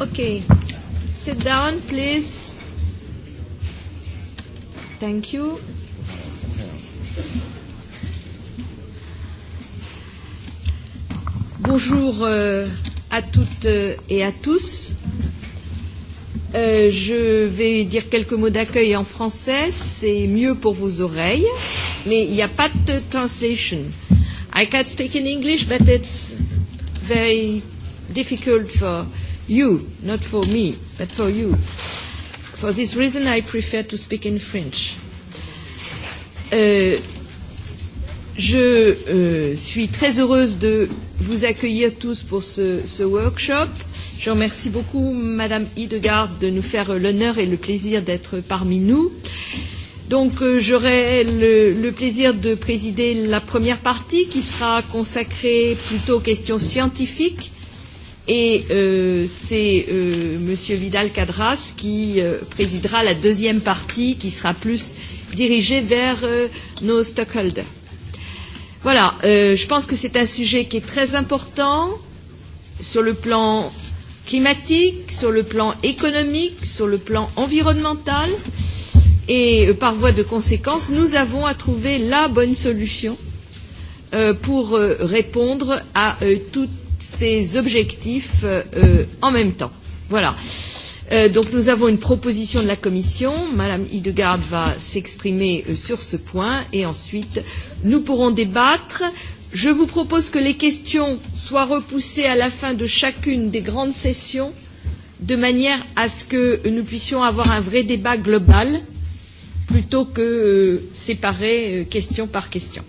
Okay. Sit down, please. Thank you. Bonjour à toutes et à tous. Je vais dire quelques mots d'accueil en français. C'est mieux pour vos oreilles. Mais il n'y a pas de translation. I can't speak in English, but it's very difficult for you, not for me, but for you. For this reason, I prefer to speak in French. Je suis très heureuse de vous accueillir tous pour ce workshop. Je remercie beaucoup Madame Hidegaard de nous faire l'honneur et le plaisir d'être parmi nous. Donc j'aurai le plaisir de présider la première partie qui sera consacrée plutôt aux questions scientifiques Et c'est Monsieur Vidal Cadras qui présidera la deuxième partie, qui sera plus dirigée vers nos stockholders. Voilà, je pense que c'est un sujet qui est très important sur le plan climatique, sur le plan économique, sur le plan environnemental. Et par voie de conséquence, nous avons à trouver la bonne solution pour répondre à toutes ces objectifs en même temps. Voilà. Donc nous avons une proposition de la Commission. Madame Hidegaard va s'exprimer sur ce point et ensuite nous pourrons débattre. Je vous propose que les questions soient repoussées à la fin de chacune des grandes sessions de manière à ce que nous puissions avoir un vrai débat global plutôt que séparer question par question.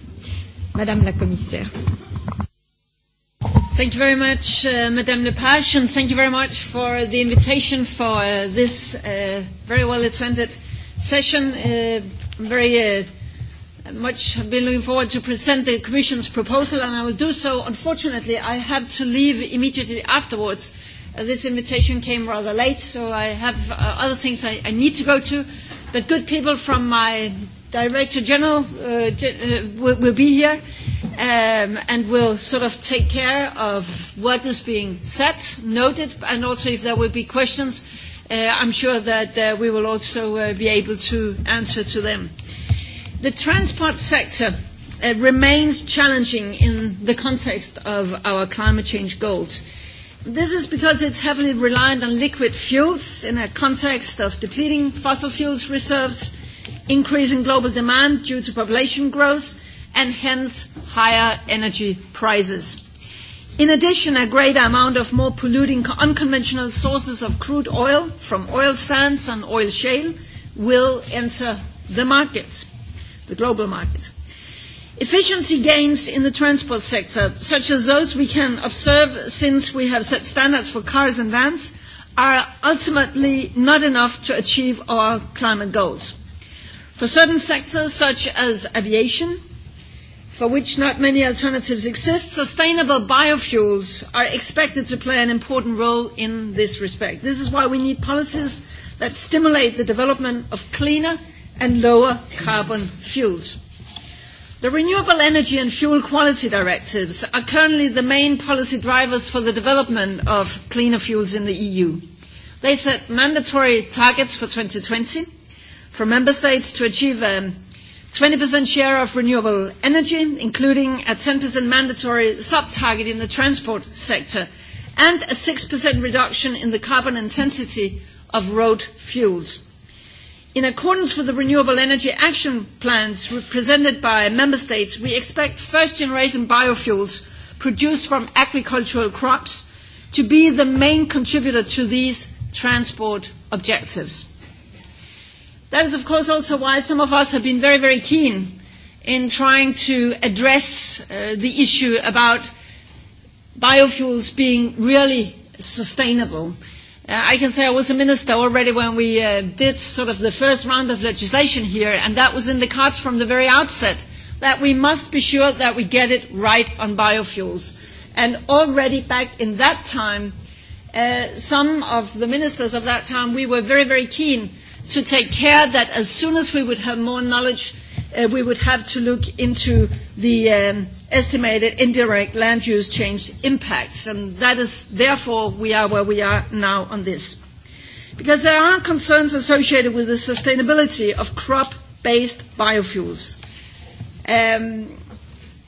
Madame la Commissaire. Thank you very much, uh, Madame Lepage, and thank you very much for the invitation for this very well attended session. Uh, very uh, much have been looking forward to present the Commission's proposal, and I will do so. Unfortunately, I have to leave immediately afterwards. this invitation came rather late, so I have uh, other things I, I need to go to. But good people from my Director General will be here and will sort of take care of what is being said, noted, and also if there will be questions, I'm sure that we will also be able to answer to them. The transport sector remains challenging in the context of our climate change goals. This is because it's heavily reliant on liquid fuels in a context of depleting fossil fuels reserves increasing global demand due to population growth and hence higher energy prices. In addition, a greater amount of more polluting unconventional sources of crude oil from oil sands and oil shale will enter the market, the global market. Efficiency gains in the transport sector, such as those we can observe since we have set standards for cars and vans, are ultimately not enough to achieve our climate goals. For certain sectors, such as aviation, for which not many alternatives exist, sustainable biofuels are expected to play an important role in this respect. This is why we need policies that stimulate the development of cleaner and lower carbon fuels. The Renewable Energy and Fuel Quality Directives are currently the main policy drivers for the development of cleaner fuels in the EU. They set mandatory targets for 2020 for member states to achieve a 20% share of renewable energy, including a 10% mandatory sub-target in the transport sector and a 6% reduction in the carbon intensity of road fuels. In accordance with the renewable energy action plans presented by member states, we expect first-generation biofuels produced from agricultural crops to be the main contributor to these transport objectives. That is, of course, also why some of us have been very, very keen in trying to address the issue about biofuels being really sustainable. I can say I was a minister already when we did sort of the first round of legislation here, and that was in the cards from the very outset, that we must be sure that we get it right on biofuels. And already back in that time, some of the ministers of that time, we were very, very keen to take care that as soon as we would have more knowledge, we would have to look into the estimated indirect land use change impacts. And that is therefore we are where we are now on this. Because there are concerns associated with the sustainability of crop-based biofuels.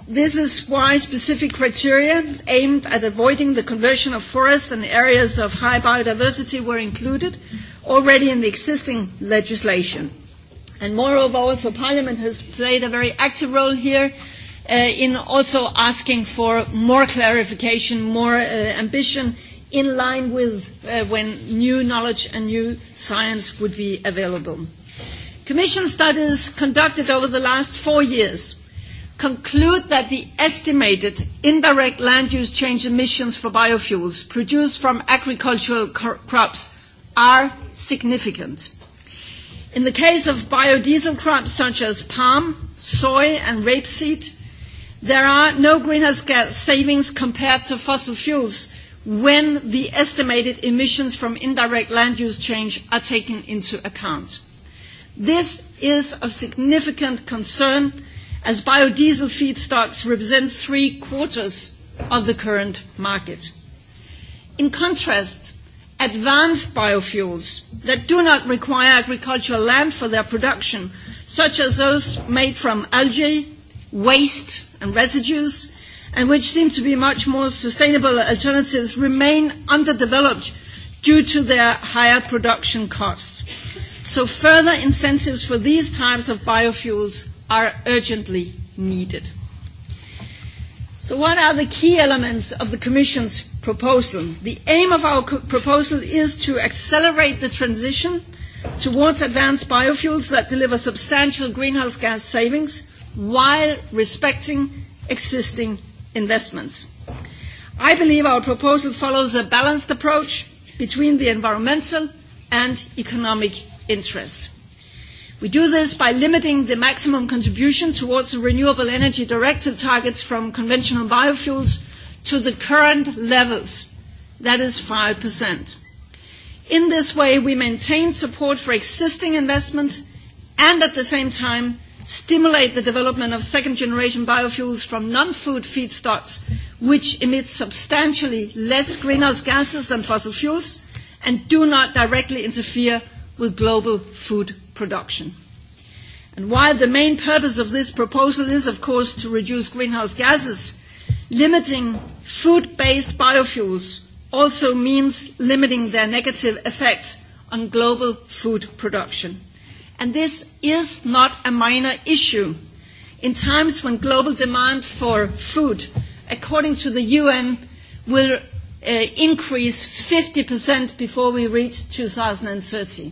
This is why specific criteria aimed at avoiding the conversion of forests and areas of high biodiversity were included already in the existing legislation. And moreover, also Parliament has played a very active role here in also asking for more clarification, more ambition in line with when new knowledge and new science would be available. Commission studies conducted over the last four years conclude that the estimated indirect land use change emissions for biofuels produced from agricultural crops are significant. In the case of biodiesel crops such as palm, soy and rapeseed, there are no greenhouse gas savings compared to fossil fuels when the estimated emissions from indirect land use change are taken into account. This is of significant concern as biodiesel feedstocks represent three quarters of the current market. In contrast, advanced biofuels that do not require agricultural land for their production, such as those made from algae, waste and residues, and which seem to be much more sustainable alternatives, remain underdeveloped due to their higher production costs. So further incentives for these types of biofuels are urgently needed. So what are the key elements of the Commission's proposal. The aim of our proposal is to accelerate the transition towards advanced biofuels that deliver substantial greenhouse gas savings while respecting existing investments. I believe our proposal follows a balanced approach between the environmental and economic interest. We do this by limiting the maximum contribution towards the Renewable Energy Directive targets from conventional biofuels to the current levels, that is 5%. In this way, we maintain support for existing investments and at the same time stimulate the development of second-generation biofuels from non-food feedstocks, which emit substantially less greenhouse gases than fossil fuels and do not directly interfere with global food production. And while the main purpose of this proposal is, of course, to reduce greenhouse gases, Limiting food-based biofuels also means limiting their negative effects on global food production. And this is not a minor issue. In times when global demand for food, according to the UN, will increase 50% before we reach 2030.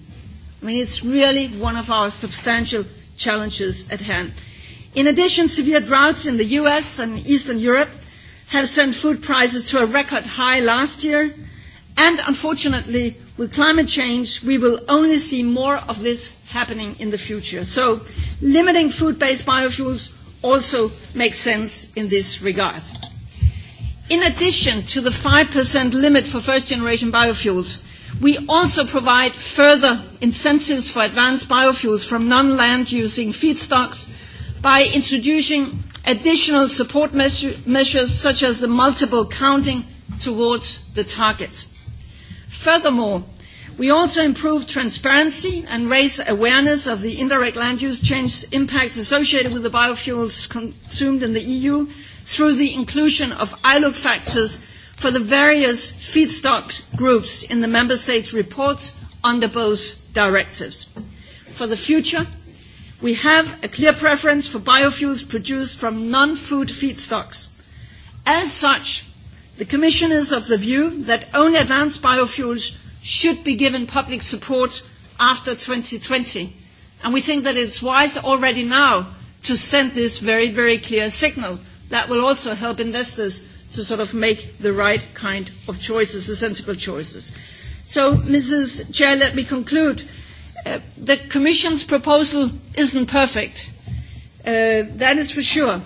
I mean, it's really one of our substantial challenges at hand. In addition, to severe droughts in the US and Eastern Europe have sent food prices to a record high last year, and unfortunately, with climate change, we will only see more of this happening in the future. So limiting food-based biofuels also makes sense in this regard. In addition to the 5% limit for first-generation biofuels, we also provide further incentives for advanced biofuels from non-land-using feedstocks by introducing additional support measures such as the multiple counting towards the target. Furthermore, we also improve transparency and raise awareness of the indirect land use change impacts associated with the biofuels consumed in the EU through the inclusion of ILUC factors for the various feedstock groups in the Member States' reports under both directives. For the future, We have a clear preference for biofuels produced from non-food feedstocks. As such, the Commission is of the view that only advanced biofuels should be given public support after 2020, and we think that it's wise already now to send this very, very clear signal that will also help investors to sort of make the right kind of choices, the sensible choices. So, Mrs. Chair, let me conclude The Commission's proposal isn't perfect, that is for sure,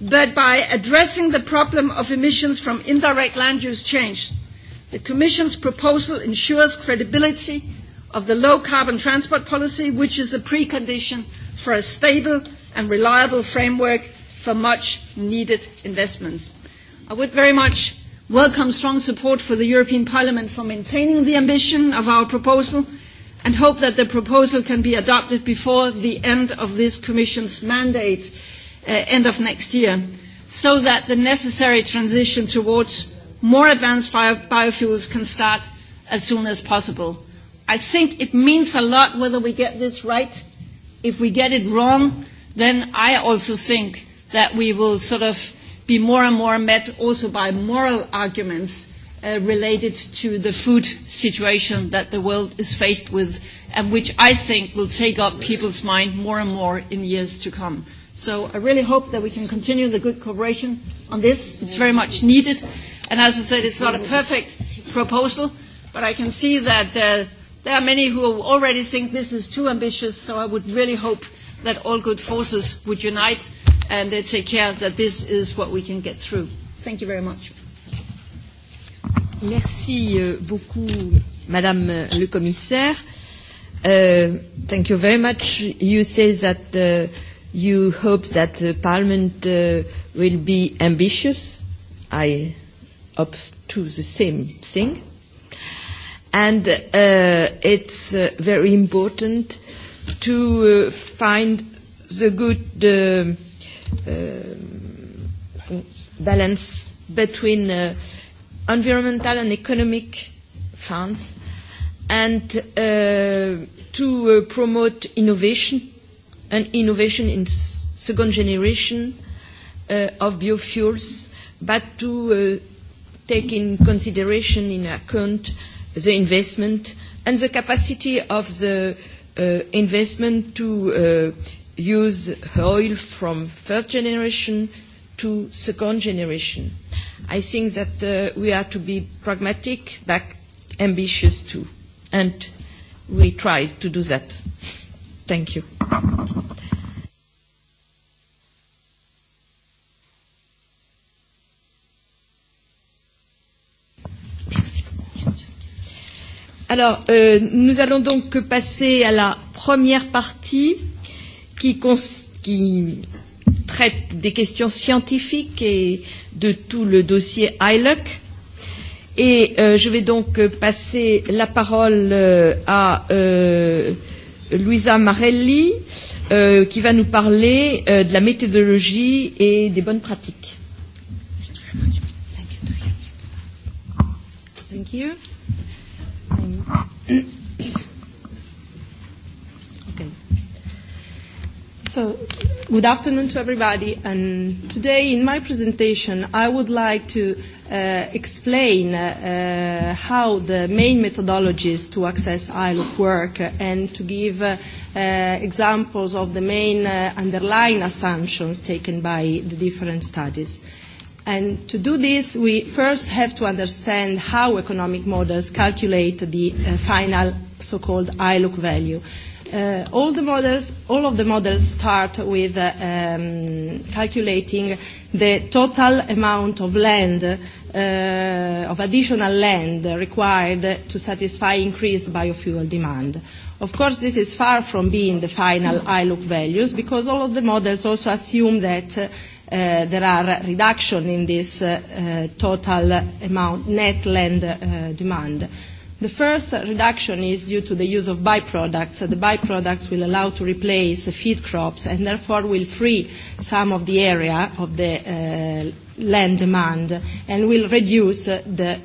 but by addressing the problem of emissions from indirect land use change, the Commission's proposal ensures credibility of the low carbon transport policy, which is a precondition for a stable and reliable framework for much needed investments. I would very much welcome strong support for the European Parliament for maintaining the ambition of our proposal and hope that the proposal can be adopted before the end of this Commission's mandate, end of next year, so that the necessary transition towards more advanced biofuels can start as soon as possible. I think it means a lot whether we get this right. If we get it wrong, then I also think that we will sort of be more and more met also by moral arguments related to the food situation that the world is faced with and which I think will take up people's mind more and more in years to come. So I really hope that we can continue the good cooperation on this. It's very much needed. And as I said, it's not a perfect proposal, but I can see that there are many who already think this is too ambitious, so I would really hope that all good forces would unite and take care that this is what we can get through. Thank you very much. Merci beaucoup, Madame le Commissaire. Thank you very much. You say that you hope that Parliament will be ambitious. I hope to the same thing. And it's very important to find the good balance between environmental and economic funds and to promote innovation and innovation in second generation of biofuels but to take in consideration in account the investment and the capacity of the investment to use oil from first generation to second generation I think that we are to be pragmatic, but ambitious too, and we try to do that. Thank you. Alors, nous allons donc passer à la première partie qui, qui traite des questions scientifiques et de tout le dossier ILUC. Et je vais donc passer la parole à Luisa Marelli, qui va nous parler de la méthodologie et des bonnes pratiques. Thank you. So, good afternoon to everybody. And today, in my presentation, I would like to explain how the main methodologies to access ILOC work and to give examples of the main underlying assumptions taken by the different studies. And to do this, we first have to understand how economic models calculate the final so-called ILOC value all the models, all of the models start with calculating the total amount of land, of additional land required to satisfy increased biofuel demand. Of course, this is far from being the final ILUC values because all of the models also assume that there are reduction in this total amount, net land demand. The first reduction is due to the use of byproducts. The byproducts will allow to replace feed crops and therefore will free some of the area of the land demand and will reduce the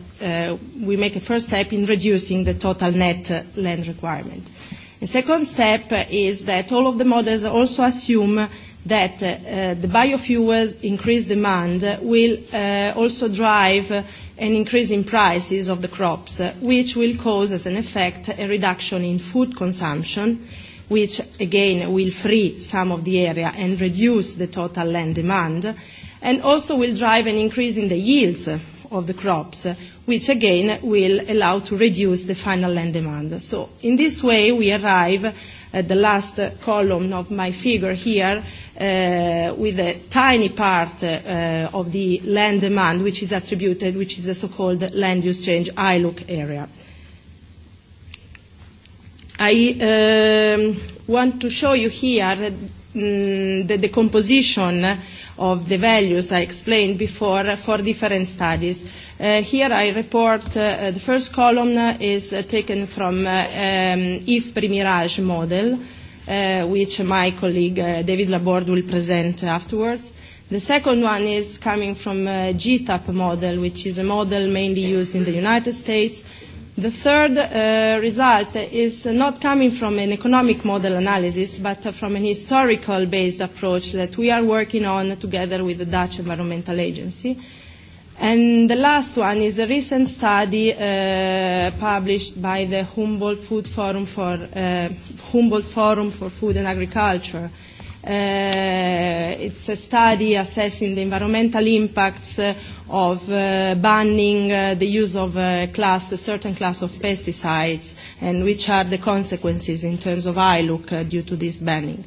we make a first step in reducing the total net land requirement. The second step is that all of the models also assume that the biofuels increased demand will also drive an increase in prices of the crops, which will cause, as an effect, a reduction in food consumption, which again will free some of the area and reduce the total land demand, and also will drive an increase in the yields of the crops, which again will allow to reduce the final land demand. So in this way we arrive the last column of my figure here, with a tiny part of the land demand which is attributed, which is the so-called land use change ILUC area. I want to show you here the decomposition of the values I explained before for different studies. Here I report the first column is taken from IF Primirage model, which my colleague David Laborde will present afterwards. The second one is coming from GTAP model, which is a model mainly used in the United States The third result is not coming from an economic model analysis, but from an historical-based approach that we are working on together with the Dutch Environmental Agency. And the last one is a recent study published by the Humboldt Food Forum for Humboldt Forum for Food and Agriculture. It's a study assessing the environmental impacts of banning the use of a class a certain class of pesticides and which are the consequences in terms of iluc due to this banning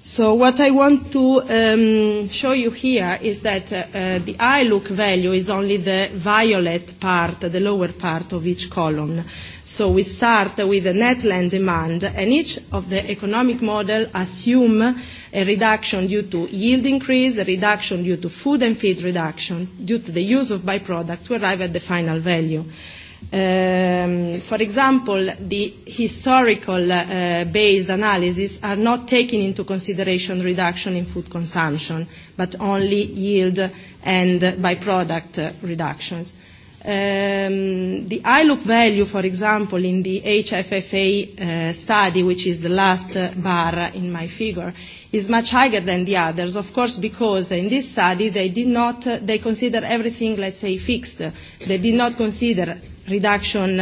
so what i want to show you here is that the iluc value is only the violet part the lower part of each column So we start with the net land demand, and each of the economic models assume a reduction due to yield increase, a reduction due to food and feed reduction, due to the use of byproduct to arrive at the final value. For example, the historical-based analysis are not taking into consideration reduction in food consumption, but only yield and byproduct reductions. The ILUC value, for example, in the HFFA study, which is the last bar in my figure, is much higher than the others, of course, because in this study they did not, they consider everything, let's say, fixed. They did not consider reduction,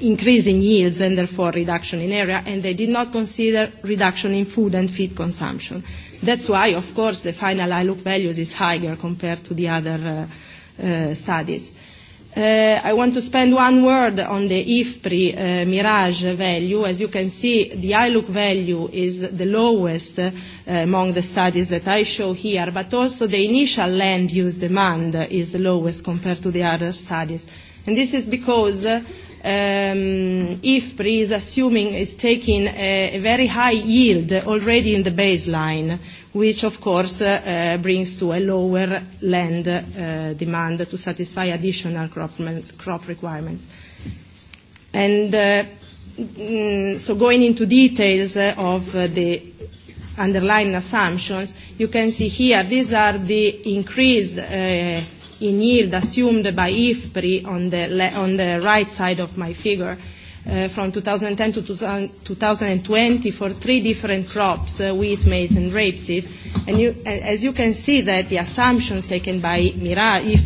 increase in yields and therefore reduction in area, and they did not consider reduction in food and feed consumption. That's why, of course, the final ILUC values is higher compared to the other studies. I want to spend one word on the IFPRI Mirage value. As you can see, the ILUC value is the lowest among the studies that I show here, but also the initial land use demand is the lowest compared to the other studies. And this is because IFPRI is assuming is taking a very high yield already in the baseline which of course brings to a lower land demand to satisfy additional crop requirements. And so going into details of the underlying assumptions, you can see here these are the increased in yield assumed by IFPRI on the right side of my figure from 2010 to 2020 for three different crops, wheat, maize and rapeseed. And as you can see that the assumptions taken by if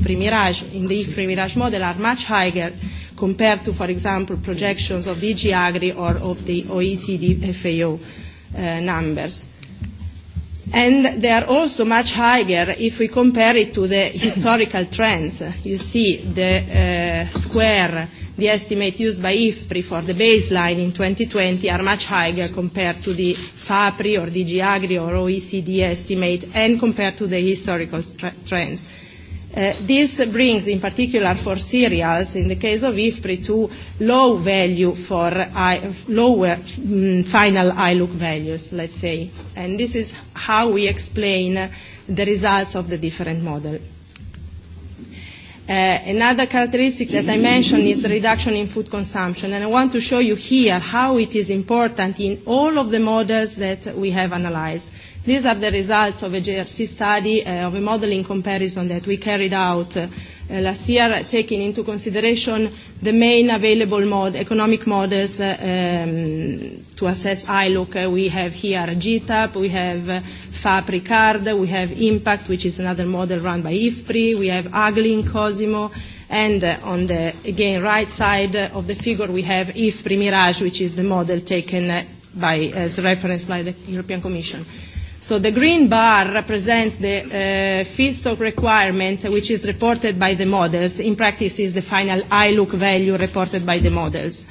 Mirage in the Ifri Mirage model are much higher compared to, for example, projections of DG Agri or of the OECD FAO numbers. And they are also much higher if we compare it to the historical trends. You see the square the estimate used by IFPRI for the baseline in 2020 are much higher compared to the FAPRI or DG Agri or OECD estimate and compared to the historical trends. This brings, in particular for cereals, in the case of IFPRI, to low value for lower final ILUC values, let's say. And this is how we explain the results of the different models. Another characteristic that I mentioned is the reduction in food consumption, and I want to show you here how it is important in all of the models that we have analyzed. These are the results of a GRC study, of a modeling comparison that we carried out last year, taking into consideration the main available economic models to assess ILOC. We have here GTAP, we have FAPRICARD, we have IMPACT, which is another model run by IFPRI, we have AGLI COSIMO, and on the, again, right side of the figure we have IFPRI Mirage, which is the model taken by, as reference by the European Commission. So the green bar represents the feedstock requirement which is reported by the models. In practice is the final ILUC value reported by the models.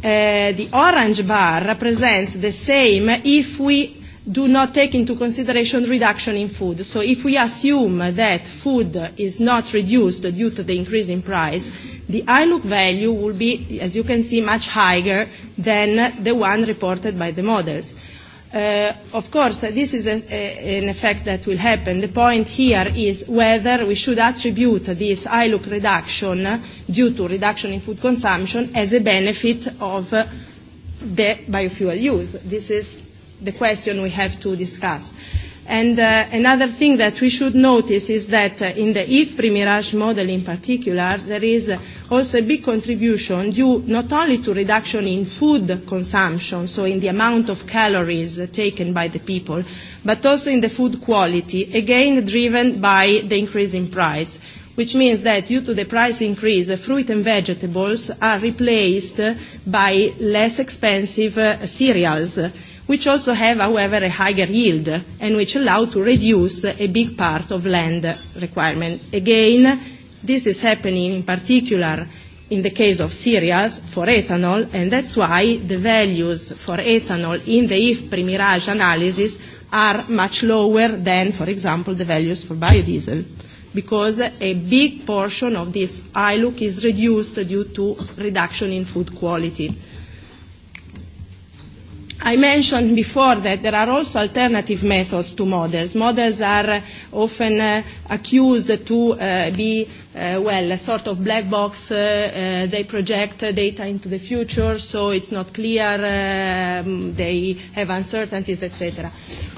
The orange bar represents the same if we do not take into consideration reduction in food. So if we assume that food is not reduced due to the increase in price, the ILUC value will be, as you can see, much higher than the one reported by the models. Of course, this is an effect that will happen. The point here is whether we should attribute this ILUC reduction due to reduction in food consumption as a benefit of the biofuel use. This is the question we have to discuss. And another thing that we should notice is that in the IF Primirage model in particular, there is also a big contribution due not only to reduction in food consumption, so in the amount of calories taken by the people, but also in the food quality, again driven by the increase in price, which means that due to the price increase, fruit and vegetables are replaced by less expensive cereals which also have, however, a higher yield and which allow to reduce a big part of land requirement. Again, this is happening in particular in the case of cereals for ethanol, and that's why the values for ethanol in the if Mirage analysis are much lower than, for example, the values for biodiesel, because a big portion of this ILUC is reduced due to reduction in food quality. I mentioned before that there are also alternative methods to models. Models are often accused to be well, a sort of black box. They project data into the future, so it's not clear. They have uncertainties, etc.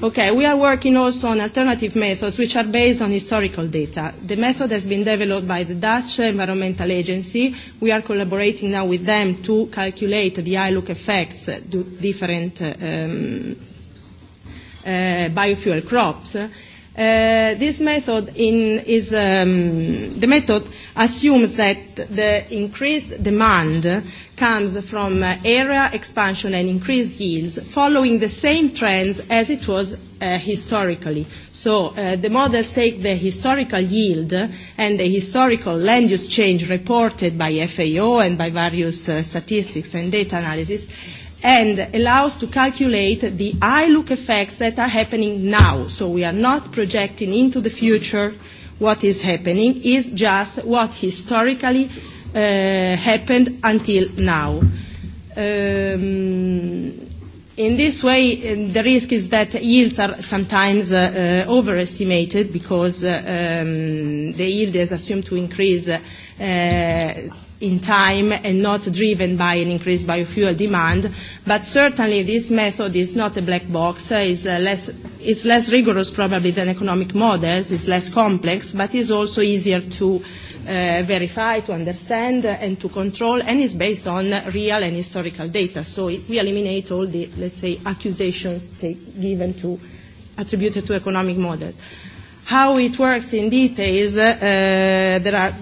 Okay, we are working also on alternative methods, which are based on historical data. The method has been developed by the Dutch Environmental Agency. We are collaborating now with them to calculate the ILUC effects, different biofuel crops This method is the method assumes that the increased demand comes from area expansion and increased yields, following the same trends as it was historically. So the models take the historical yield and the historical land use change reported by FAO and by various statistics and data analysis and allows to calculate the eye-look effects that are happening now. So we are not projecting into the future what is happening, is just what historically happened until now. In this way, the risk is that yields are sometimes overestimated because the yield is assumed to increase in time and not driven by an increased biofuel demand. But certainly this method is not a black box, is less is less rigorous probably than economic models, is less complex, but is also easier to verify, to understand and to control and is based on real and historical data. So we eliminate all the, let's say, accusations given to attributed to economic models. How it works in details?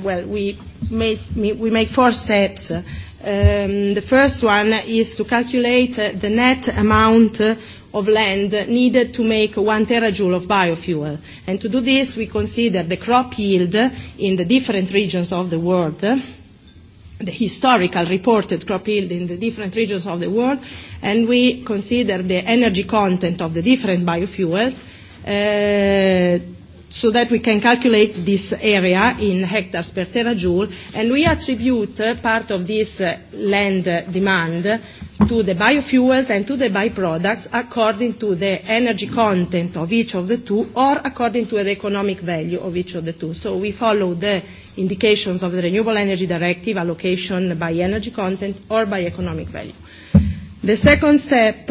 well we make we make four steps. The first one is to calculate the net amount of land needed to make one terajoule of biofuel. And to do this we consider the crop yield in the different regions of the world the historical reported crop yield in the different regions of the world, and we consider the energy content of the different biofuels so that we can calculate this area in hectares per terajoule, and we attribute part of this land demand to the biofuels and to the byproducts according to the energy content of each of the two or according to the economic value of each of the two. So we follow the indications of the Renewable Energy Directive, allocation by energy content or by economic value. The second step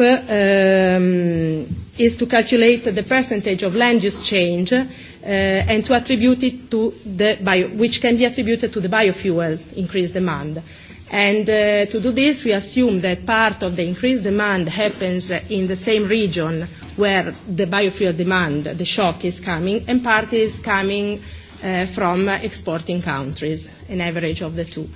is to calculate the percentage of land use change and to attribute it to the bio, which can be attributed to the biofuel increased demand. And to do this, we assume that part of the increased demand happens in the same region where the biofuel demand, the shock, is coming, and part is coming from exporting countries, an average of the two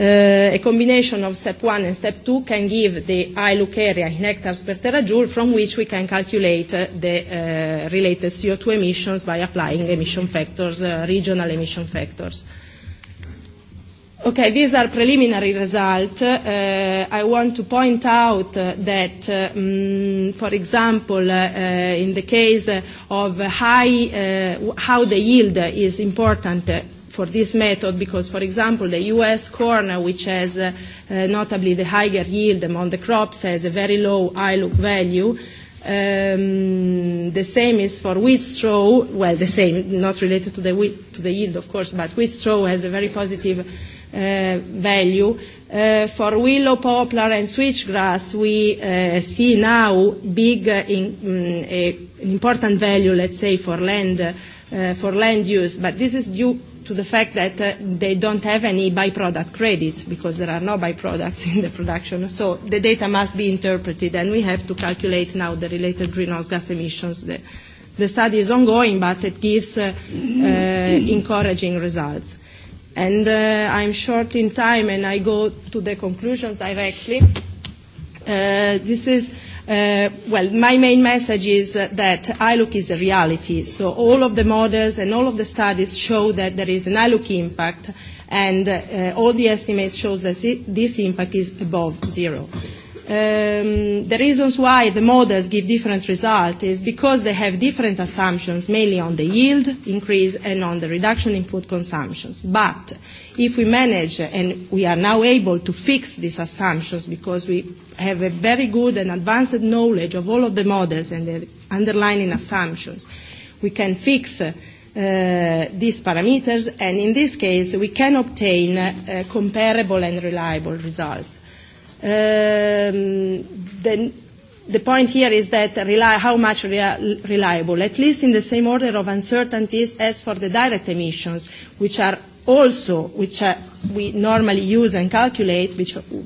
a combination of step one and step two can give the ILUC area in hectares per terajoule from which we can calculate the related CO2 emissions by applying emission factors, regional emission factors. Okay, these are preliminary results. I want to point out that, for example, in the case of high, how the yield is important for this method because, for example, the U.S. corn, which has notably the higher yield among the crops, has a very low ILUC value. The same is for wheat straw. Well, the same, not related to the to the yield, of course, but wheat straw has a very positive value. For willow, poplar and switchgrass, we see now big, important value, let's say, for land for land use, but this is due to the fact that they don't have any byproduct credits because there are no byproducts in the production. So the data must be interpreted and we have to calculate now the related greenhouse gas emissions. The study is ongoing but it gives encouraging results. And I'm short in time and I go to the conclusions directly. This is Well, my main message is that ILUC is a reality. So all of the models and all of the studies show that there is an ILUC impact, and all the estimates show that this impact is above zero. The reasons why the models give different results is because they have different assumptions, mainly on the yield increase and on the reduction in food consumption. But if we manage, and we are now able to fix these assumptions because we have a very good and advanced knowledge of all of the models and their underlying assumptions, we can fix these parameters, and in this case, we can obtain comparable and reliable results. The point here is that how much reliable, at least in the same order of uncertainties as for the direct emissions, which are also, which we normally use and calculate,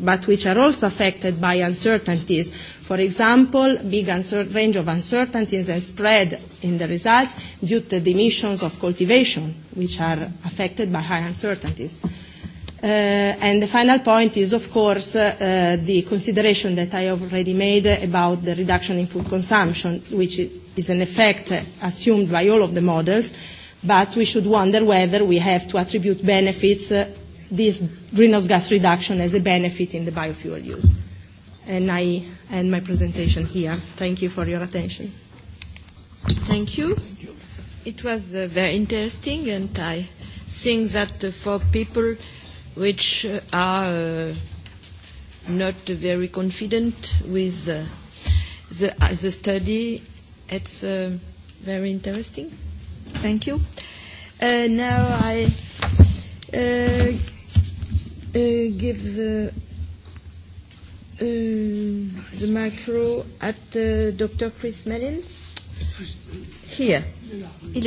but which are also affected by uncertainties. For example, big range of uncertainties and spread in the results due to the emissions of cultivation, which are affected by high uncertainties. And the final point is, of course, the consideration that I have already made about the reduction in food consumption, which is an effect assumed by all of the models, but we should wonder whether we have to attribute benefits, this greenhouse gas reduction as a benefit in the biofuel use. And I end my presentation here. Thank you for your attention. Thank you. It was very interesting, and I think that for people which are not very confident with the the study. It's very interesting. Thank you. Now I give the the micro at Dr. Chris Mellins. Here. Il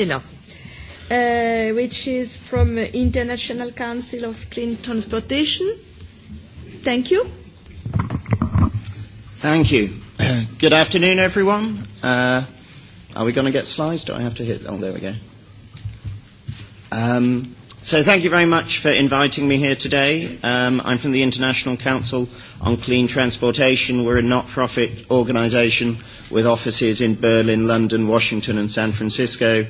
which is from International Council of Clean Transportation. Thank you. Thank you. Good afternoon, everyone. Are we going to get slides? Do I have to hit? Oh, there we go. Um, so thank you very much for inviting me here today. Um, I'm from the International Council on Clean Transportation. We're a not-profit organization with offices in Berlin, London, Washington and San Francisco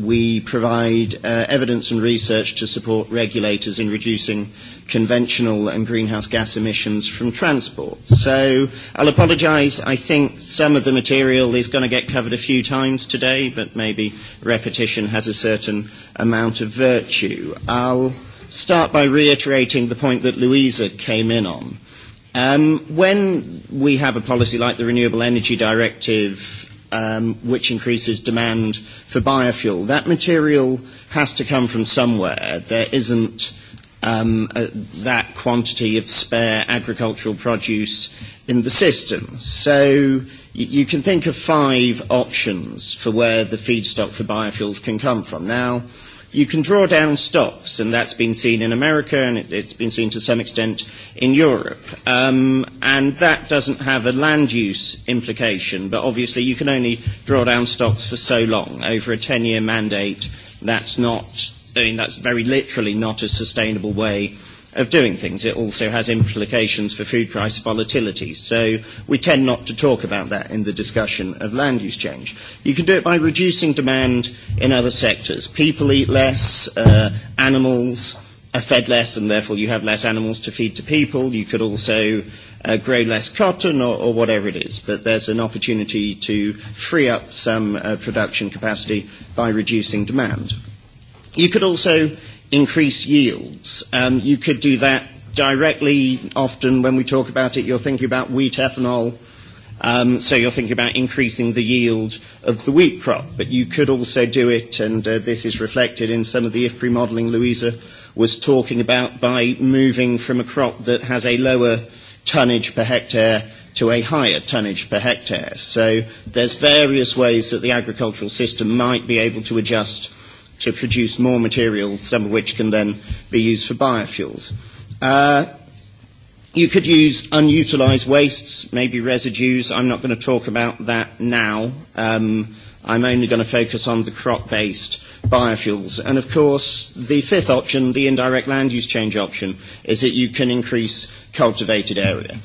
we provide evidence and research to support regulators in reducing conventional and greenhouse gas emissions from transport. So I'll apologize. I think some of the material is going to get covered a few times today, but maybe repetition has a certain amount of virtue. I'll start by reiterating the point that Louisa came in on. When we have a policy like the Renewable Energy Directive which increases demand for biofuel. That material has to come from somewhere. There isn't that quantity of spare agricultural produce in the system. So you can think of five options for where the feedstock for biofuels can come from. Now, you can draw down stocks, and that's been seen in America, and it, it's been seen to some extent in Europe. Um, and that doesn't have a land use implication, but obviously you can only draw down stocks for so long. Over a 10-year mandate, that's not, I mean, that's very literally not a sustainable way of doing things. It also has implications for food price volatility. So we tend not to talk about that in the discussion of land use change. You can do it by reducing demand in other sectors. People eat less, animals are fed less, and therefore you have less animals to feed to people. You could also grow less cotton or whatever it is. But there's an opportunity to free up some production capacity by reducing demand. You could also increase yields. You could do that directly. Often when we talk about it, you're thinking about wheat ethanol. So you're thinking about increasing the yield of the wheat crop. But you could also do it, and this is reflected in some of the IFPRI modelling Louisa was talking about, by moving from a crop that has a lower tonnage per hectare to a higher tonnage per hectare. So there's various ways that the agricultural system might be able to adjust to produce more material, some of which can then be used for biofuels. You could use unutilized wastes, maybe residues. I'm not going to talk about that now. I'm only going to focus on the crop-based biofuels. And, of course, the fifth option, the indirect land use change option, is that you can increase cultivated area.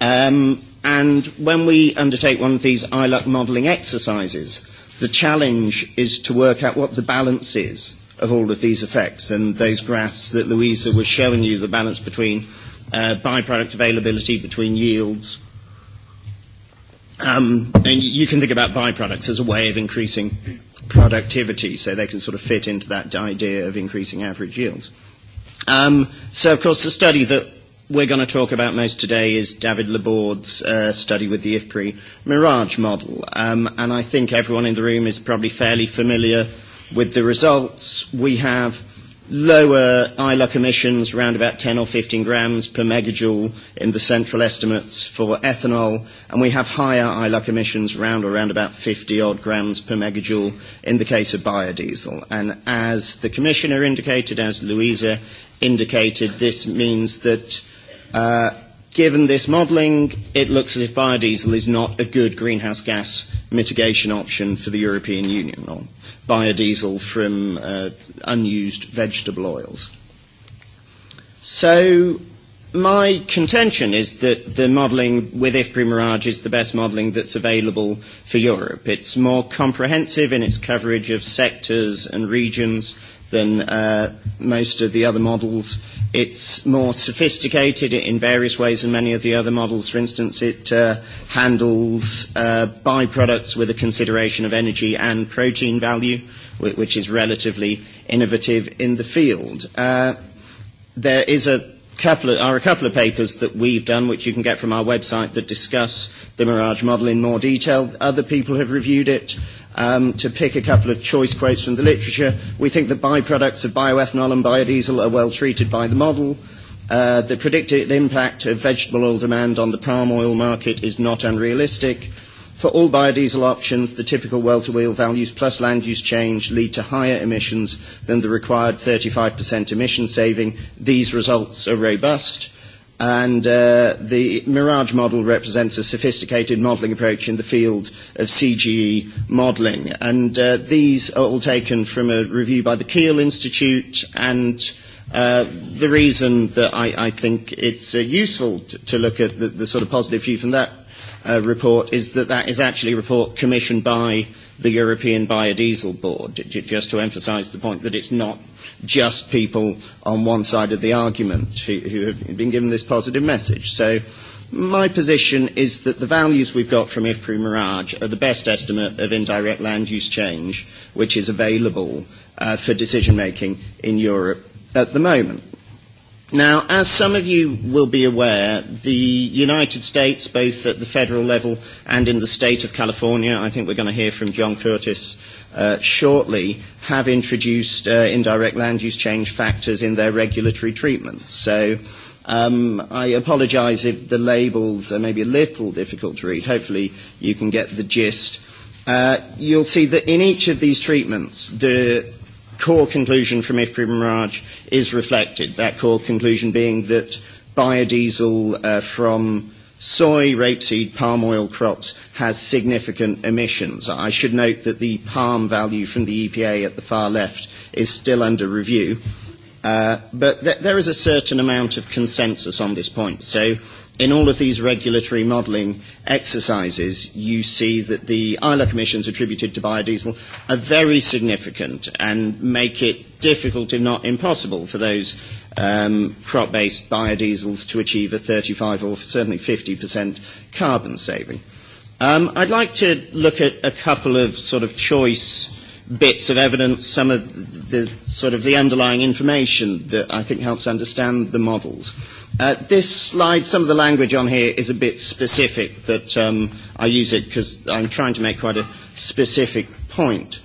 And when we undertake one of these ILUC modelling exercises, The challenge is to work out what the balance is of all of these effects and those graphs that Louisa was showing you, the balance between byproduct availability, between yields. And you can think about byproducts as a way of increasing productivity, so they can sort of fit into that idea of increasing average yields. So, of course, the study that we're going to talk about most today is David Laborde's study with the IFPRI Mirage model. And I think everyone in the room is probably fairly familiar with the results. We have lower ILUC emissions, around about 10 or 15 grams per megajoule in the central estimates for ethanol, and we have higher ILUC emissions, around around about 50 odd grams per megajoule in the case of biodiesel. And as the Commissioner indicated, as Louisa indicated, this means that Given this modelling, it looks as if biodiesel is not a good greenhouse gas mitigation option for the European Union or biodiesel from unused vegetable oils. So my contention is that the modelling with IFPRI Mirage is the best modelling that's available for Europe. It's more comprehensive in its coverage of sectors and regions than most of the other models. It's more sophisticated in various ways than many of the other models. For instance, it uh handles uh byproducts with a consideration of energy and protein value, which is relatively innovative in the field. There is a couple are a couple of papers that we've done, which you can get from our website, that discuss the Mirage model in more detail. Other people have reviewed it. To pick a couple of choice quotes from the literature, we think the byproducts of bioethanol and biodiesel are well treated by the model. The predicted impact of vegetable oil demand on the palm oil market is not unrealistic. For all biodiesel options, the typical well-to-wheel values plus land use change lead to higher emissions than the required 35% emission saving. These results are robust and the Mirage model represents a sophisticated modelling approach in the field of CGE modelling. And these are all taken from a review by the Kiel Institute, and the reason that I think it's useful to look at the sort of positive view from that report is that that is actually a report commissioned by the European Biodiesel Board, just to emphasize the point that it's not just people on one side of the argument who have been given this positive message. So my position is that the values we've got from IFPRI Mirage are the best estimate of indirect land use change which is available for decision making in Europe at the moment. Now, as some of you will be aware, the United States, both at the federal level and in the state of California, I think we're going to hear from John Curtis shortly, have introduced indirect land use change factors in their regulatory treatments. So I apologize if the labels are maybe a little difficult to read. Hopefully you can get the gist. You'll see that in each of these treatments, the core conclusion from IFPRI Mirage is reflected, that core conclusion being that biodiesel from soy, rapeseed, palm oil crops has significant emissions. I should note that the palm value from the EPA at the far left is still under review But there is a certain amount of consensus on this point. So in all of these regulatory modelling exercises, you see that the ILOC emissions attributed to biodiesel are very significant and make it difficult, if not impossible, for those crop-based biodiesels to achieve a 35 or certainly 50% carbon saving. I'd like to look at a couple of sort of choice bits of evidence, some of the sort of the underlying information that I think helps understand the models. This slide, some of the language on here is a bit specific, but I use it because I'm trying to make quite a specific point.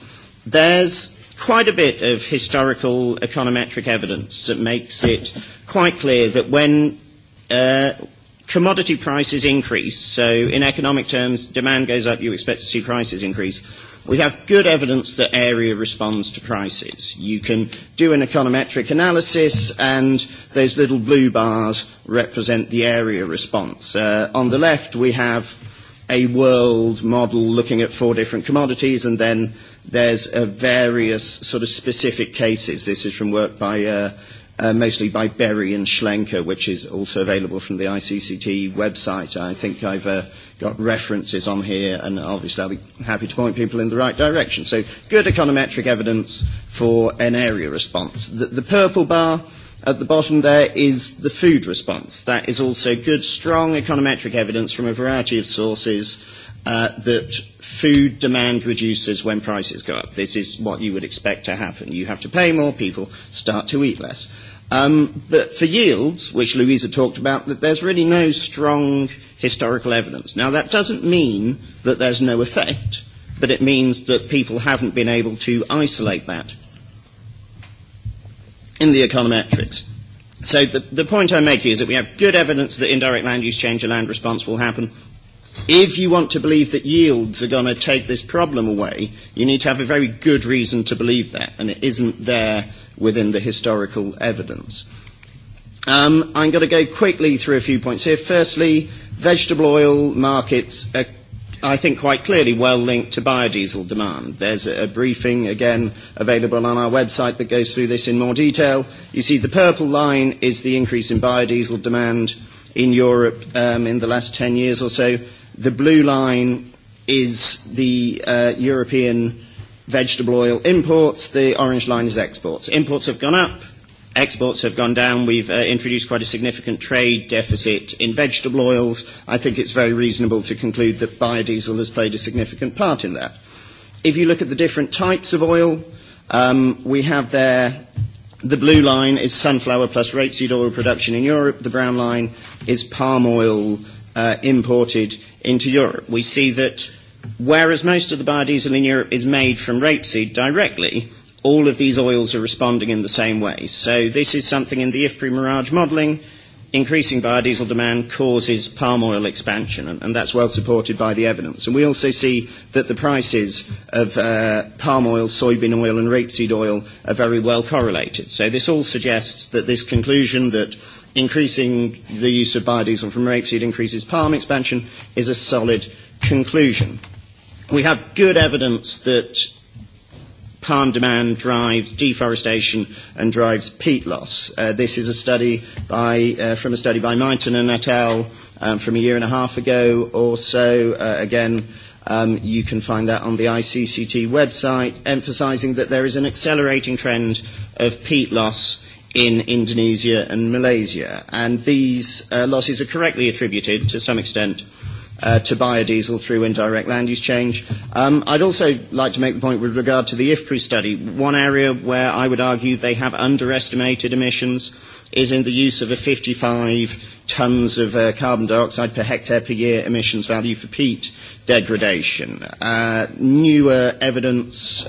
There's quite a bit of historical econometric evidence that makes it quite clear that when commodity prices increase. So in economic terms, demand goes up, you expect to see prices increase. We have good evidence that area responds to prices. You can do an econometric analysis, and those little blue bars represent the area response. On the left, we have a world model looking at four different commodities, and then there's various sort of specific cases. This is from work by mostly by Berry and Schlenker, which is also available from the ICCT website. I think I've got references on here, and obviously I'll be happy to point people in the right direction. So good econometric evidence for an area response. The purple bar at the bottom there is the food response. That is also good, strong econometric evidence from a variety of sources that food demand reduces when prices go up. This is what you would expect to happen. You have to pay more, people start to eat less. But for yields, which Louisa talked about, that there's really no strong historical evidence. Now, that doesn't mean that there's no effect, but it means that people haven't been able to isolate that in the econometrics. So the point I make is that we have good evidence that indirect land use change and land response will happen. If you want to believe that yields are going to take this problem away, you need to have a very good reason to believe that, and it isn't there within the historical evidence. Um, I'm going to go quickly through a few points here. Firstly, vegetable oil markets are, I think, quite clearly well linked to biodiesel demand. There's a briefing, again, available on our website that goes through this in more detail. You see the purple line is the increase in biodiesel demand in Europe in the last 10 years or so. The blue line is the European vegetable oil imports. The orange line is exports. Imports have gone up. Exports have gone down. We've introduced quite a significant trade deficit in vegetable oils. I think it's very reasonable to conclude that biodiesel has played a significant part in that. If you look at the different types of oil, we have there The blue line is sunflower plus rapeseed oil production in Europe. The brown line is palm oil imported into Europe. We see that whereas most of the biodiesel in Europe is made from rapeseed directly, all of these oils are responding in the same way. So this is something in the IFPRI Mirage modelling increasing biodiesel demand causes palm oil expansion, and that's well supported by the evidence. And we also see that the prices of palm oil, soybean oil, and rapeseed oil are very well correlated. So this all suggests that this conclusion that increasing the use of biodiesel from rapeseed increases palm expansion is a solid conclusion. We have good evidence that palm demand drives deforestation and drives peat loss. This is a study by from a study by Minton and et al. from a year and a half ago or so. Again, you can find that on the ICCT website, emphasising that there is an accelerating trend of peat loss in Indonesia and Malaysia. And these losses are correctly attributed, to some extent, to biodiesel through indirect land use change. I'd also like to make the point with regard to the IFPRI study. One area where I would argue they have underestimated emissions is in the use of a 55 tons of carbon dioxide per hectare per year emissions value for peat degradation. Newer evidence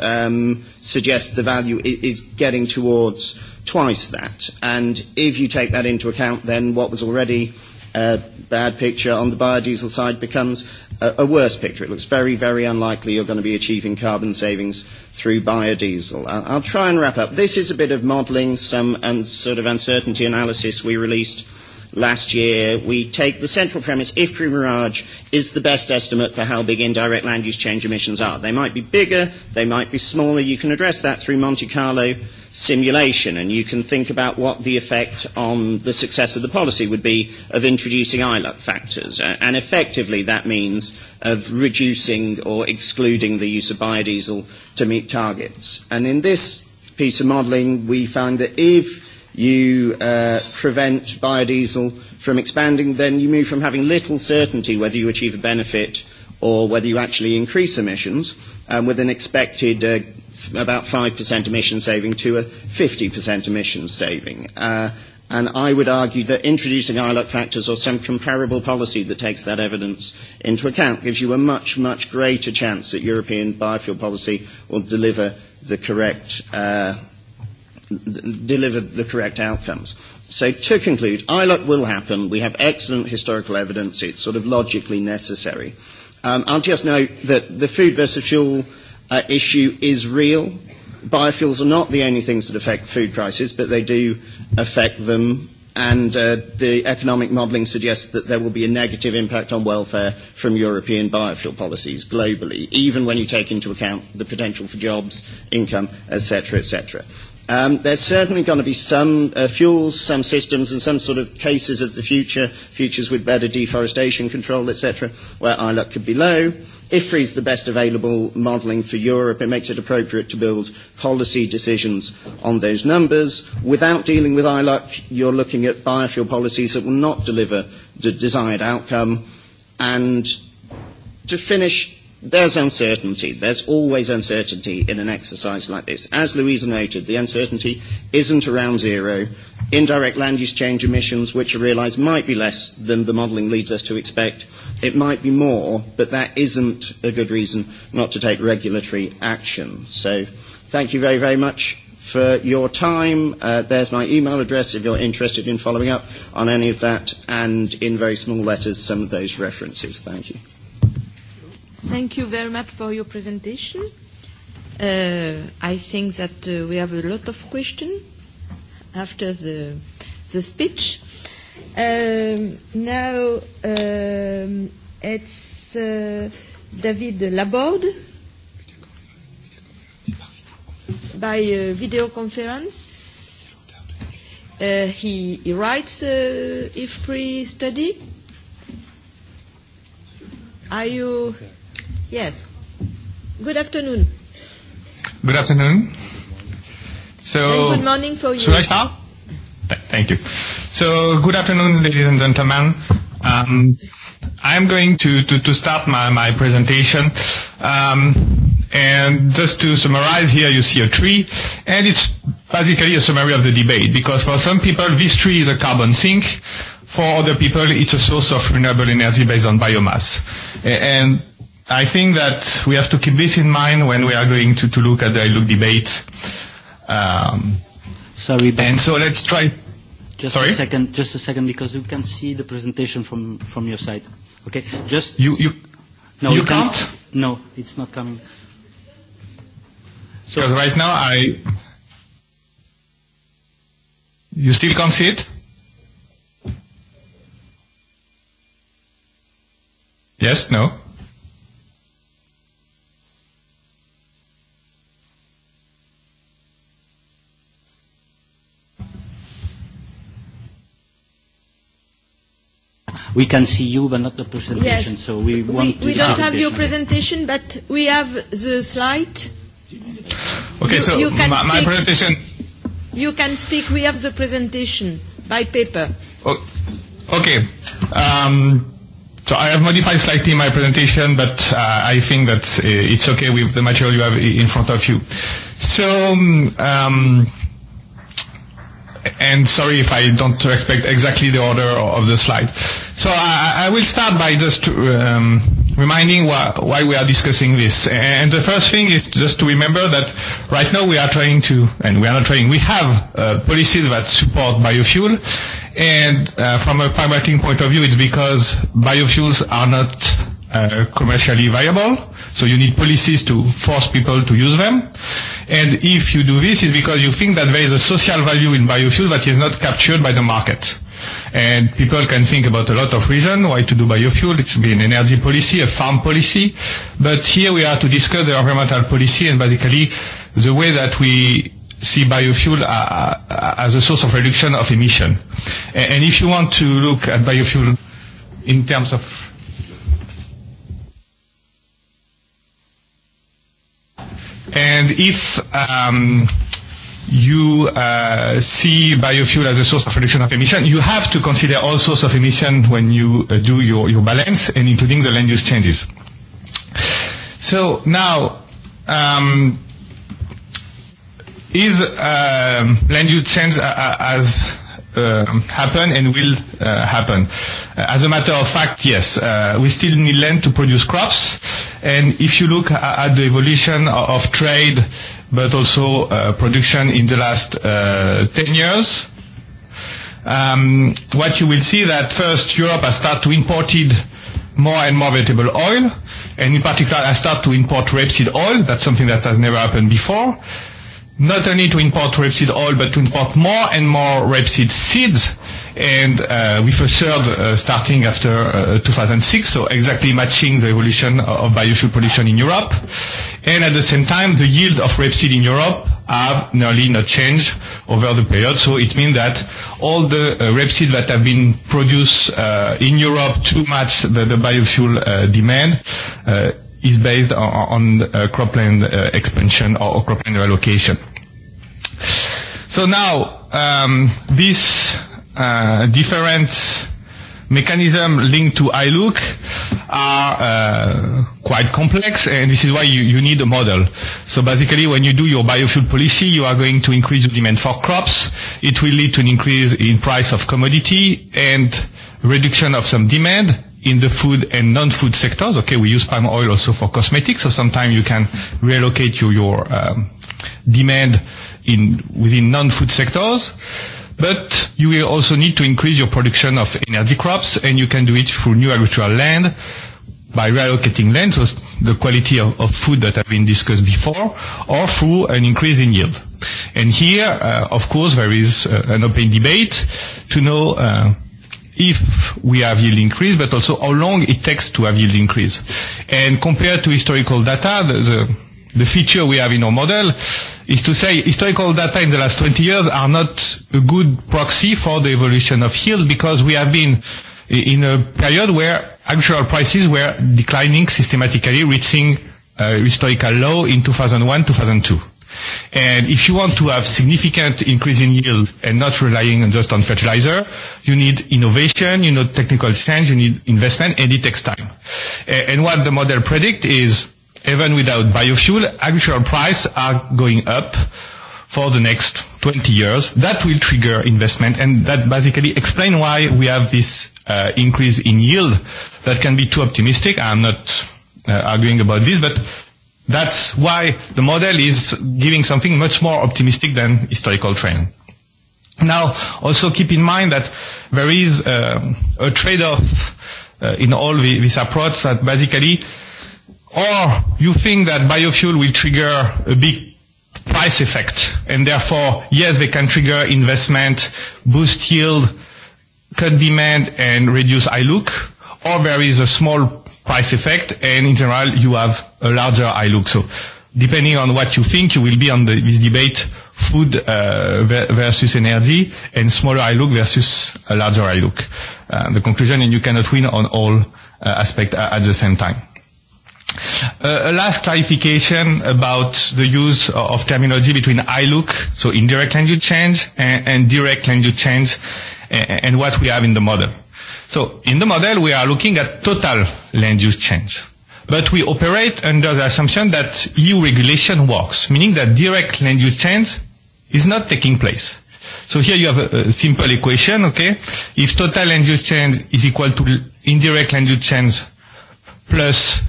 suggests the value is getting towards twice that. And if you take that into account, then what was already A bad picture on the biodiesel side becomes a worse picture. It looks very, very unlikely you're going to be achieving carbon savings through biodiesel. I'll try and wrap up. This is a bit of modelling, some and sort of uncertainty analysis we released last year, we take the central premise, if pre Mirage is the best estimate for how big indirect land use change emissions are. They might be bigger, they might be smaller. You can address that through Monte Carlo simulation, and you can think about what the effect on the success of the policy would be of introducing ILUC factors. And effectively, that means of reducing or excluding the use of biodiesel to meet targets. And in this piece of modelling, we found that if you prevent biodiesel from expanding, then you move from having little certainty whether you achieve a benefit or whether you actually increase emissions with an expected about 5% emission saving to a 50% emission saving. And I would argue that introducing ILOC factors or some comparable policy that takes that evidence into account gives you a much, much greater chance that European biofuel policy will deliver the correct delivered the correct outcomes. So to conclude, ILOC will happen. We have excellent historical evidence. It's sort of logically necessary. I'll just note that the food versus fuel issue is real. Biofuels are not the only things that affect food prices, but they do affect them. And the economic modelling suggests that there will be a negative impact on welfare from European biofuel policies globally, even when you take into account the potential for jobs, income, etc., etc. Um There's certainly going to be some fuels, some systems, and some sort of cases of the future, futures with better deforestation control, etc., where ILUC could be low. IFRI is the best available modelling for Europe. It makes it appropriate to build policy decisions on those numbers. Without dealing with ILUC, you're looking at biofuel policies that will not deliver the desired outcome. And to finish There's uncertainty. There's always uncertainty in an exercise like this. As Louisa noted, the uncertainty isn't around zero. Indirect land use change emissions, which are realised, might be less than the modelling leads us to expect. It might be more, but that isn't a good reason not to take regulatory action. So thank you very, very much for your time. There's my email address if you're interested in following up on any of that, and in very small letters some of those references. Thank you. Thank you very much for your presentation. I think that we have a lot of questions after the the speech. Now it's David Laborde by video conference. He writes if pre study. Are you Yes. Good afternoon. Good afternoon. So, good morning for you. Should I start? Thank you. So, good afternoon, ladies and gentlemen. Um, I'm going to, to, to start my, my presentation. Um, and just to summarize here, you see a tree, and it's basically a summary of the debate, because for some people, this tree is a carbon sink. For other people, it's a source of renewable energy based on biomass. And I think that we have to keep this in mind when we are going to, to look at the ILUC debate. Um, Sorry, but and so let's try. Just a second, just a second, because you can see the presentation from from your side. Okay, just you you. No, you can't. No, it's not coming. So because right now I. You still can't see it. Yes. No. We can see you, but not the presentation. So we want. We don't have your presentation, but we have the slide. Okay, so my presentation. You can speak. We have the presentation by paper. Okay. Um, so I have modified slightly my presentation, but I think that it's okay with the material you have in front of you. So. Um, and sorry if I don't expect exactly the order of the slide. So I, I will start by just um, reminding why, why we are discussing this. And the first thing is just to remember that right now we are trying to, and we are not trying, we have uh, policies that support biofuel. And uh, from a primary point of view, it's because biofuels are not uh, commercially viable. So you need policies to force people to use them. And if you do this, it's because you think that there is a social value in biofuel that is not captured by the market. And people can think about a lot of reasons why to do biofuel. It's been be an energy policy, a farm policy. But here we are to discuss the environmental policy and basically the way that we see biofuel as a source of reduction of emission. And if you want to look at biofuel in terms of And if um, you see biofuel as a source of reduction of emission, you have to consider all sources of emission when you do your, your balance and including the land use changes. So now, um, is land use change as happen and will happen. As a matter of fact, yes, we still need land to produce crops. And if you look at the evolution of trade, but also production in the last 10 years, um, what you will see that first Europe has started to imported more and more vegetable oil, and in particular has started to import rapeseed oil. That's something that has never happened before not only to import rapeseed oil, but to import more and more rapeseed seeds, and uh, with a third starting after uh, 2006, so exactly matching the evolution of biofuel production in Europe. And at the same time, the yield of rapeseed in Europe have nearly not changed over the period. So it means that all the rapeseed that have been produced in Europe to match the biofuel demand is based on cropland expansion or cropland relocation. So now these different mechanisms linked to ILUC are quite complex and this is why you, you need a model. So basically when you do your biofuel policy you are going to increase the demand for crops, it will lead to an increase in price of commodity and reduction of some demand in the food and non-food sectors. Okay, we use palm oil also for cosmetics, so sometimes you can reallocate your, your um, demand in, within non-food sectors. But you will also need to increase your production of energy crops, and you can do it through new agricultural land, by reallocating land, so the quality of, of food that have been discussed before, or through an increase in yield. And here, uh, of course, there is an open debate to know uh, if we have yield increase, but also how long it takes to have yield increase. And compared to historical data, the the feature we have in our model is to say historical data in the last 20 years are not a good proxy for the evolution of yield because we have been in a period where actual prices were declining systematically, reaching historical low in 2001, 2002. And if you want to have significant increase in yield and not relying just on fertilizer, you need innovation, you need technical change, you need investment, and it takes time. And what the model predict is even without biofuel, agricultural prices are going up for the next 20 years. That will trigger investment, and that basically explain why we have this increase in yield that can be too optimistic. I'm not arguing about this, but That's why the model is giving something much more optimistic than historical trend. Now, also keep in mind that there is a trade-off in all this approach that basically, or you think that biofuel will trigger a big price effect, and therefore, yes, they can trigger investment, boost yield, cut demand, and reduce ILUC, or there is a small price effect, and in general, you have a larger look. So depending on what you think, you will be on this debate food versus energy and smaller look versus a larger look. The conclusion, and you cannot win on all aspects at the same time. A last clarification about the use of terminology between look, so indirect land use change, and direct land use change, and what we have in the model. So in the model, we are looking at total land use change. But we operate under the assumption that EU regulation works, meaning that direct land use change is not taking place. So here you have a simple equation, okay? If total land use change is equal to indirect land use change plus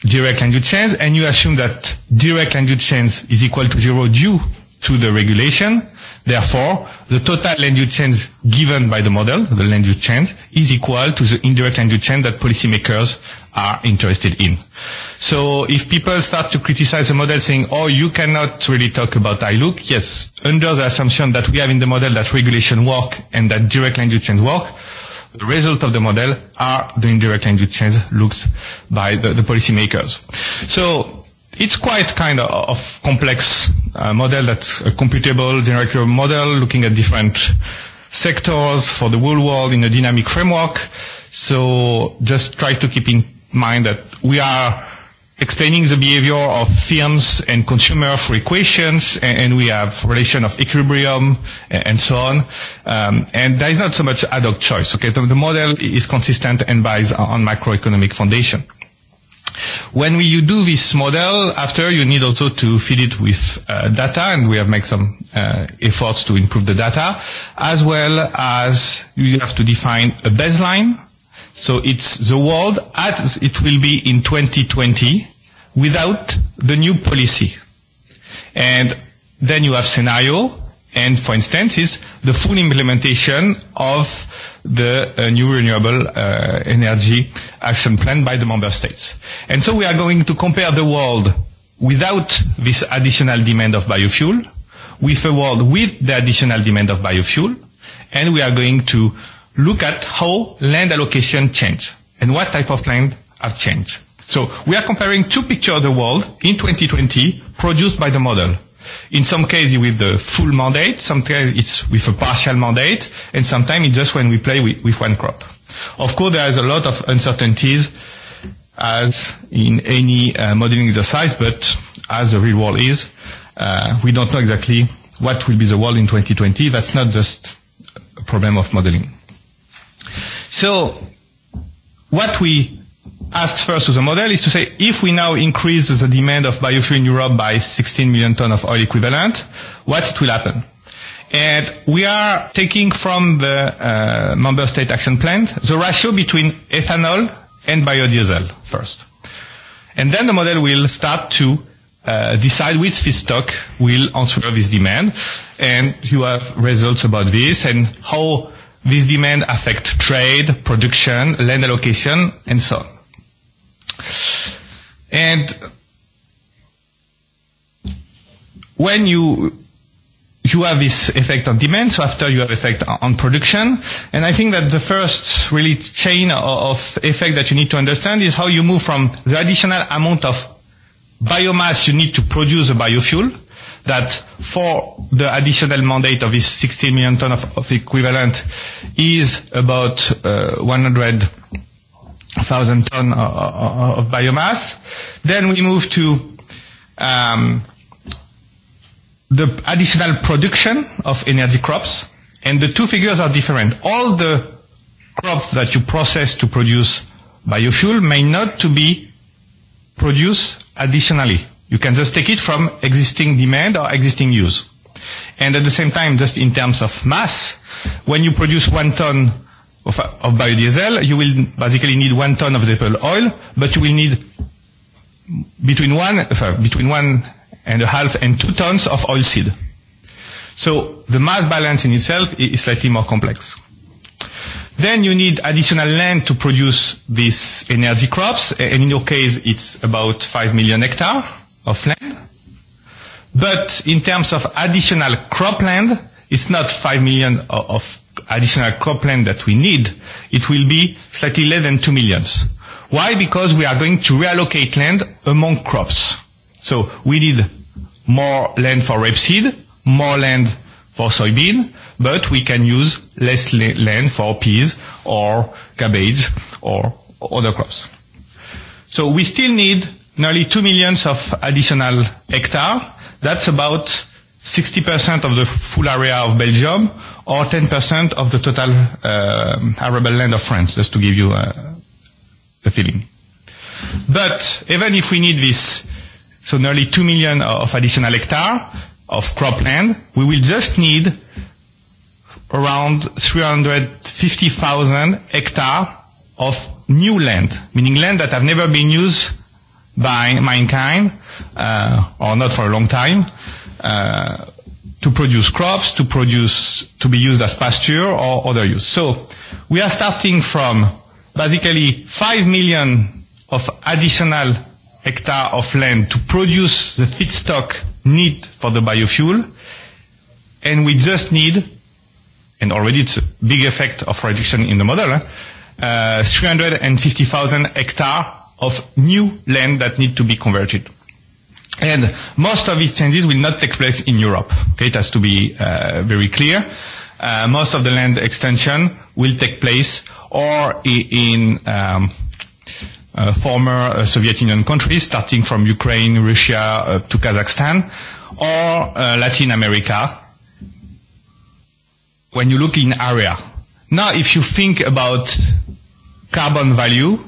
direct land use change, and you assume that direct land use change is equal to zero due to the regulation, therefore, the total land use change given by the model, the land use change, is equal to the indirect land use change that policymakers are interested in. So if people start to criticize the model saying, oh, you cannot really talk about ILUC, yes, under the assumption that we have in the model that regulation work and that direct language change work, the result of the model are the indirect language change looked by the, the policymakers. So it's quite kind of complex model that's a computable generic model looking at different sectors for the whole world in a dynamic framework. So just try to keep in mind that we are explaining the behavior of firms and consumer for equations, and we have relation of equilibrium and so on. And there is not so much ad hoc choice. Okay, the model is consistent and based on macroeconomic foundation. When we you do this model, after you need also to feed it with data, and we have made some efforts to improve the data, as well as you have to define a baseline So it's the world as it will be in 2020 without the new policy. And then you have scenario and, for instance, is the full implementation of the new renewable energy action plan by the member states. And so we are going to compare the world without this additional demand of biofuel with a world with the additional demand of biofuel, and we are going to look at how land allocation changed and what type of land have changed. So we are comparing two pictures of the world in 2020 produced by the model. In some cases with the full mandate, sometimes it's with a partial mandate, and sometimes it's just when we play with one crop. Of course, there is a lot of uncertainties as in any modeling exercise, but as the real world is, we don't know exactly what will be the world in 2020. That's not just a problem of modeling. So what we ask first to the model is to say if we now increase the demand of biofuel in Europe by 16 million ton of oil equivalent, what it will happen? And we are taking from the member state action plan the ratio between ethanol and biodiesel first. And then the model will start to decide which feedstock will answer this demand. And you have results about this and how This demand affect trade, production, land allocation, and so on. And when you you have this effect on demand, so after you have effect on production, and I think that the first really chain of effect that you need to understand is how you move from the additional amount of biomass you need to produce a biofuel that for the additional mandate of this 60 million ton of equivalent is about 100,000 ton of biomass. Then we move to the additional production of energy crops, and the two figures are different. All the crops that you process to produce biofuel may not to be produced additionally. You can just take it from existing demand or existing use. And at the same time, just in terms of mass, when you produce one ton of biodiesel, you will basically need one ton of vegetable oil, but you will need between one, between and a half and two tons of oilseed. So the mass balance in itself is slightly more complex. Then you need additional land to produce these energy crops, and in your case, it's about five million hectares of land. But in terms of additional cropland, it's not 5 million of additional cropland that we need. It will be slightly less than 2 million. Why? Because we are going to reallocate land among crops. So we need more land for rapeseed, more land for soybean, but we can use less land for peas or cabbage or other crops. So we still need nearly 2 million of additional hectares, That's about 60% of the full area of Belgium or 10% of the total arable land of France, just to give you a feeling. But even if we need this, so nearly 2 million of additional hectares of cropland, we will just need around 350,000 hectares of new land, meaning land that have never been used by mankind, uh, or not for a long time, uh, to produce crops, to produce, to be used as pasture or other use. So we are starting from basically 5 million of additional hectare of land to produce the feedstock need for the biofuel. And we just need, and already it's a big effect of reduction in the model, uh, 350,000 hectare of new land that need to be converted. And most of these changes will not take place in Europe. Okay, it has to be very clear. Most of the land extension will take place or in former Soviet Union countries, starting from Ukraine, Russia to Kazakhstan, or Latin America. When you look in area, now if you think about carbon value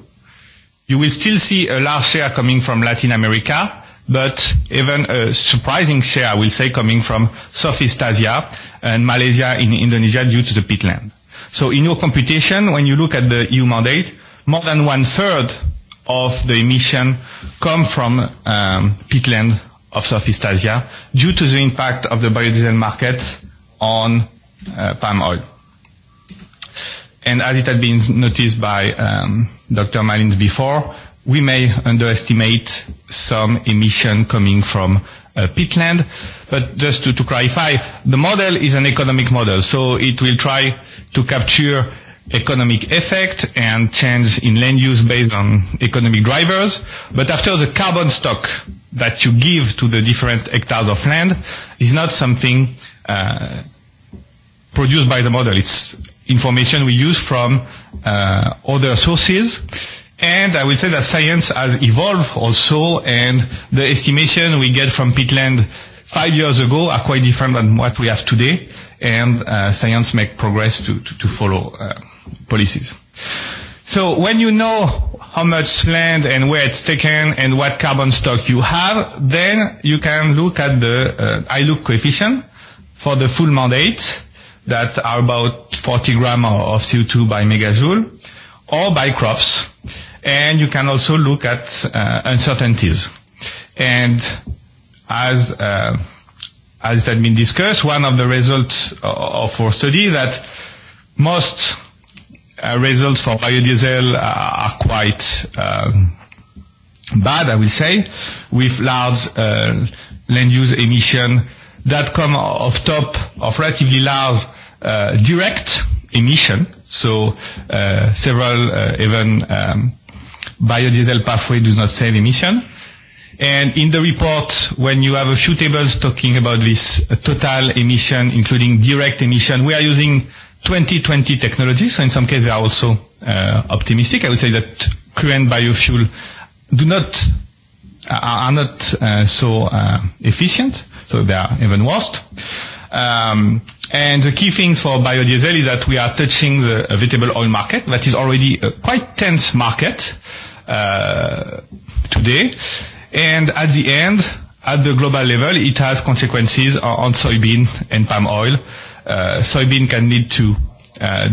You will still see a large share coming from Latin America, but even a surprising share, I will say, coming from Southeast Asia and Malaysia in Indonesia due to the peatland. So in your computation, when you look at the EU mandate, more than one-third of the emission come from peatland of Southeast Asia due to the impact of the biodiesel market on palm oil. And as it had been noticed by Dr. Malins before, we may underestimate some emission coming from peatland. But just to clarify, the model is an economic model, so it will try to capture economic effect and change in land use based on economic drivers. But after the carbon stock that you give to the different hectares of land is not something produced by the model. It's information we use from uh, other sources. And I would say that science has evolved also, and the estimation we get from peatland five years ago are quite different than what we have today, and uh, science make progress to, to, to follow uh, policies. So when you know how much land and where it's taken and what carbon stock you have, then you can look at the uh, ILUC coefficient for the full mandate that are about 40 gram of CO2 by megajoule or by crops. And you can also look at uncertainties. And as as it had been discussed, one of the results of our study that most results for biodiesel are quite bad, I will say, with large land use emission that come off top of relatively large direct emission, so several even biodiesel pathway do not save emission. And in the report, when you have a few tables talking about this total emission, including direct emission, we are using 2020 technology. So in some cases, we are also optimistic. I would say that current biofuel do not are not so efficient so they are even worse. Um, and the key things for biodiesel is that we are touching the vegetable oil market that is already a quite tense market uh, today. And at the end, at the global level, it has consequences on soybean and palm oil. Soybean can lead to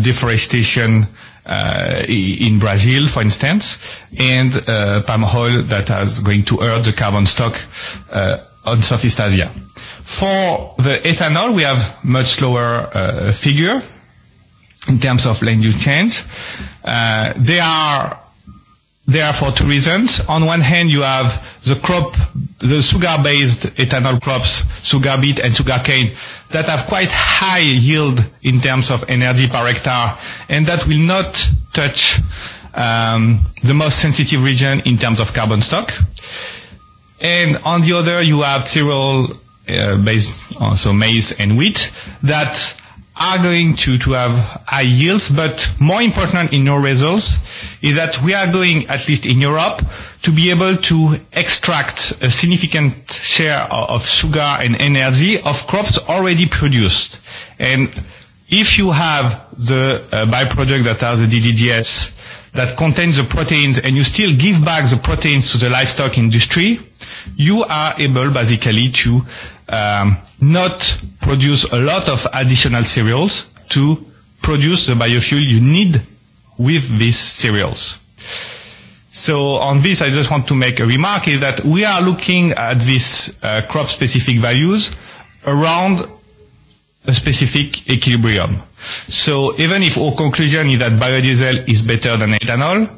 deforestation in Brazil, for instance, and palm oil that is going to hurt the carbon stock on Southeast Asia. For the ethanol, we have much lower figure in terms of land use change. They are there for two reasons. On one hand, you have the crop, the sugar-based ethanol crops, sugar beet and sugar cane, that have quite high yield in terms of energy per hectare, and that will not touch the most sensitive region in terms of carbon stock. And on the other, you have cereal based on so maize and wheat that are going to to have high yields, but more important in our results is that we are going, at least in Europe, to be able to extract a significant share of sugar and energy of crops already produced. And if you have the byproduct that are the DDGS that contains the proteins and you still give back the proteins to the livestock industry, you are able basically to not produce a lot of additional cereals to produce the biofuel you need with these cereals. So on this, I just want to make a remark is that we are looking at these crop-specific values around a specific equilibrium. So even if our conclusion is that biodiesel is better than ethanol,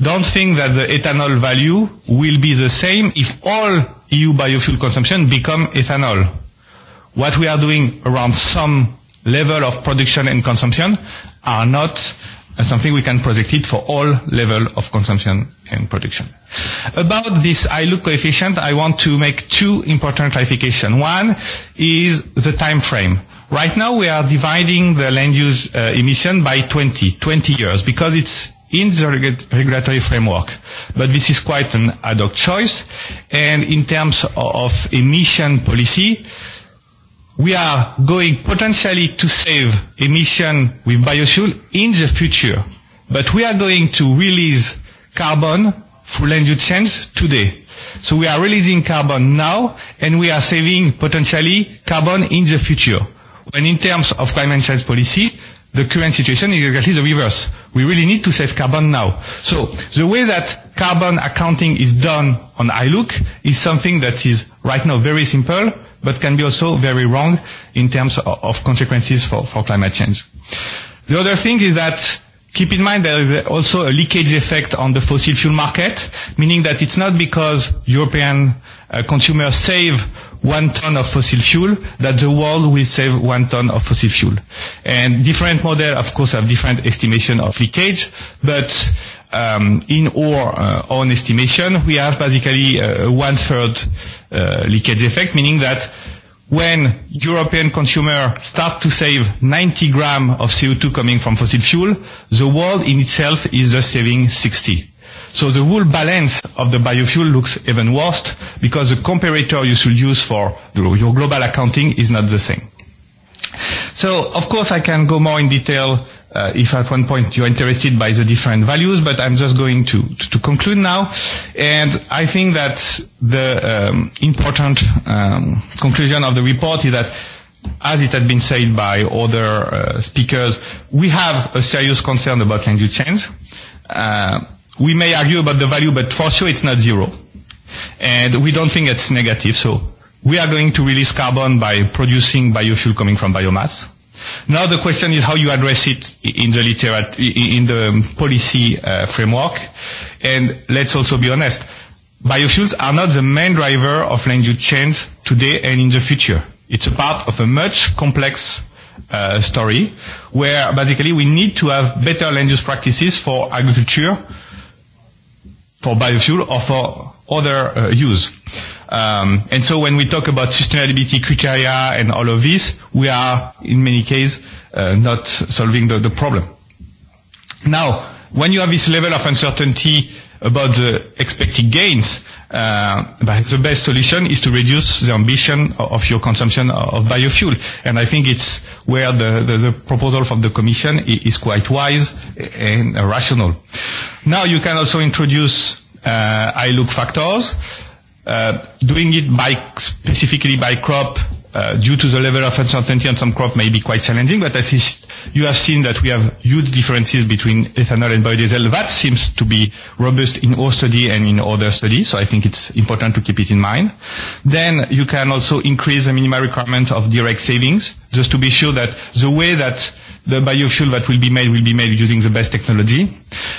don't think that the ethanol value will be the same if all EU biofuel consumption become ethanol. What we are doing around some level of production and consumption are not something we can project it for all level of consumption and production. About this ILUC coefficient, I want to make two important clarifications. One is the time frame. Right now we are dividing the land use emission by 20, 20 years, because it's in the regulatory framework. But this is quite an ad hoc choice. And in terms of emission policy, we are going potentially to save emission with biofuel in the future. But we are going to release carbon through land use change today. So we are releasing carbon now and we are saving potentially carbon in the future. When in terms of climate change policy, the current situation is exactly the reverse We really need to save carbon now. So the way that carbon accounting is done on iLook is something that is right now very simple, but can be also very wrong in terms of consequences for climate change. The other thing is that keep in mind there is also a leakage effect on the fossil fuel market, meaning that it's not because European consumers save one ton of fossil fuel, that the world will save one ton of fossil fuel. And different models, of course, have different estimation of leakage, but um, in our own estimation, we have basically a one-third leakage effect, meaning that when European consumers start to save 90 grams of CO2 coming from fossil fuel, the world in itself is just saving 60. So the whole balance of the biofuel looks even worse because the comparator you should use for your global accounting is not the same. So, of course, I can go more in detail if at one point you're interested by the different values, but I'm just going to to conclude now. And I think that the important conclusion of the report is that, as it had been said by other speakers, we have a serious concern about land use change we may argue about the value, but for sure it's not zero. And we don't think it's negative. So we are going to release carbon by producing biofuel coming from biomass. Now the question is how you address it in the in the policy framework. And let's also be honest, biofuels are not the main driver of land use change today and in the future. It's a part of a much complex story where basically we need to have better land use practices for agriculture for biofuel or for other use. And so when we talk about sustainability criteria and all of this, we are in many cases not solving the problem. Now, when you have this level of uncertainty about the expected gains, But uh the best solution is to reduce the ambition of your consumption of biofuel. And I think it's where the, the, the proposal from the Commission is quite wise and rational. Now you can also introduce uh, look factors. uh doing it by specifically by crop due to the level of uncertainty on some crop may be quite challenging, but at least you have seen that we have huge differences between ethanol and biodiesel. That seems to be robust in our study and in other studies, so I think it's important to keep it in mind. Then you can also increase the minimal requirement of direct savings, just to be sure that the way that the biofuel that will be made will be made using the best technology.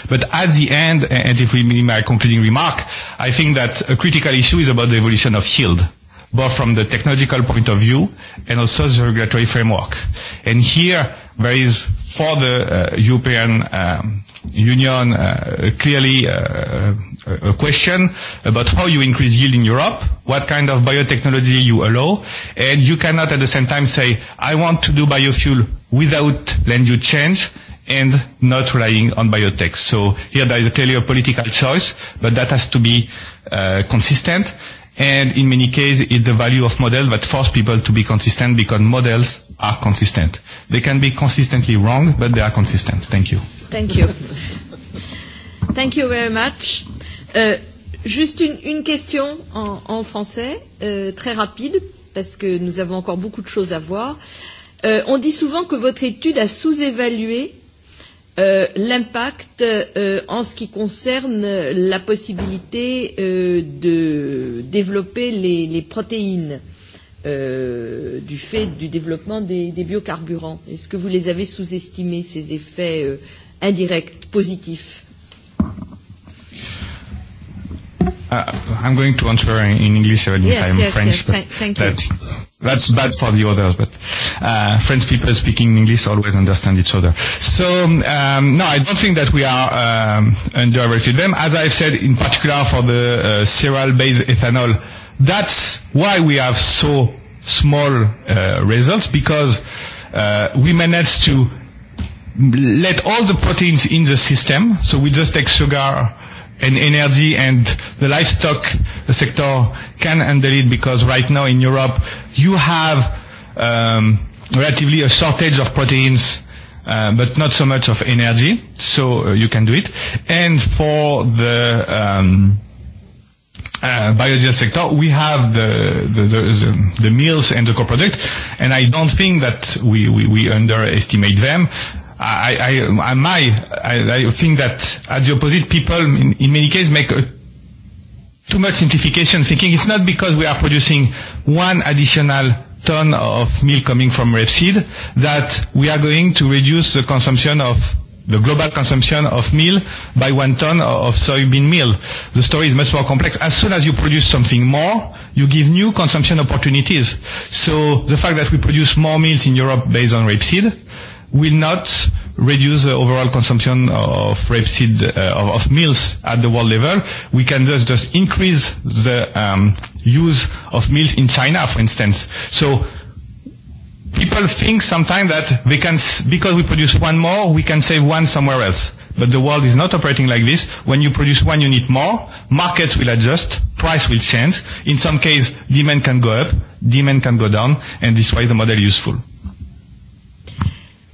But at the end, and if we my concluding remark, I think that a critical issue is about the evolution of yield both from the technological point of view and also the regulatory framework. And here there is for the European Union clearly a question about how you increase yield in Europe, what kind of biotechnology you allow, and you cannot at the same time say, I want to do biofuel without land use change and not relying on biotech. So here there is clearly a political choice, but that has to be consistent. And in many cases, it's the value of model that force people to be consistent because models are consistent. They can be consistently wrong, but they are consistent. Thank you. Thank you. Thank you very much. Juste une question en français, très rapide, parce que nous avons encore beaucoup de choses à voir. On dit souvent que votre étude a sous-évalué l'impact en ce qui concerne la possibilité de développer les protéines du fait du développement des biocarburants. Est-ce que vous les avez sous-estimés, ces effets indirects, positifs I'm going to answer in English, French. That's bad for the others, but uh, French people speaking English always understand each other. So um, no, I don't think that we are um, underrated them. As I've said, in particular for the uh, cereal-based ethanol, that's why we have so small uh, results because uh, we managed to let all the proteins in the system. So we just take sugar and energy and the livestock sector can handle it because right now in Europe you have um, relatively a shortage of proteins but not so much of energy, so you can do it. And for the um, biodiesel sector, we have the, the, the, the meals and the co-product, and I don't think that we, we, we underestimate them. I, I, I, my, I, I think that at the opposite people in, in many cases make a, too much simplification thinking it's not because we are producing one additional ton of meal coming from rapeseed that we are going to reduce the consumption of the global consumption of meal by one ton of soybean meal. The story is much more complex. As soon as you produce something more, you give new consumption opportunities. So the fact that we produce more meals in Europe based on rapeseed will not reduce the overall consumption of rapeseed of meals at the world level. We can just just increase the use of meals in China, for instance. So people think sometimes that they can because we produce one more, we can save one somewhere else. But the world is not operating like this. When you produce one, you need more. Markets will adjust. Price will change. In some cases demand can go up, demand can go down, and this is why the model is useful.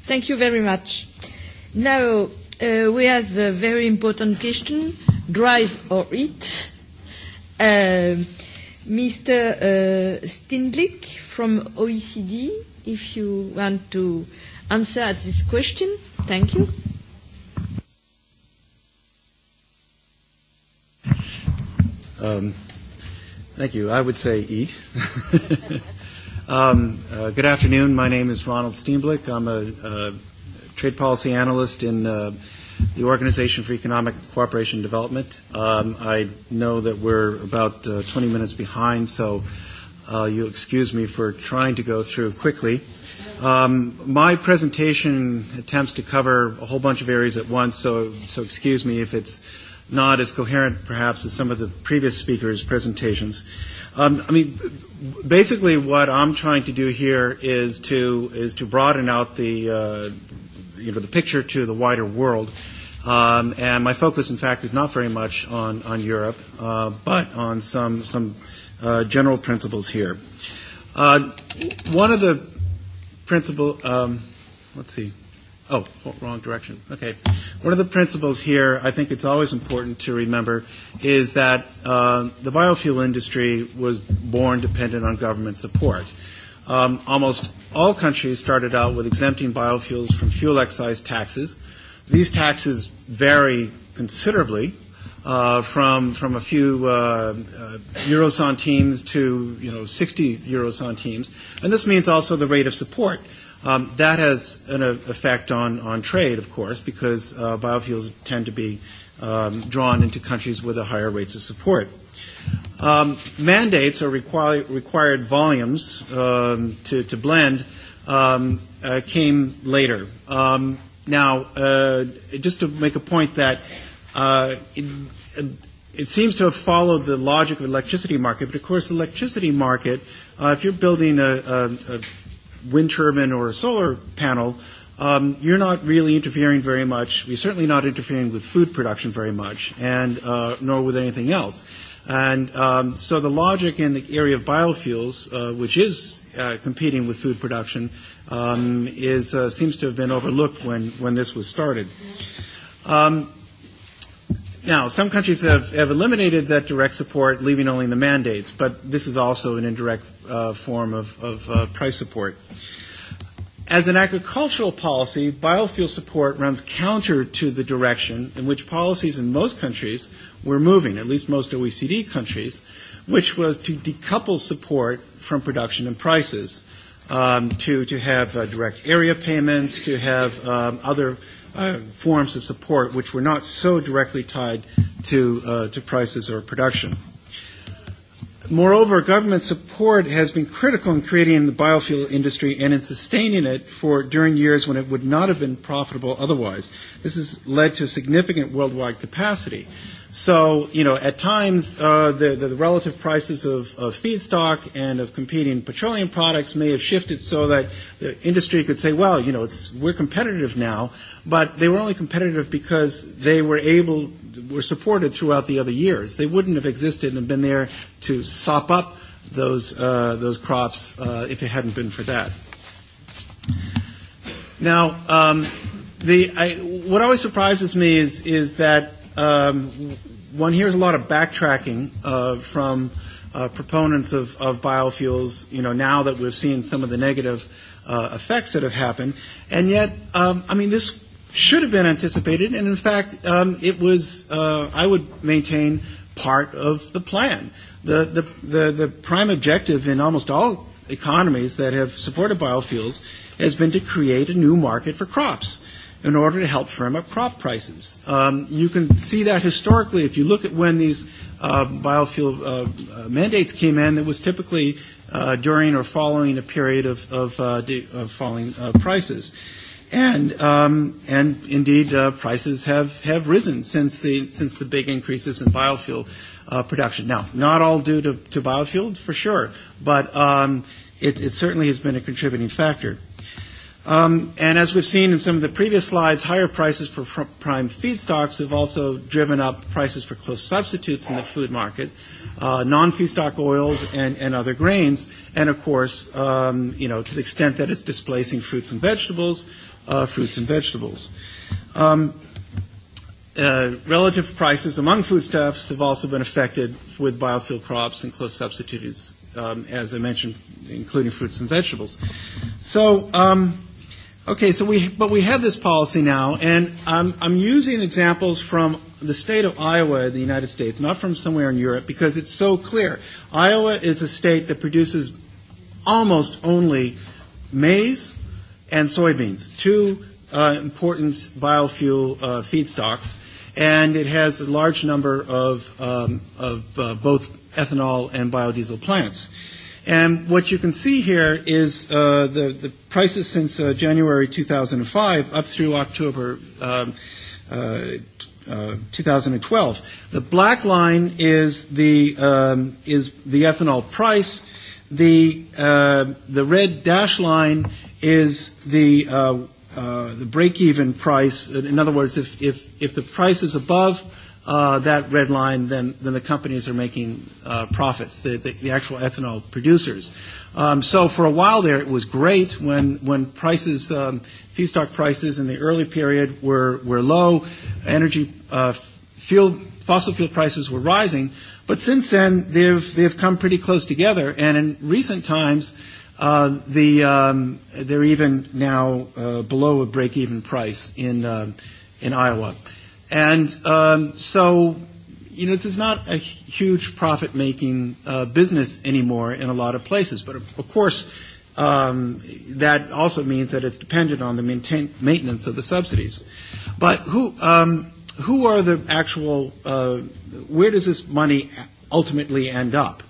Thank you very much. Now we have a very important question, drive or eat. Mr. Stindlik from OECD, if you want to answer this question. Thank you. Thank you. I would say eat. Good afternoon. My name is Ronald Steenblick. I'm a trade policy analyst in the Organization for Economic Cooperation and Development. I know that we're about 20 minutes behind, so you'll excuse me for trying to go through quickly. My presentation attempts to cover a whole bunch of areas at once, so excuse me if it's not as coherent, perhaps, as some of the previous speakers' presentations. I mean, basically what I'm trying to do here is to is to broaden out the uh, you know the picture to the wider world. Um, and my focus, in fact, is not very much on, on Europe, uh, but on some, some uh, general principles here. Uh, one of the principle, um, let's see, Oh, wrong direction. Okay. One of the principles here, I think it's always important to remember, is that the biofuel industry was born dependent on government support. Almost all countries started out with exempting biofuels from fuel excise taxes. These taxes vary considerably from from a few teams to, you know, 60 eurocentimes. And this means also the rate of support. That has an effect on on trade, of course, because biofuels tend to be drawn into countries with a higher rates of support. Mandates or required volumes to to blend came later. Now, just to make a point that it seems to have followed the logic of the electricity market, but of course the electricity market, if you're building a wind turbine or a solar panel, um, you're not really interfering very much. We're certainly not interfering with food production very much, and uh, nor with anything else. And um, so the logic in the area of biofuels, uh, which is uh, competing with food production, um, is uh, seems to have been overlooked when when this was started. Um, Now, some countries have, eliminated that direct support, leaving only the mandates, but this is also an indirect form of, of price support. As an agricultural policy, biofuel support runs counter to the direction in which policies in most countries were moving, at least most OECD countries, which was to decouple support from production and prices, um, to, to have direct area payments, to have other forms of support which were not so directly tied to uh to prices or production. Moreover, government support has been critical in creating the biofuel industry and in sustaining it for during years when it would not have been profitable otherwise. This has led to significant worldwide capacity. So, you know, at times the, the relative prices of, of feedstock and of competing petroleum products may have shifted so that the industry could say, well, you know, it's, we're competitive now, but they were only competitive because they were able, were supported throughout the other years. They wouldn't have existed and been there to sop up those, uh, those crops uh, if it hadn't been for that. Now, um, the, I, what always surprises me is, is that one hears a lot of backtracking from proponents of biofuels, you know, now that we've seen some of the negative effects that have happened. And yet, I mean, this should have been anticipated, and in fact, it was, I would maintain, part of the plan. The the prime objective in almost all economies that have supported biofuels has been to create a new market for crops in order to help firm up crop prices. Um, you can see that historically if you look at when these uh, biofuel mandates came in, it was typically uh, during or following a period of, of, uh, of falling uh, prices. And, um, and indeed, uh, prices have, have risen since the, since the big increases in biofuel uh, production. Now, not all due to, to biofuel, for sure, but um, it, it certainly has been a contributing factor. And as we've seen in some of the previous slides, higher prices for prime feedstocks have also driven up prices for close substitutes in the food market, non-feedstock oils and other grains, and of course, you know, to the extent that it's displacing fruits and vegetables, fruits and vegetables. Relative prices among foodstuffs have also been affected with biofuel crops and close substitutes, as I mentioned, including fruits and vegetables. So, um, Okay, so we but we have this policy now, and I'm I'm using examples from the state of Iowa the United States, not from somewhere in Europe, because it's so clear. Iowa is a state that produces almost only maize and soybeans, two important biofuel feedstocks, and it has a large number of of both ethanol and biodiesel plants. And what you can see here is the the prices since January 2005 up through October 2012. The black line is the is the ethanol price. The the red dash line is the the break-even price. In other words, if if if the price is above that red line, then then the companies are making profits, the the actual ethanol producers. So for a while there, it was great when when prices, feedstock prices in the early period were were low, energy fuel fossil fuel prices were rising, but since then they've they've come pretty close together. And in recent times, the they're even now below a break-even price in in Iowa. And so, you know, this is not a huge profit-making business anymore in a lot of places. But, of course, that also means that it's dependent on the maintenance of the subsidies. But who who are the actual, where does this money ultimately end up?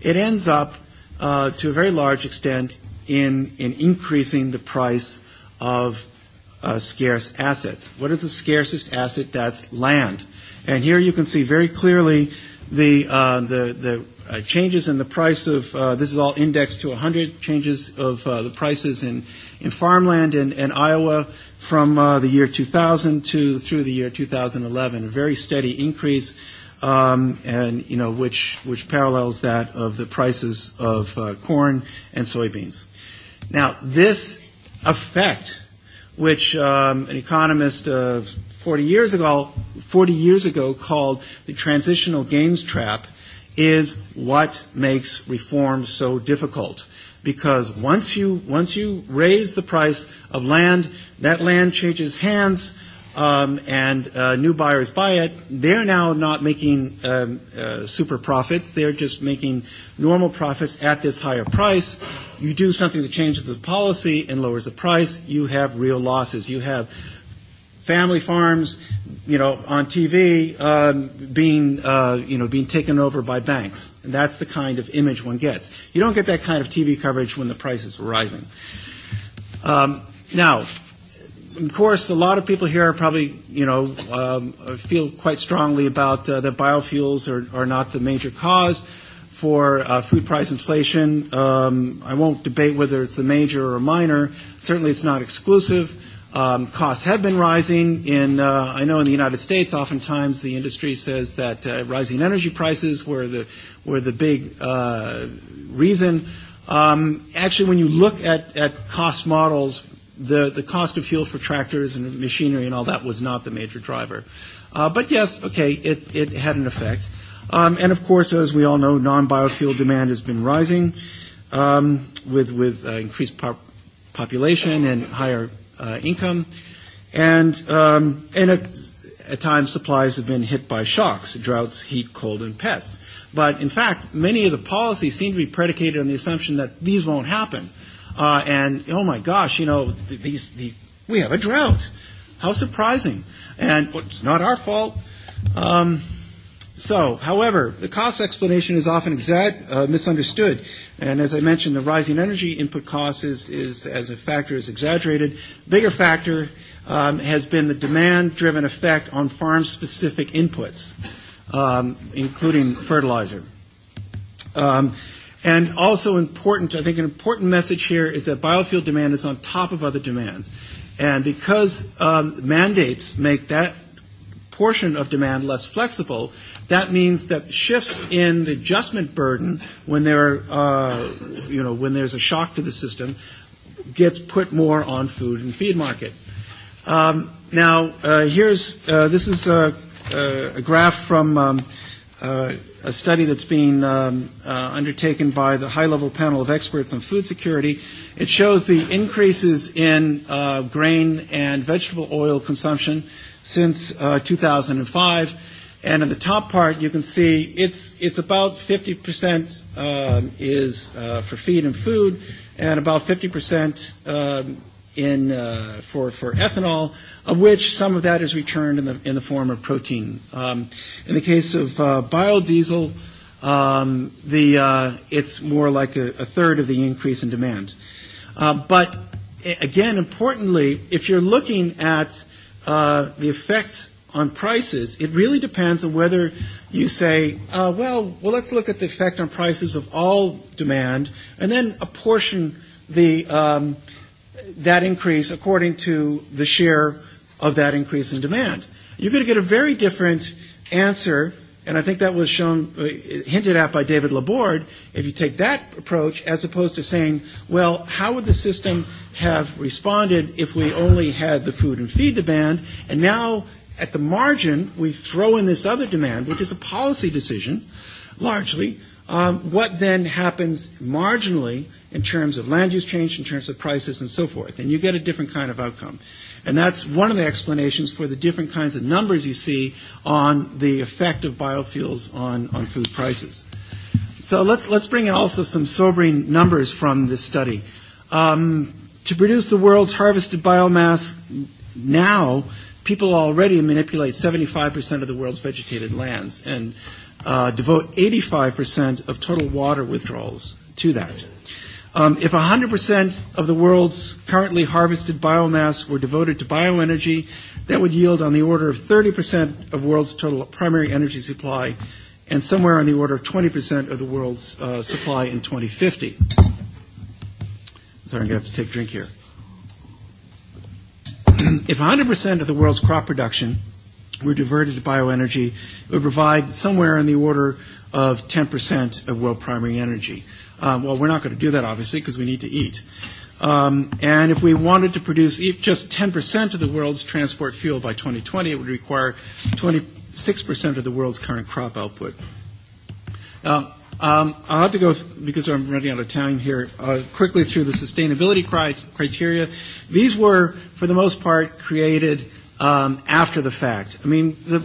It ends up, to a very large extent, in in increasing the price of scarce assets. What is the scarcest asset? That's land. And here you can see very clearly the the the changes in the price of this is all indexed to 100 changes of the prices in in farmland in in Iowa from the year 2000 to through the year 2011. A very steady increase and you know which which parallels that of the prices of corn and soybeans. Now this effect which an economist 40 years ago 40 years ago called the transitional games trap is what makes reform so difficult because once you once you raise the price of land that land changes hands and new buyers buy it they're now not making super profits they're just making normal profits at this higher price you do something that changes the policy and lowers the price, you have real losses. You have family farms, you know, on TV um, being, uh, you know, being taken over by banks. And that's the kind of image one gets. You don't get that kind of TV coverage when the prices is rising. Um, now, of course, a lot of people here are probably, you know, um, feel quite strongly about uh, that biofuels are, are not the major cause for food price inflation. I won't debate whether it's the major or minor. Certainly it's not exclusive. Costs have been rising. In I know in the United States, oftentimes the industry says that rising energy prices were the were the big reason. Actually, when you look at at cost models, the the cost of fuel for tractors and machinery and all that was not the major driver. But yes, okay, it it had an effect. And of course, as we all know, non-biofuel demand has been rising with with increased population and higher income. And at times, supplies have been hit by shocks, droughts, heat, cold, and pests. But in fact, many of the policies seem to be predicated on the assumption that these won't happen. And, oh my gosh, you know, these we have a drought. How surprising. And it's not our fault. So, however, the cost explanation is often misunderstood, and as I mentioned, the rising energy input costs is, as a factor, is exaggerated. Bigger factor has been the demand-driven effect on farm-specific inputs, including fertilizer. And also important, I think an important message here is that biofuel demand is on top of other demands. And because mandates make that portion of demand less flexible, that means that shifts in the adjustment burden when there are, you know, when there's a shock to the system gets put more on food and feed market. Um, now, uh, here's, this is a, a graph from um, a study that's being undertaken by the high-level panel of experts on food security. It shows the increases in grain and vegetable oil consumption since 2005. And in the top part, you can see it's it's about 50% is for feed and food, and about 50% in for for ethanol, of which some of that is returned in the in the form of protein. Um, in the case of biodiesel, um, the it's more like a, a third of the increase in demand. but again, importantly, if you're looking at the effects on prices, it really depends on whether you say, uh, well, well, let's look at the effect on prices of all demand, and then apportion the um, that increase according to the share of that increase in demand. You're going to get a very different answer, and I think that was shown, hinted at by David Laborde, if you take that approach as opposed to saying, well, how would the system have responded if we only had the food and feed demand, and now at the margin we throw in this other demand, which is a policy decision, largely. What then happens marginally in terms of land use change, in terms of prices and so forth. And you get a different kind of outcome. And that's one of the explanations for the different kinds of numbers you see on the effect of biofuels on, on food prices. So let's, let's bring in also some sobering numbers from this study. Um, to produce the world's harvested biomass now, people already manipulate 75% of the world's vegetated lands and uh, devote 85% of total water withdrawals to that. If 100% of the world's currently harvested biomass were devoted to bioenergy, that would yield on the order of 30% of world's total primary energy supply and somewhere on the order of 20% of the world's supply in 2050. Sorry, I'm going to have to take a drink here. If 100% of the world's crop production were diverted to bioenergy, it would provide somewhere on the order of 10% of world primary energy well, we're not going to do that, obviously, because we need to eat. Um, and if we wanted to produce just 10% of the world's transport fuel by 2020, it would require 26% of the world's current crop output. Um, I'll have to go, because I'm running out of time here, uh, quickly through the sustainability criteria. These were, for the most part, created um, after the fact. I mean, the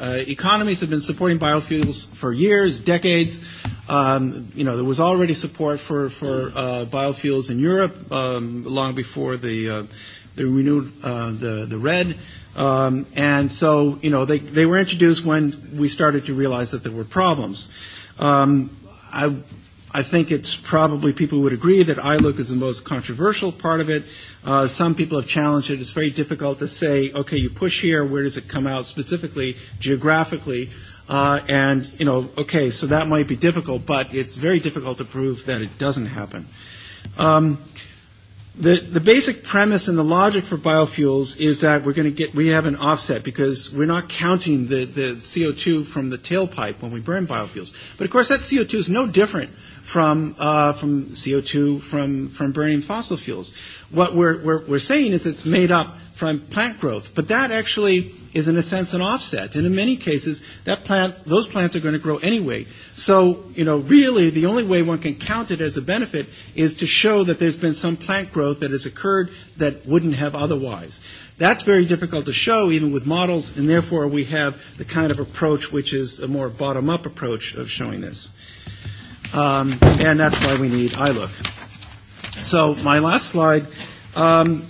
uh, economies have been supporting biofuels for years, decades. Um, you know, there was already support for, for uh, biofuels in Europe um, long before the, uh, the renewed uh, the, the red. Um, and so, you know, they, they were introduced when we started to realize that there were problems. Um, I, I think it's probably people would agree that ILUC is the most controversial part of it. Uh, some people have challenged it. It's very difficult to say, okay, you push here, where does it come out specifically, geographically? And, you know, okay, so that might be difficult, but it's very difficult to prove that it doesn't happen. The the basic premise and the logic for biofuels is that we're going to get we have an offset because we're not counting the the CO2 from the tailpipe when we burn biofuels. But of course that CO2 is no different from uh from CO2 from from burning fossil fuels. What we're we're we're saying is it's made up from plant growth, but that actually is in a sense an offset. And in many cases, that plant, those plants are going to grow anyway. So, you know, really the only way one can count it as a benefit is to show that there's been some plant growth that has occurred that wouldn't have otherwise. That's very difficult to show even with models, and therefore we have the kind of approach which is a more bottom-up approach of showing this. Um, and that's why we need iLook. So my last slide. Um,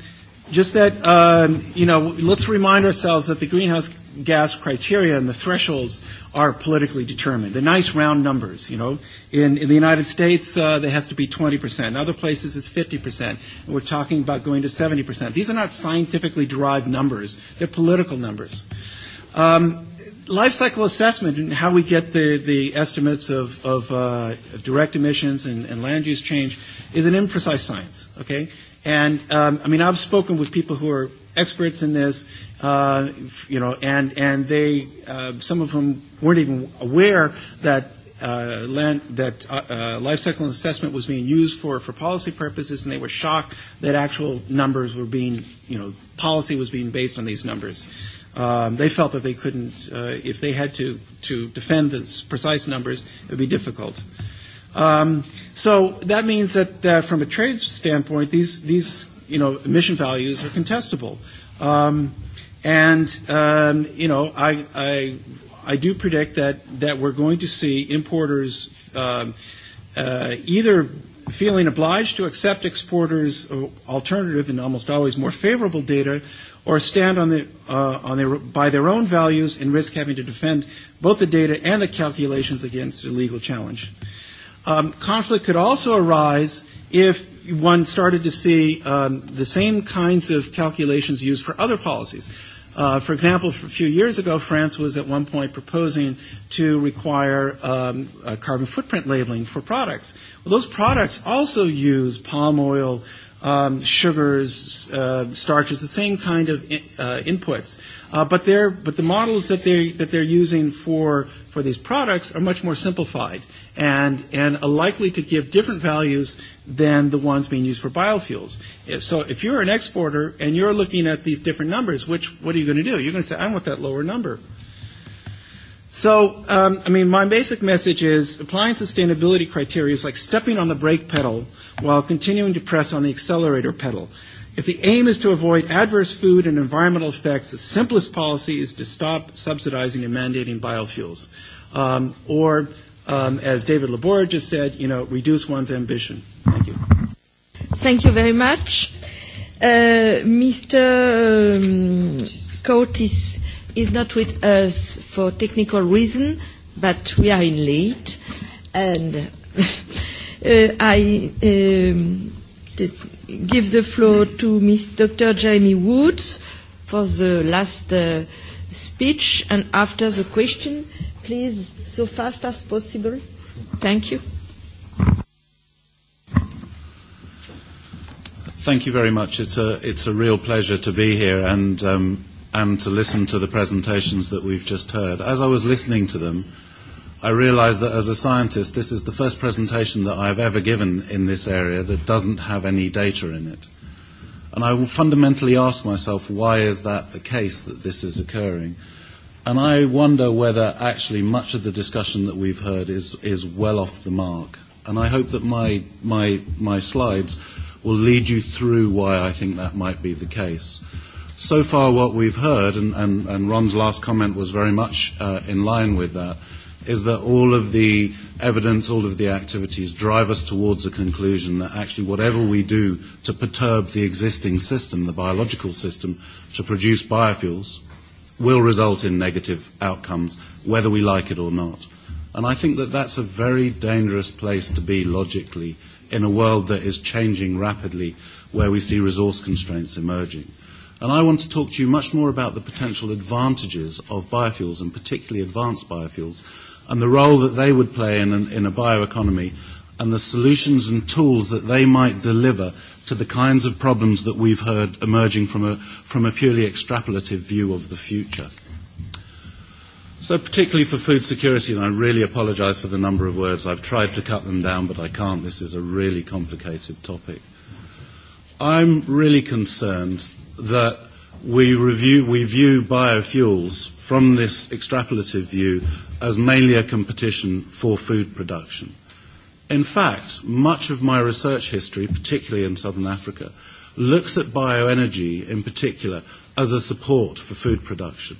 Just that, um, you know, let's remind ourselves that the greenhouse gas criteria and the thresholds are politically determined. They're nice round numbers, you know. In, in the United States, uh, there has to be 20%. In other places, it's 50%. And we're talking about going to 70%. These are not scientifically derived numbers. They're political numbers. Um, life cycle assessment and how we get the, the estimates of, of, uh, direct emissions and, and land use change is an imprecise science, okay? And, um, I mean, I've spoken with people who are experts in this, uh, you know, and, and they, uh, some of them weren't even aware that uh, land, that uh, uh, life cycle assessment was being used for, for policy purposes, and they were shocked that actual numbers were being, you know, policy was being based on these numbers. Um, they felt that they couldn't, uh, if they had to, to defend the precise numbers, it would be difficult. So that means that from a trade standpoint, these these you know emission values are contestable, and you know I I I do predict that that we're going to see importers either feeling obliged to accept exporters' alternative and almost always more favorable data, or stand on the on their by their own values and risk having to defend both the data and the calculations against a legal challenge. Conflict could also arise if one started to see the same kinds of calculations used for other policies. For example, a few years ago, France was at one point proposing to require carbon footprint labeling for products. Well, those products also use palm oil, sugars, starches, the same kind of inputs. But they're but the models that they that they're using for for these products are much more simplified and and are likely to give different values than the ones being used for biofuels. So if you're an exporter and you're looking at these different numbers, which what are you going to do? You're going to say, I want that lower number. So, um, I mean, my basic message is applying sustainability criteria is like stepping on the brake pedal while continuing to press on the accelerator pedal. If the aim is to avoid adverse food and environmental effects, the simplest policy is to stop subsidizing and mandating biofuels. or um, as David Labor just said, you know, reduce one's ambition. Thank you. Thank you very much. Mr. Curtis is not with us for technical reason, but we are in late, and I give the floor to Dr. Jeremy Woods for the last speech, and after the question please, so fast as possible. Thank you. Thank you very much. It's a, it's a real pleasure to be here and, um, and to listen to the presentations that we've just heard. As I was listening to them, I realized that as a scientist, this is the first presentation that I've ever given in this area that doesn't have any data in it. And I will fundamentally ask myself, why is that the case that this is occurring? And I wonder whether actually much of the discussion that we've heard is, is well off the mark. And I hope that my, my, my slides will lead you through why I think that might be the case. So far what we've heard, and, and, and Ron's last comment was very much uh, in line with that, is that all of the evidence, all of the activities drive us towards a conclusion that actually whatever we do to perturb the existing system, the biological system, to produce biofuels, will result in negative outcomes, whether we like it or not. And I think that that's a very dangerous place to be logically in a world that is changing rapidly, where we see resource constraints emerging. And I want to talk to you much more about the potential advantages of biofuels, and particularly advanced biofuels, and the role that they would play in a bioeconomy, and the solutions and tools that they might deliver to the kinds of problems that we've heard emerging from a, from a purely extrapolative view of the future. So particularly for food security, and I really apologize for the number of words. I've tried to cut them down, but I can't. This is a really complicated topic. I'm really concerned that we, review, we view biofuels from this extrapolative view as mainly a competition for food production. In fact, much of my research history, particularly in southern Africa, looks at bioenergy in particular as a support for food production.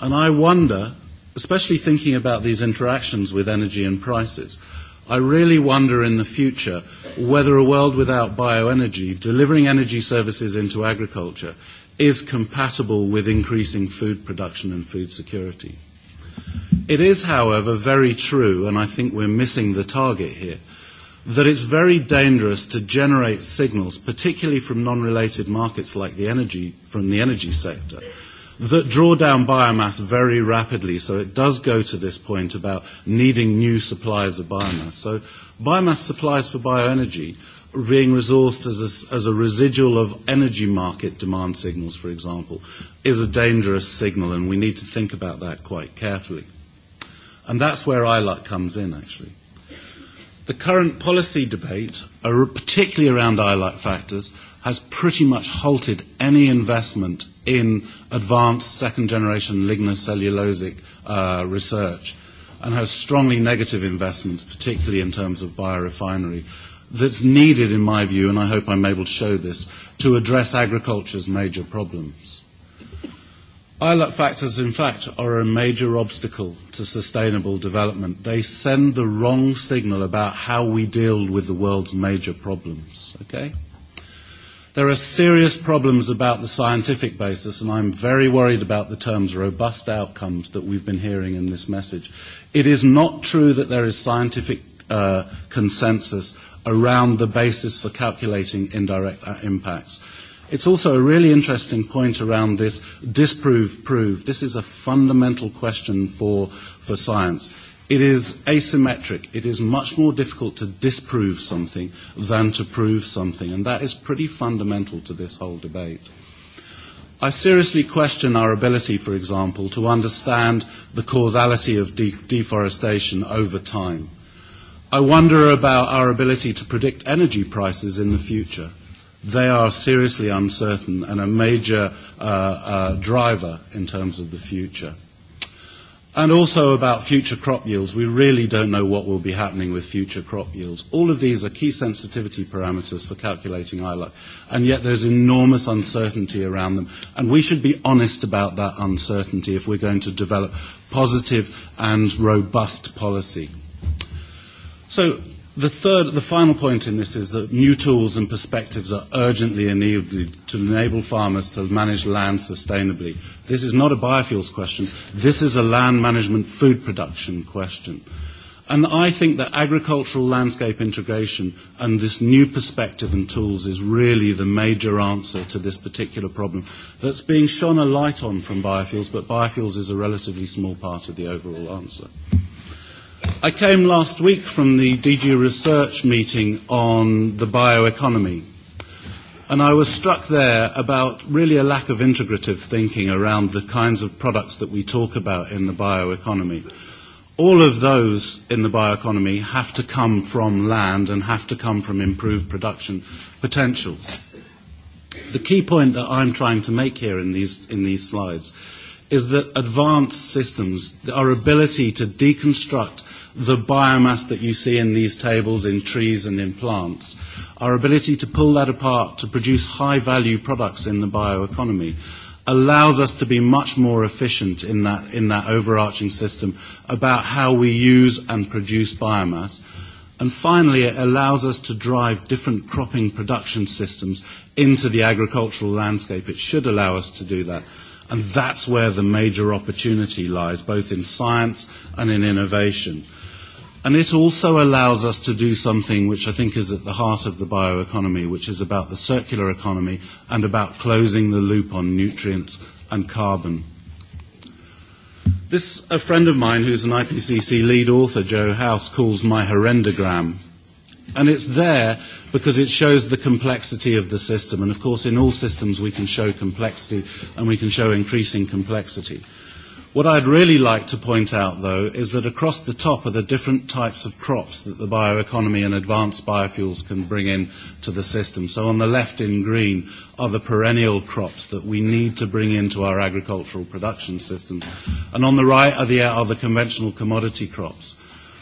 And I wonder, especially thinking about these interactions with energy and prices, I really wonder in the future whether a world without bioenergy, delivering energy services into agriculture, is compatible with increasing food production and food security. It is, however, very true, and I think we're missing the target here, that it's very dangerous to generate signals, particularly from non-related markets like the energy, from the energy sector, that draw down biomass very rapidly. So it does go to this point about needing new supplies of biomass. So biomass supplies for bioenergy being resourced as a, as a residual of energy market demand signals, for example, is a dangerous signal, and we need to think about that quite carefully. And that's where ILUC comes in, actually. The current policy debate, particularly around ILUC factors, has pretty much halted any investment in advanced second-generation lignocellulosic research and has strongly negative investments, particularly in terms of biorefinery, that's needed, in my view, and I hope I'm able to show this, to address agriculture's major problems. ILUC factors, in fact, are a major obstacle to sustainable development. They send the wrong signal about how we deal with the world's major problems. Okay? There are serious problems about the scientific basis, and I'm very worried about the terms robust outcomes that we've been hearing in this message. It is not true that there is scientific consensus around the basis for calculating indirect impacts. It's also a really interesting point around this disprove, prove. This is a fundamental question for science. It is asymmetric. It is much more difficult to disprove something than to prove something, and that is pretty fundamental to this whole debate. I seriously question our ability, for example, to understand the causality of deforestation over time. I wonder about our ability to predict energy prices in the future they are seriously uncertain and a major driver in terms of the future. And also about future crop yields. We really don't know what will be happening with future crop yields. All of these are key sensitivity parameters for calculating ILAC, and yet there's enormous uncertainty around them. And we should be honest about that uncertainty if we're going to develop positive and robust policy. So The third, the final point in this is that new tools and perspectives are urgently needed to enable farmers to manage land sustainably. This is not a biofuels question. This is a land management food production question. And I think that agricultural landscape integration and this new perspective and tools is really the major answer to this particular problem that's being shone a light on from biofuels, but biofuels is a relatively small part of the overall answer. I came last week from the DG Research meeting on the bioeconomy. And I was struck there about really a lack of integrative thinking around the kinds of products that we talk about in the bioeconomy. All of those in the bioeconomy have to come from land and have to come from improved production potentials. The key point that I'm trying to make here in these, in these slides is that advanced systems, our ability to deconstruct the biomass that you see in these tables in trees and in plants. Our ability to pull that apart to produce high-value products in the bioeconomy allows us to be much more efficient in that in that overarching system about how we use and produce biomass and finally it allows us to drive different cropping production systems into the agricultural landscape it should allow us to do that and that's where the major opportunity lies both in science and in innovation And it also allows us to do something which I think is at the heart of the bioeconomy, which is about the circular economy and about closing the loop on nutrients and carbon. This, a friend of mine who's an IPCC lead author, Joe House, calls my horrendogram. And it's there because it shows the complexity of the system. And of course, in all systems, we can show complexity and we can show increasing complexity. What I'd really like to point out, though, is that across the top are the different types of crops that the bioeconomy and advanced biofuels can bring in to the system. So on the left in green are the perennial crops that we need to bring into our agricultural production system. And on the right are the, are the conventional commodity crops.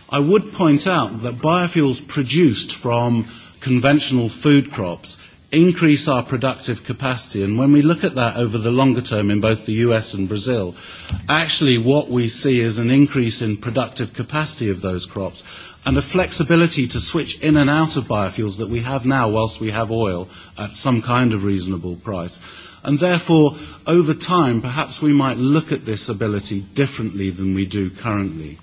I would point out that biofuels produced from conventional food crops increase our productive capacity. And when we look at that over the longer term in both the US and Brazil, actually what we see is an increase in productive capacity of those crops and a flexibility to switch in and out of biofuels that we have now whilst we have oil at some kind of reasonable price. And therefore, over time, perhaps we might look at this ability differently than we do currently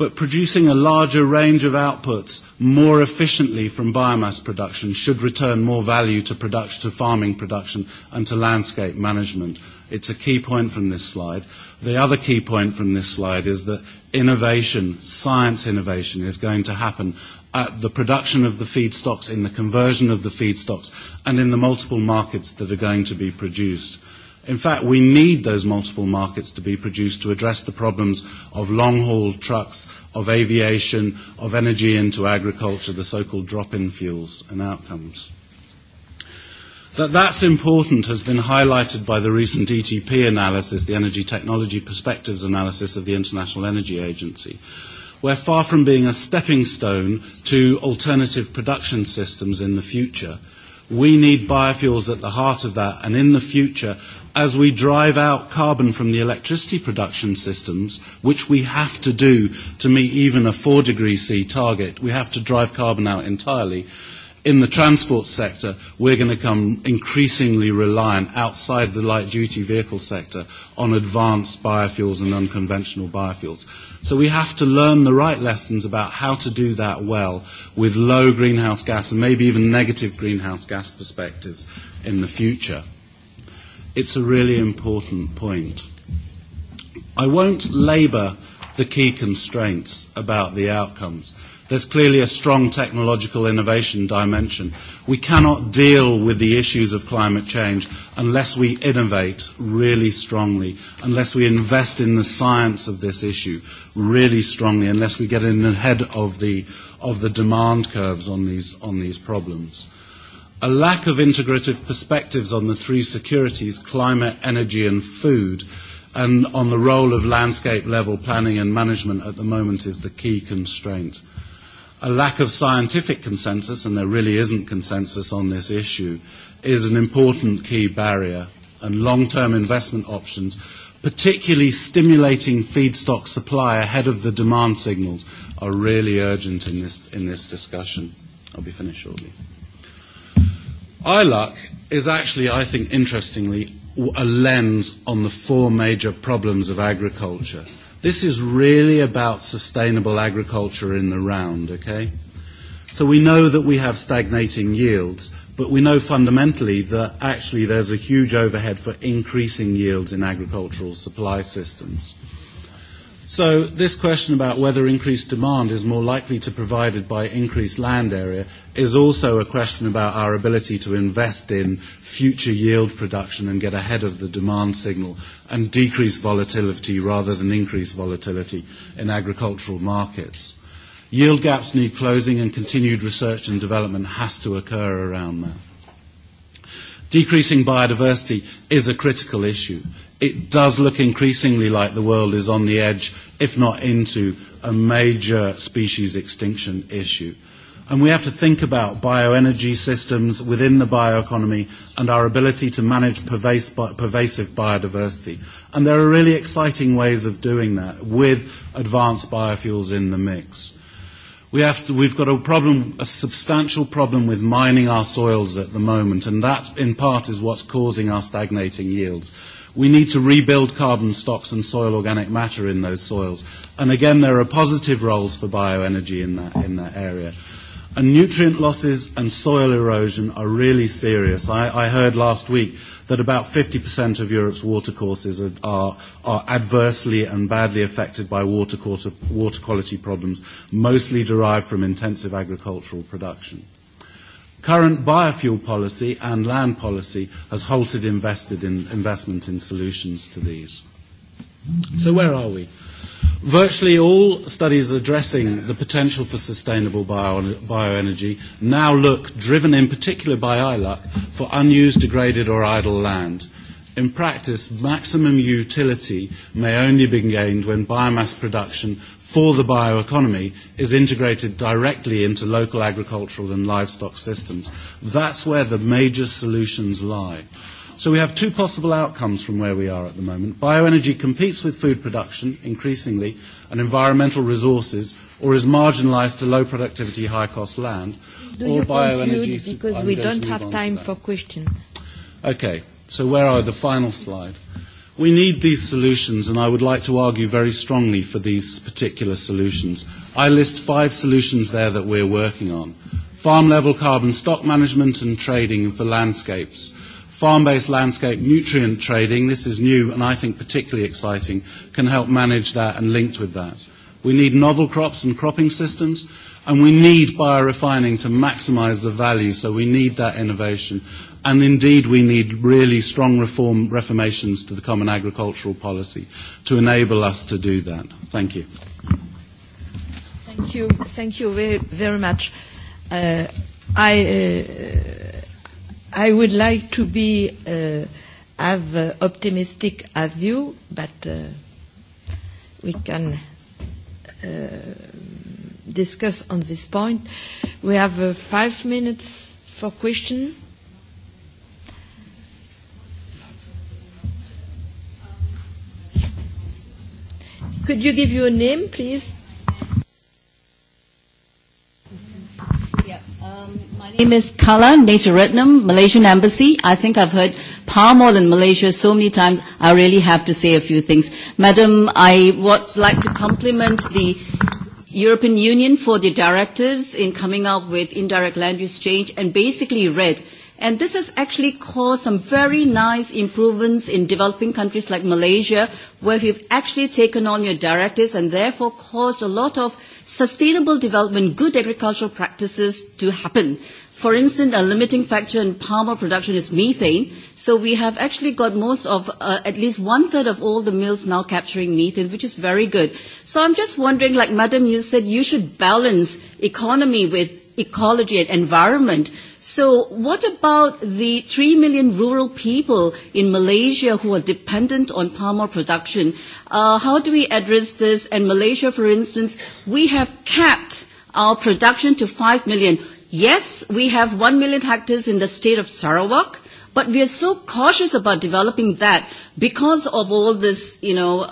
but producing a larger range of outputs more efficiently from biomass production should return more value to production to farming production and to landscape management it's a key point from this slide the other key point from this slide is that innovation science innovation is going to happen at the production of the feedstocks in the conversion of the feedstocks and in the multiple markets that are going to be produced In fact, we need those multiple markets to be produced to address the problems of long-haul trucks, of aviation, of energy into agriculture, the so-called drop-in fuels and outcomes. That that's important has been highlighted by the recent ETP analysis, the Energy Technology Perspectives analysis of the International Energy Agency, where far from being a stepping stone to alternative production systems in the future, we need biofuels at the heart of that, and in the future as we drive out carbon from the electricity production systems, which we have to do to meet even a 4 degree C target, we have to drive carbon out entirely. In the transport sector, we're going to become increasingly reliant outside the light-duty vehicle sector on advanced biofuels and unconventional biofuels. So we have to learn the right lessons about how to do that well with low greenhouse gas and maybe even negative greenhouse gas perspectives in the future it's a really important point. I won't labour the key constraints about the outcomes. There's clearly a strong technological innovation dimension. We cannot deal with the issues of climate change unless we innovate really strongly, unless we invest in the science of this issue really strongly, unless we get in ahead of the of the demand curves on these on these problems a lack of integrative perspectives on the three securities, climate, energy and food, and on the role of landscape level planning and management at the moment is the key constraint. A lack of scientific consensus, and there really isn't consensus on this issue, is an important key barrier, and long-term investment options, particularly stimulating feedstock supply ahead of the demand signals, are really urgent in this discussion. I'll be finished shortly. ILUC is actually, I think, interestingly, a lens on the four major problems of agriculture. This is really about sustainable agriculture in the round, okay? So we know that we have stagnating yields, but we know fundamentally that actually there's a huge overhead for increasing yields in agricultural supply systems. So this question about whether increased demand is more likely to be provided by increased land area is also a question about our ability to invest in future yield production and get ahead of the demand signal and decrease volatility rather than increase volatility in agricultural markets. Yield gaps need closing and continued research and development has to occur around that. Decreasing biodiversity is a critical issue. It does look increasingly like the world is on the edge, if not into, a major species extinction issue. And we have to think about bioenergy systems within the bioeconomy and our ability to manage pervasive biodiversity. And there are really exciting ways of doing that with advanced biofuels in the mix. We have to, we've got a problem, a substantial problem with mining our soils at the moment, and that in part is what's causing our stagnating yields. We need to rebuild carbon stocks and soil organic matter in those soils. And again, there are positive roles for bioenergy in that, in that area. And nutrient losses and soil erosion are really serious. I heard last week that about 50% of Europe's watercourses are adversely and badly affected by water quality problems, mostly derived from intensive agricultural production. Current biofuel policy and land policy has halted investment in solutions to these. So where are we? Virtually all studies addressing the potential for sustainable bioenergy now look, driven in particular by ILUC, for unused, degraded or idle land. In practice, maximum utility may only be gained when biomass production for the bioeconomy is integrated directly into local agricultural and livestock systems. That's where the major solutions lie. So we have two possible outcomes from where we are at the moment. Bioenergy competes with food production, increasingly, and environmental resources, or is marginalised to low productivity, high cost land, or bioenergy. Because we don't have time for questions. Okay, so where are the final slide? We need these solutions, and I would like to argue very strongly for these particular solutions. I list five solutions there that we're working on. Farm level carbon stock management and trading for landscapes Farm-based landscape nutrient trading, this is new and I think particularly exciting, can help manage that and linked with that. We need novel crops and cropping systems, and we need biorefining to maximize the value, so we need that innovation. And indeed, we need really strong reform reformations to the common agricultural policy to enable us to do that. Thank you. Thank you. Thank you very, very much. I I would like to be have optimistic as you, but we can discuss on this point. We have five minutes for questions. Could you give your name, please? name is Kala Natharatnam, Malaysian Embassy. I think I've heard more in Malaysia so many times. I really have to say a few things. Madam, I would like to compliment the European Union for the directives in coming up with indirect land use change and basically RED. And this has actually caused some very nice improvements in developing countries like Malaysia, where we've actually taken on your directives and therefore caused a lot of sustainable development, good agricultural practices to happen. For instance, a limiting factor in palm oil production is methane, so we have actually got most of, at least one third of all the mills now capturing methane, which is very good. So I'm just wondering, like Madam, you said, you should balance economy with ecology and environment. So what about the three million rural people in Malaysia who are dependent on palm oil production? How do we address this? And Malaysia, for instance, we have capped our production to 5 million. Yes, we have 1 million hectares in the state of Sarawak, but we are so cautious about developing that because of all this, you know,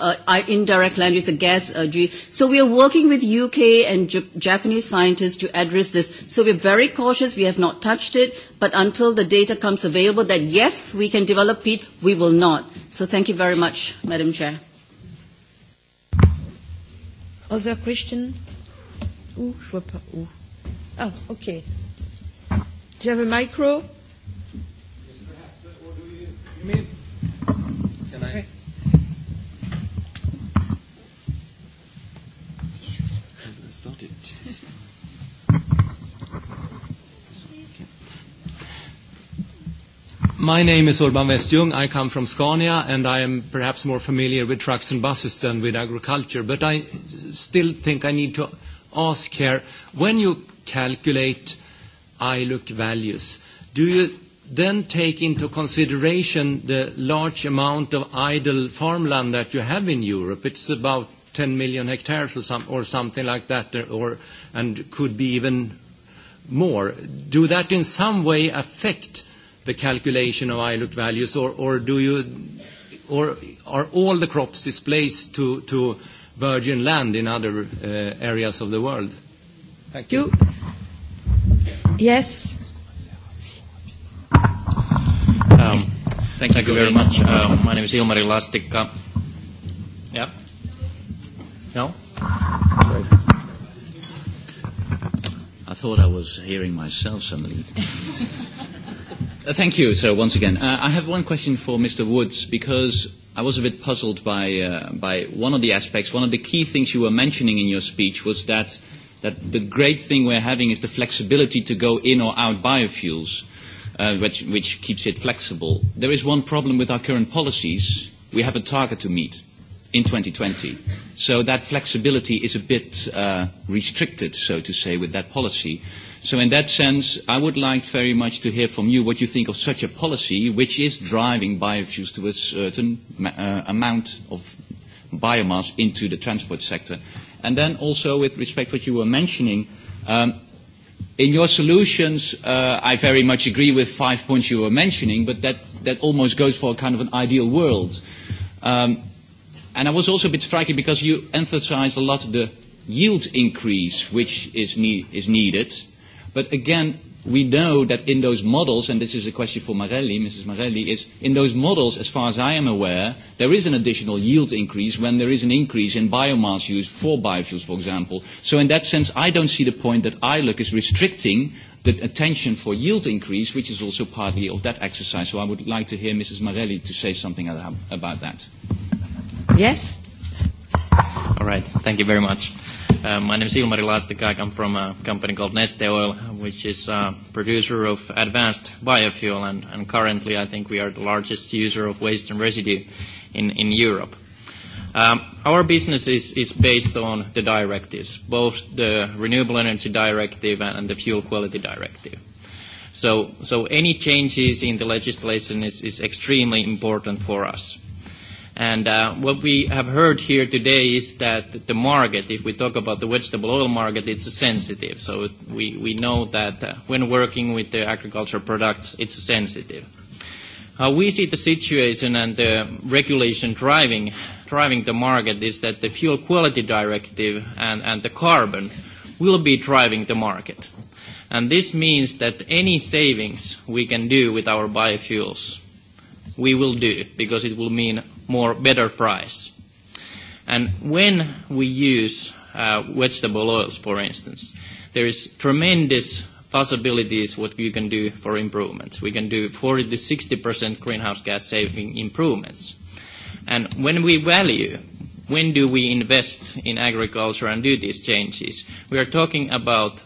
indirect land use, gas. So we are working with UK and Japanese scientists to address this. So we are very cautious. We have not touched it. But until the data comes available that, yes, we can develop it, we will not. So thank you very much, Madam Chair. Other question? Oh, okay. Do you have a micro? My name is Urban Westjung. I come from Scania, and I am perhaps more familiar with trucks and buses than with agriculture. But I still think I need to ask here, when you calculate ILUC values. Do you then take into consideration the large amount of idle farmland that you have in Europe? It's about 10 million hectares or something like that, or and could be even more. Do that in some way affect the calculation of ILUC values, or do you, or are all the crops displaced to virgin land in other areas of the world? Thank you. Yes. Thank you very much. My name is Ilmari Lastikka. Yeah. No? I thought I was hearing myself suddenly. Thank you, sir, once again. I have one question for Mr. Woods, because I was a bit puzzled by by one of the aspects. One of the key things you were mentioning in your speech was that that the great thing we're having is the flexibility to go in or out biofuels, which keeps it flexible. There is one problem with our current policies. We have a target to meet in 2020. So that flexibility is a bit restricted, so to say, with that policy. So in that sense, I would like very much to hear from you what you think of such a policy which is driving biofuels to a certain amount of biomass into the transport sector And then also with respect to what you were mentioning, in your solutions, I very much agree with five points you were mentioning, but that, that almost goes for a kind of an ideal world. Um, and I was also a bit striking because you emphasized a lot the yield increase which is, is needed. But again, we know that in those models, and this is a question for Marelli, Mrs. Marelli, is in those models, as far as I am aware, there is an additional yield increase when there is an increase in biomass use for biofuels, for example. So in that sense, I don't see the point that ILUC is restricting the attention for yield increase, which is also partly of that exercise. So I would like to hear Mrs. Marelli to say something about that. Yes? All right. Thank you very much. My name is Ilmari Lastik. I come from a company called Neste Oil, which is a producer of advanced biofuel, and currently I think we are the largest user of waste and residue in Europe. Our business is is based on the directives, both the Renewable Energy Directive and the Fuel Quality Directive. So so any changes in the legislation is is extremely important for us. And what we have heard here today is that the market, if we talk about the vegetable oil market, it's sensitive. So we we know that when working with the agricultural products, it's sensitive. How we see the situation and the regulation driving driving the market is that the fuel quality directive and and the carbon will be driving the market. And this means that any savings we can do with our biofuels, we will do because it will mean more better price. And when we use vegetable oils, for instance, there is tremendous possibilities what we can do for improvements. We can do 40 to 60% greenhouse gas saving improvements. And when we value, when do we invest in agriculture and do these changes, we are talking about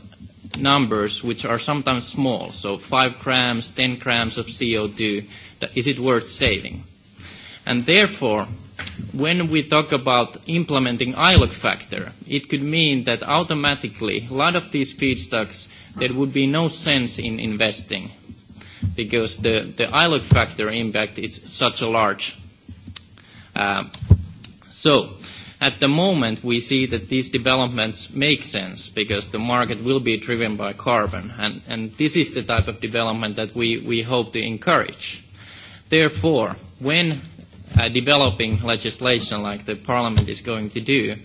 numbers which are sometimes small, so 5 grams, 10 grams of CO2, is it worth saving? And therefore, when we talk about implementing ILOC factor, it could mean that automatically a lot of these feedstocks, there would be no sense in investing because the, the ILOC factor impact is such a large. so at the moment we see that these developments make sense because the market will be driven by carbon and, and this is the type of development that we, we hope to encourage. Therefore, when developing legislation like the Parliament is going to do,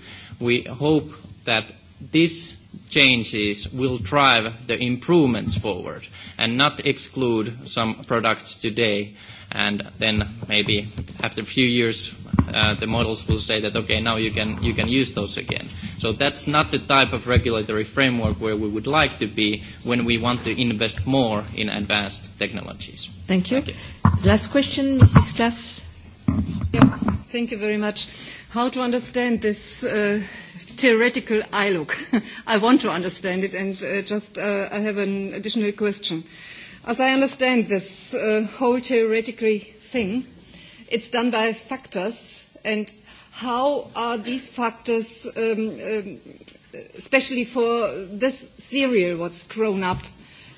we hope that these changes will drive the improvements forward and not exclude some products today and then maybe after a few years the models will say that okay now you can you can use those again so that's not the type of regulatory framework where we would like to be when we want to invest more in advanced technologies thank you last question mrs Klaas. Thank you very much. How to understand this theoretical ILOC? I want to understand it, and just I have an additional question. As I understand this whole theoretical thing, it's done by factors, and how are these factors, especially for this cereal, what's grown up,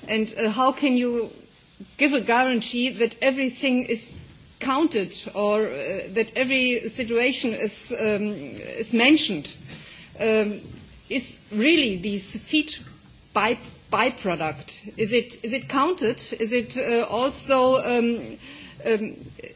and how can you give a guarantee that everything is counted or that every situation is is mentioned is really this feed by byproduct is it is it counted is it also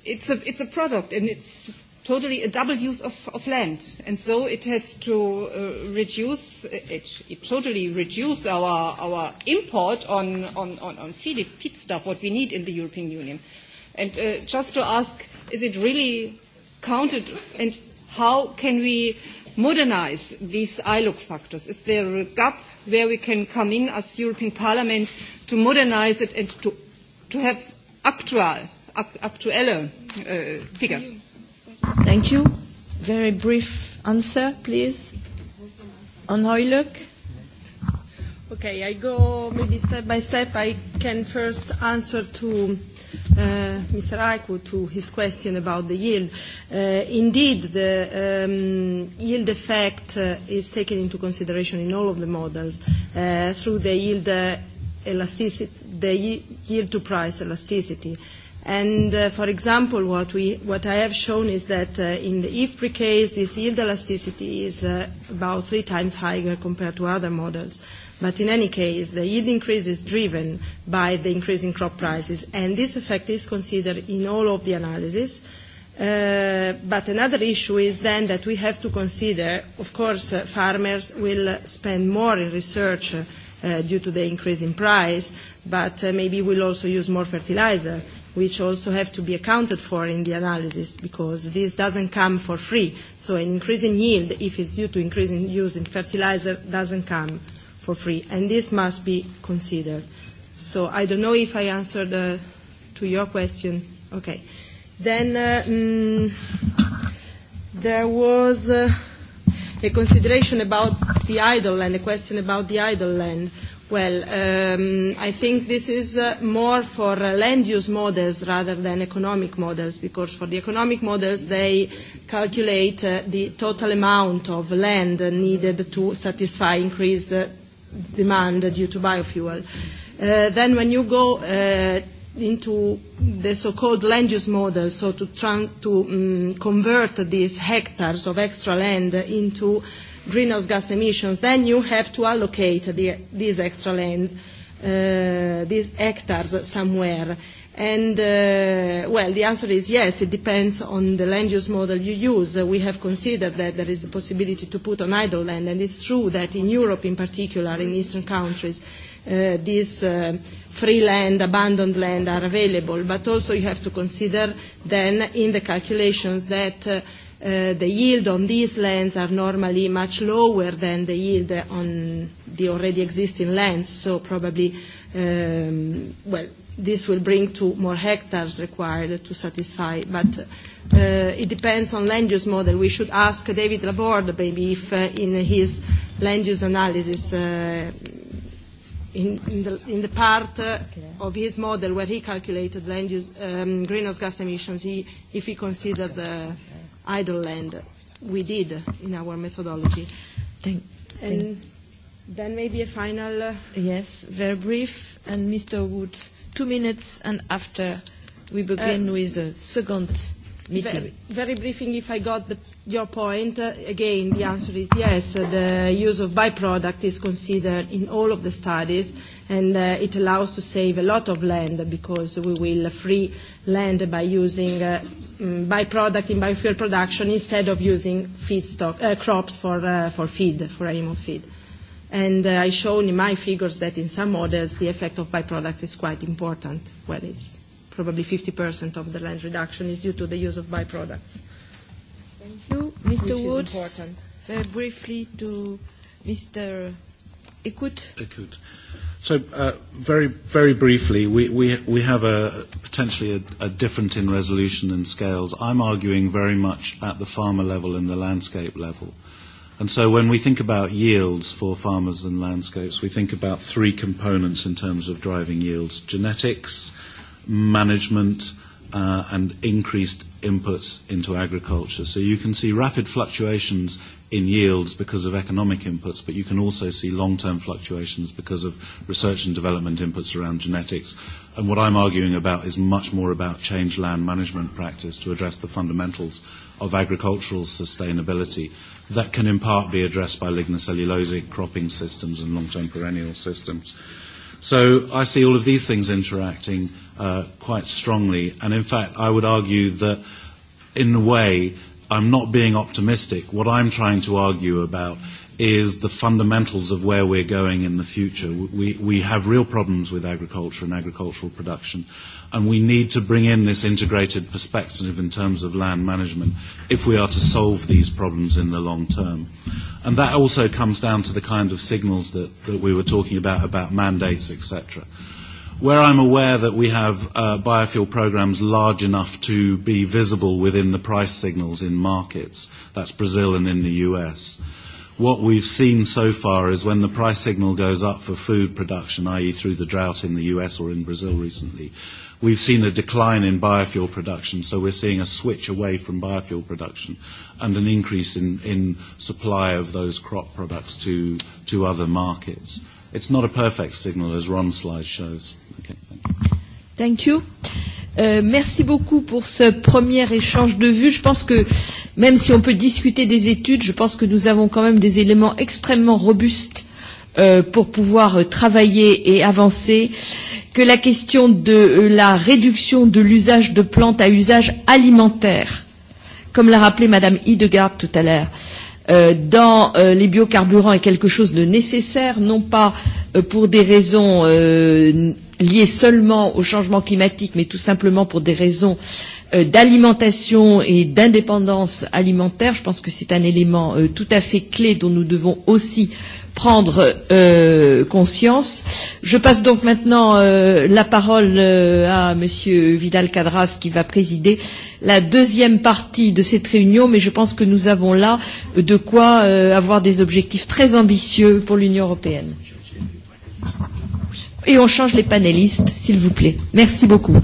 it's a it's a product and it's totally a double use of land and so it has to reduce it totally reduce our our import on on on feed feedstuff what we need in the European Union And just to ask, is it really counted and how can we modernize these ILOC factors? Is there a gap where we can come in as European Parliament to modernize it and to, have actual, uh, figures? Thank you. Very brief answer, please. On look? Okay, I go maybe step by step. I can first answer to Mr. Aiku to his question about the yield. Indeed, the yield effect is taken into consideration in all of the models through the yield the yield to price elasticity. And, for example, what what I have shown is that in the IFPRI case, this yield elasticity is about three times higher compared to other models. But in any case, the yield increase is driven by the increase in crop prices, and this effect is considered in all of the analyses. But another issue is then that we have to consider, of course, farmers will spend more in research due to the increase in price, but maybe will also use more fertilizer, which also have to be accounted for in the analysis because this doesn't come for free. So an increase in yield, if it's due to increasing use in fertilizer, doesn't come for free, and this must be considered. So I don't know if I answered to your question. Okay. Then there was a consideration about the idle land, a question about the idle land. Well, I think this is more for land use models rather than economic models, because for the economic models they calculate the total amount of land needed to satisfy increased demand due to biofuel. Then when you go into the so-called land use model, so to try to convert these hectares of extra land into greenhouse gas emissions, then you have to allocate these extra land, these hectares somewhere. And, well, the answer is yes, it depends on the land use model you use. We have considered that there is a possibility to put on idle land, and it's true that in Europe in particular, in eastern countries, these free land, abandoned land are available, but also you have to consider then in the calculations that the yield on these lands are normally much lower than the yield on the already existing lands, so probably, well, this will bring to more hectares required to satisfy. But it depends on land use model. We should ask David Laborde maybe if in his land use analysis in the part of his model where he calculated land use greenhouse gas emissions, he if he considered idle land. We did in our methodology. And then maybe a final. Yes, very brief. And Mr. Woods two minutes, and after we begin with the second meeting. Very briefly, if I got your point, again, the answer is yes. The use of byproduct is considered in all of the studies, and it allows to save a lot of land because we will free land by using byproduct in biofuel production instead of using feedstock crops for for feed, for animal feed. And I shown in my figures that in some models the effect of byproducts is quite important when it's probably 50% of the land reduction is due to the use of byproducts. Thank you. Mr. Woods, very briefly to Mr. Ikut. So very, very briefly, we, we, we have a potentially a, a different in resolution and scales. I'm arguing very much at the farmer level and the landscape level And so when we think about yields for farmers and landscapes, we think about three components in terms of driving yields. Genetics, management, and increased inputs into agriculture. So you can see rapid fluctuations in yields because of economic inputs, but you can also see long-term fluctuations because of research and development inputs around genetics. And what I'm arguing about is much more about change land management practice to address the fundamentals of agricultural sustainability that can in part be addressed by lignocellulosic cropping systems and long-term perennial systems. So I see all of these things interacting quite strongly. And in fact, I would argue that in a way, I'm not being optimistic. What I'm trying to argue about is the fundamentals of where we're going in the future. We, we have real problems with agriculture and agricultural production, and we need to bring in this integrated perspective in terms of land management if we are to solve these problems in the long term. And that also comes down to the kind of signals that, that we were talking about, about mandates, etc. Where I'm aware that we have biofuel programs large enough to be visible within the price signals in markets, that's Brazil and in the US, what we've seen so far is when the price signal goes up for food production, i.e. through the drought in the US or in Brazil recently, we've seen a decline in biofuel production, so we're seeing a switch away from biofuel production and an increase in, in supply of those crop products to, to other markets. It's not a perfect signal, as Ron's slide shows. Okay, Thank you. Merci beaucoup pour ce premier échange de vues. Je pense que même si on peut discuter des études, je pense que nous avons quand même des éléments extrêmement robustes pour pouvoir travailler et avancer, que la question de la réduction de l'usage de plantes à usage alimentaire, comme l'a rappelé Madame Hidegaard tout à l'heure, dans les biocarburants est quelque chose de nécessaire, non pas pour des raisons liées seulement au changement climatique, mais tout simplement pour des raisons d'alimentation et d'indépendance alimentaire. Je pense que c'est un élément tout à fait clé dont nous devons aussi prendre conscience. Je passe donc maintenant la parole à Monsieur Vidal Cadras qui va présider la deuxième partie de cette réunion, mais je pense que nous avons là de quoi avoir des objectifs très ambitieux pour l'Union européenne. Et on change les panélistes, s'il vous plaît. Merci beaucoup.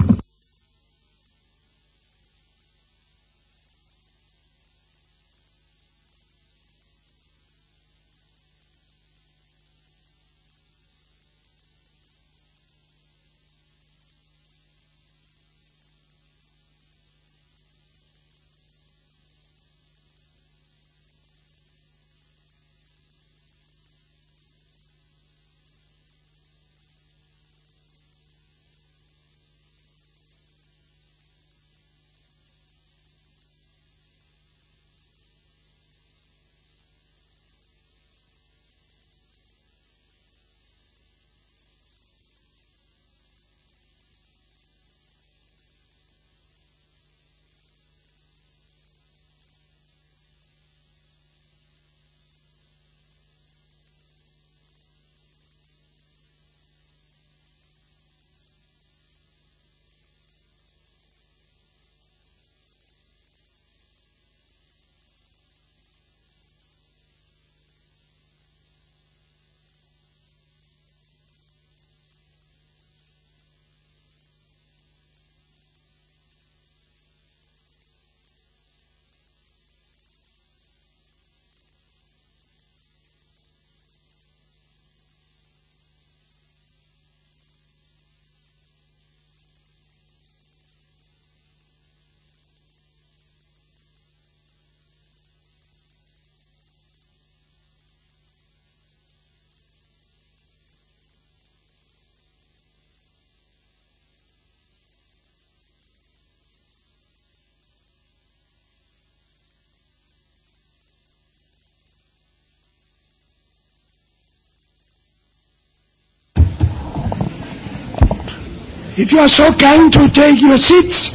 If you are so kind to take your seats.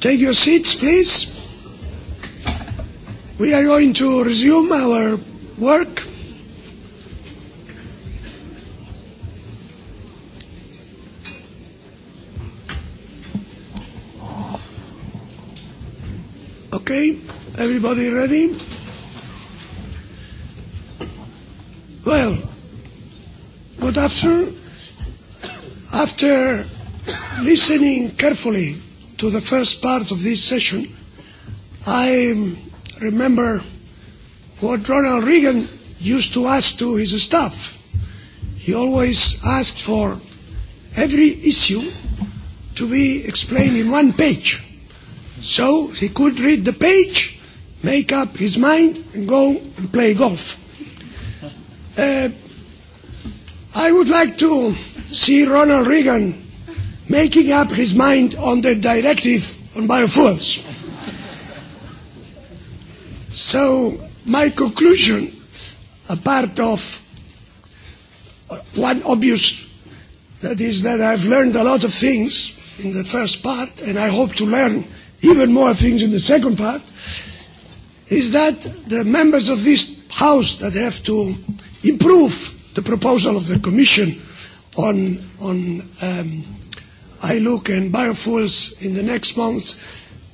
Take your seats, please. We are going to resume our work. Everybody ready? Well, what after? After listening carefully to the first part of this session, I remember what Ronald Reagan used to ask to his staff. He always asked for every issue to be explained in one page. So he could read the page make up his mind and go and play golf. I would like to see Ronald Reagan making up his mind on the directive on biofuels. So my conclusion, a part of one obvious, that is that I've learned a lot of things in the first part, and I hope to learn even more things in the second part is that the members of this House that have to improve the proposal of the Commission on ILUC and biofuels in the next months,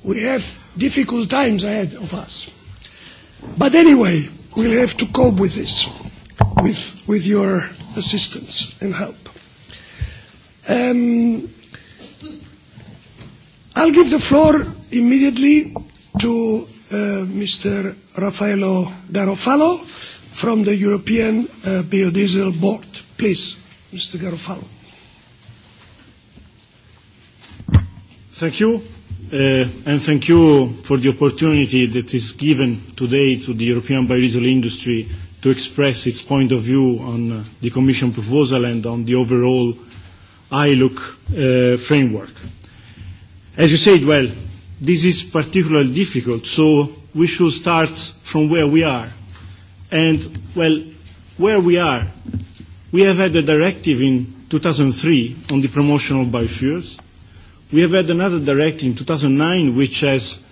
we have difficult times ahead of us. But anyway, we'll have to cope with this, with your assistance and help. I'll give the floor immediately to Mr. Raffaello Garofalo from the European Biodiesel Board. Please, Mr. Garofalo. Thank you, and thank you for the opportunity that is given today to the European biodiesel industry to express its point of view on the Commission proposal and on the overall ILUC framework. As you said, well, this is particularly difficult, so we should start from where we are. And, well, where we are, we have had a directive in 2003 on the promotion of biofuels. We have had another directive in 2009 which has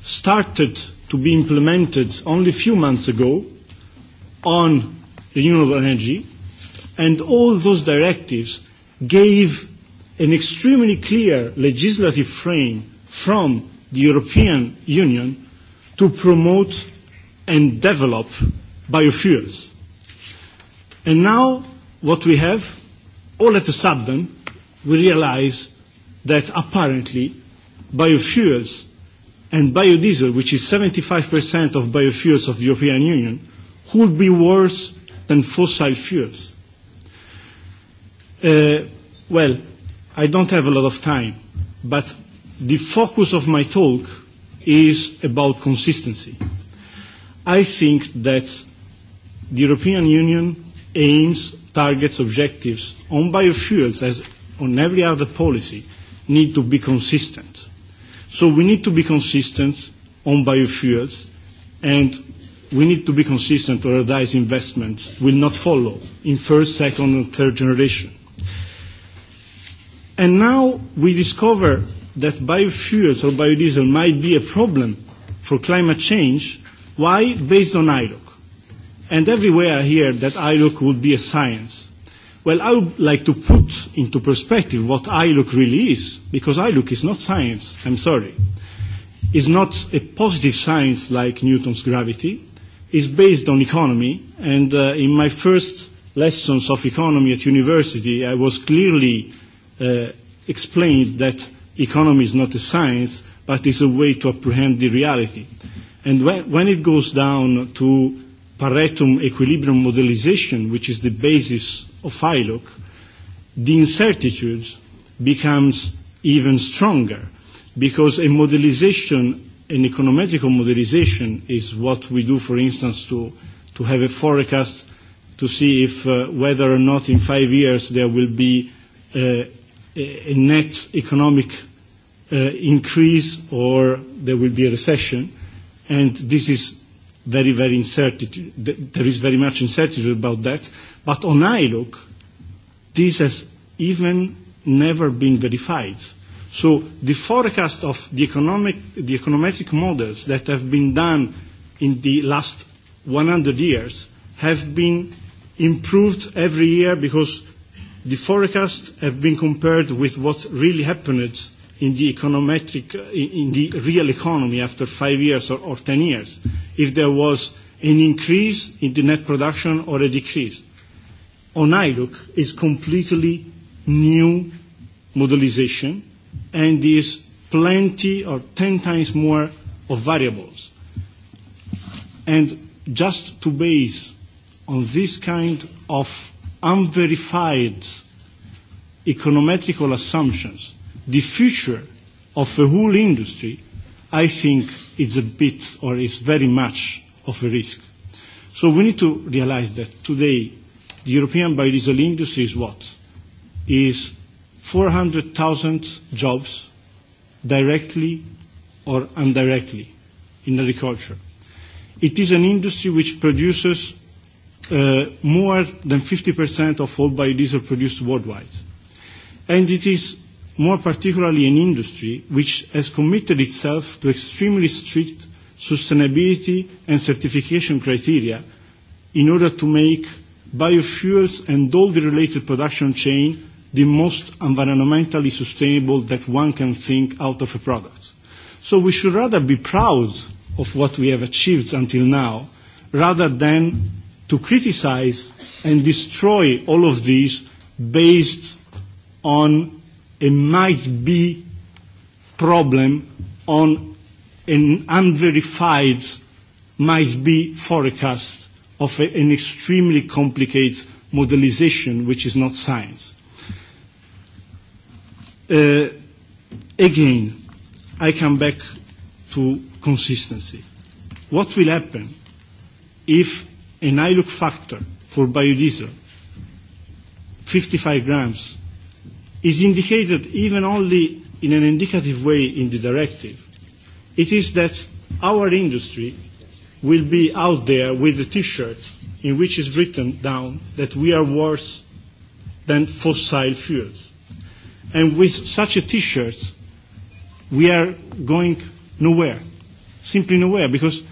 started to be implemented only a few months ago on renewable energy, and all those directives gave an extremely clear legislative frame from the European Union to promote and develop biofuels. And now what we have, all at a sudden, we realize that apparently biofuels and biodiesel, which is 75% of biofuels of the European Union, would be worse than fossil fuels. Well, I don't have a lot of time, but the focus of my talk is about consistency. I think that the European Union aims, targets, objectives on biofuels, as on every other policy, need to be consistent. So we need to be consistent on biofuels, and we need to be consistent or otherwise investment will not follow in first, second, and third generation. And now we discover that biofuels or biodiesel might be a problem for climate change, why? Based on ILOC. And everywhere I hear that ILOC would be a science. Well, I would like to put into perspective what ILOC really is, because ILOC is not science, I'm sorry. It's not a positive science like Newton's gravity. It's based on economy, and in my first lessons of economy at university, I was clearly explained that economy is not a science, but is a way to apprehend the reality. And when, when it goes down to Paretum equilibrium modelization, which is the basis of ILOC, the incertitude becomes even stronger because a modelization, an econometrical modelization is what we do, for instance, to, to have a forecast to see if whether or not in five years there will be a net economic increase or there will be a recession, and this is very, very uncertain. There is very much uncertainty about that. But on look, this has even never been verified. So the forecast of the economic, the econometric models that have been done in the last 100 years have been improved every year because the forecasts have been compared with what really happened in the econometric, in the real economy after five years or ten years, if there was an increase in the net production or a decrease. On ILUC is completely new modelization and is plenty or ten times more of variables. And just to base on this kind of unverified econometrical assumptions the future of the whole industry, I think it's a bit or is very much of a risk. So we need to realize that today the European biodiesel industry is what? Is 400,000 jobs directly or indirectly in agriculture. It is an industry which produces more than 50% of all biodiesel produced worldwide. And it is more particularly an industry which has committed itself to extremely strict sustainability and certification criteria in order to make biofuels and all the related production chain the most environmentally sustainable that one can think out of a product. So we should rather be proud of what we have achieved until now rather than to criticize and destroy all of these based on a might be problem on an unverified might be forecast of an extremely complicated modelization which is not science. Again, I come back to consistency. What will happen if an ILUC factor for biodiesel, 55 grams, is indicated even only in an indicative way in the directive, it is that our industry will be out there with a T-shirt in which is written down that we are worse than fossil fuels. And with such a T-shirt, we are going nowhere, simply nowhere, because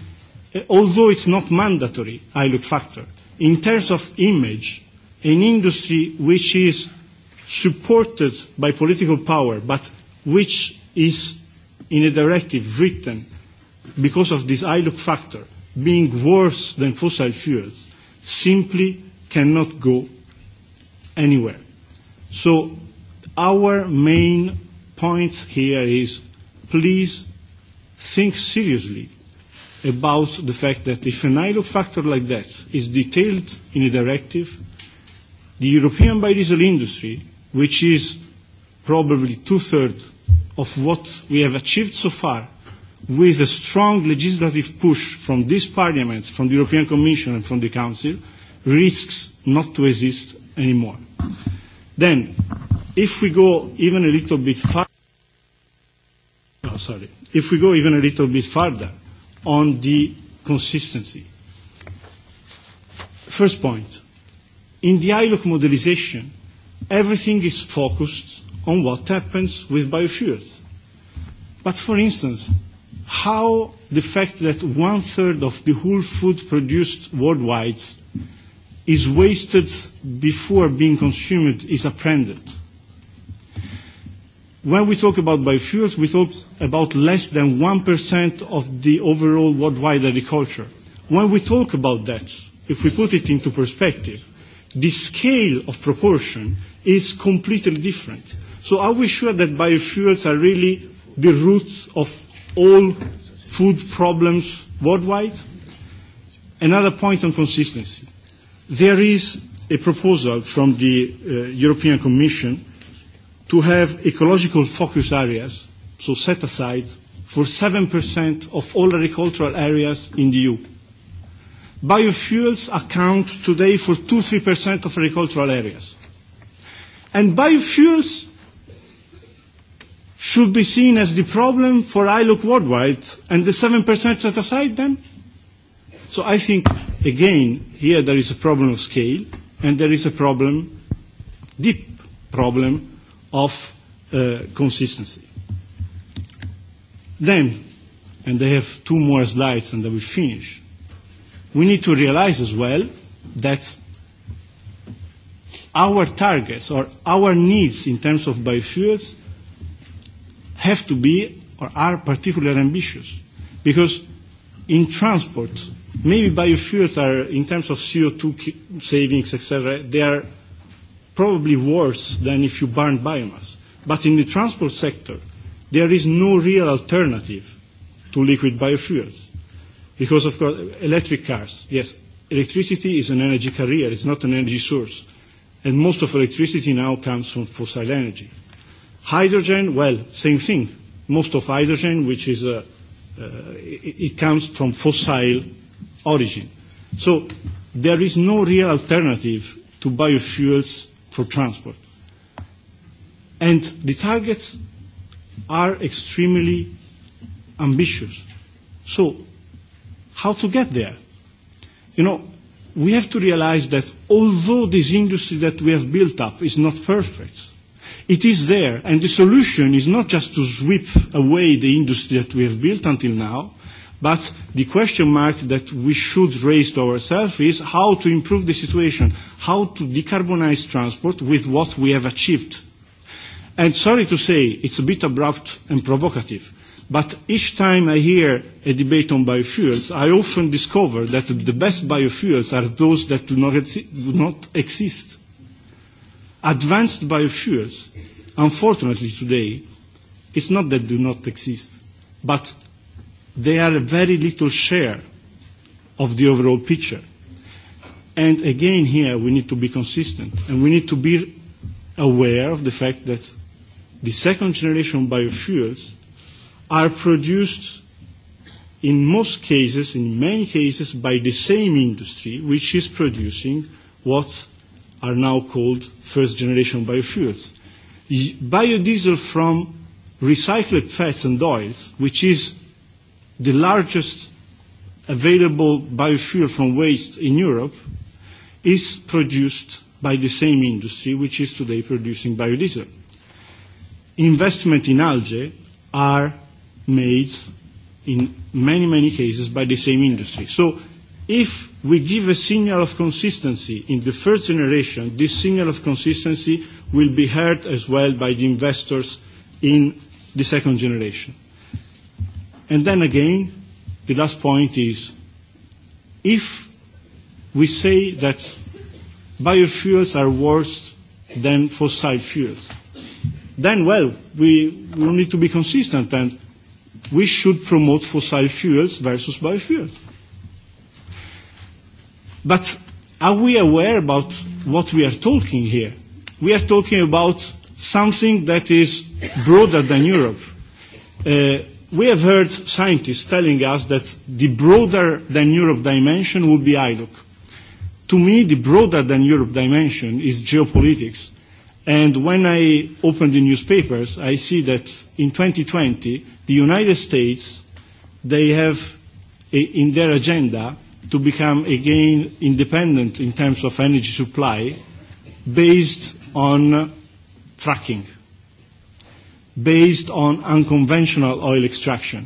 although it's not mandatory, I look factor, in terms of image, an industry which is supported by political power, but which is in a directive written because of this ILUC factor being worse than fossil fuels, simply cannot go anywhere. So our main point here is please think seriously about the fact that if an ILO factor like that is detailed in a directive, the European biodiesel industry which is probably two-thirds of what we have achieved so far, with a strong legislative push from this Parliament, from the European Commission and from the Council, risks not to exist anymore. Then, if we go even a little bit further, sorry, if we go even a little bit further on the consistency. First point, in the ILOC modelization, everything is focused on what happens with biofuels. But for instance, how the fact that one third of the whole food produced worldwide is wasted before being consumed is apprehended. When we talk about biofuels, we talk about less than 1% of the overall worldwide agriculture. When we talk about that, if we put it into perspective, the scale of proportion is completely different. So are we sure that biofuels are really the root of all food problems worldwide? Another point on consistency. There is a proposal from the European Commission to have ecological focus areas, so set aside, for 7% of all agricultural areas in the EU. Biofuels account today for 2-3% of agricultural areas. And biofuels should be seen as the problem for I look worldwide and the 7% set aside then? So I think, again, here there is a problem of scale and there is a problem, deep problem, of consistency. Then, and they have two more slides and they will finish, we need to realize as well that our targets or our needs in terms of biofuels have to be or are particularly ambitious because in transport maybe biofuels are in terms of CO2 savings etc they are probably worse than if you burn biomass but in the transport sector there is no real alternative to liquid biofuels because of course electric cars yes electricity is an energy carrier it's not an energy source and most of electricity now comes from fossil energy. Hydrogen, well, same thing. Most of hydrogen, which is, it comes from fossil origin. So there is no real alternative to biofuels for transport. And the targets are extremely ambitious. So how to get there? You know, we have to realize that although this industry that we have built up is not perfect, it is there, and the solution is not just to sweep away the industry that we have built until now, but the question mark that we should raise to ourselves is how to improve the situation, how to decarbonize transport with what we have achieved. And sorry to say, it's a bit abrupt and provocative, But each time I hear a debate on biofuels, I often discover that the best biofuels are those that do not exist. Advanced biofuels, unfortunately today, it's not that do not exist, but they are a very little share of the overall picture. And again here we need to be consistent and we need to be aware of the fact that the second generation biofuels are produced in most cases, in many cases, by the same industry which is producing what are now called first-generation biofuels. Biodiesel from recycled fats and oils, which is the largest available biofuel from waste in Europe, is produced by the same industry which is today producing biodiesel. Investment in algae are made in many, many cases by the same industry. So if we give a signal of consistency in the first generation, this signal of consistency will be heard as well by the investors in the second generation. And then again, the last point is, if we say that biofuels are worse than fossil fuels, then, well, we will need to be consistent and we should promote fossil fuels versus biofuels. But are we aware about what we are talking here? We are talking about something that is broader than Europe. We have heard scientists telling us that the broader than Europe dimension would be ILOC. To me, the broader than Europe dimension is geopolitics. And when I open the newspapers, I see that in 2020, the United States, they have in their agenda to become again independent in terms of energy supply based on fracking, based on unconventional oil extraction.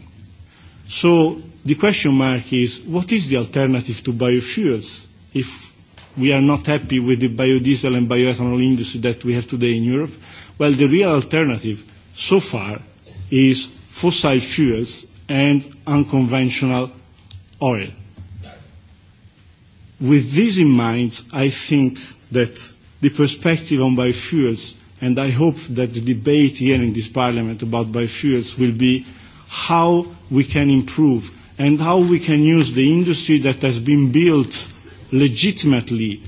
So the question mark is, what is the alternative to biofuels if we are not happy with the biodiesel and bioethanol industry that we have today in Europe? Well, the real alternative so far is fossil fuels and unconventional oil. With this in mind, I think that the perspective on biofuels, and I hope that the debate here in this Parliament about biofuels will be how we can improve and how we can use the industry that has been built legitimately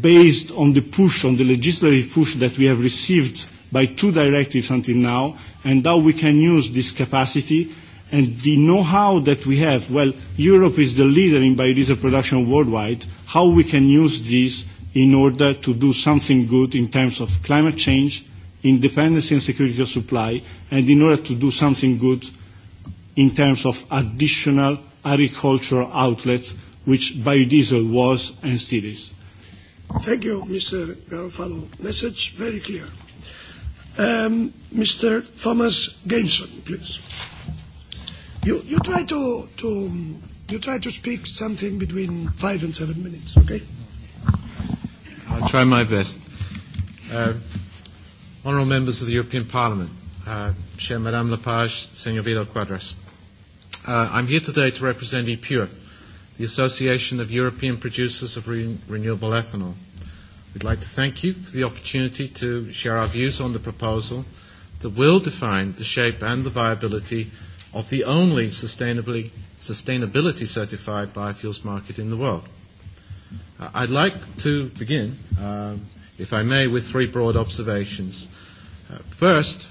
based on the push, on the legislative push that we have received by two directives until now, and how we can use this capacity and the know-how that we have. Well, Europe is the leader in biodiesel production worldwide. How we can use this in order to do something good in terms of climate change, independence and security of supply, and in order to do something good in terms of additional agricultural outlets, which biodiesel was and still is. Thank you, Mr. Garofalo. Message very clear. Mr. Thomas Gainson, please. You try to speak something between five and seven minutes, okay? I'll try my best. Honourable members of the European Parliament, Chair Madame Lepage, Senor Vidal Quadras, I'm here today to represent EPUR, the Association of European Producers of Renewable Ethanol. We'd like to thank you for the opportunity to share our views on the proposal that will define the shape and the viability of the only sustainability certified biofuels market in the world. I'd like to begin, if I may, with three broad observations. First,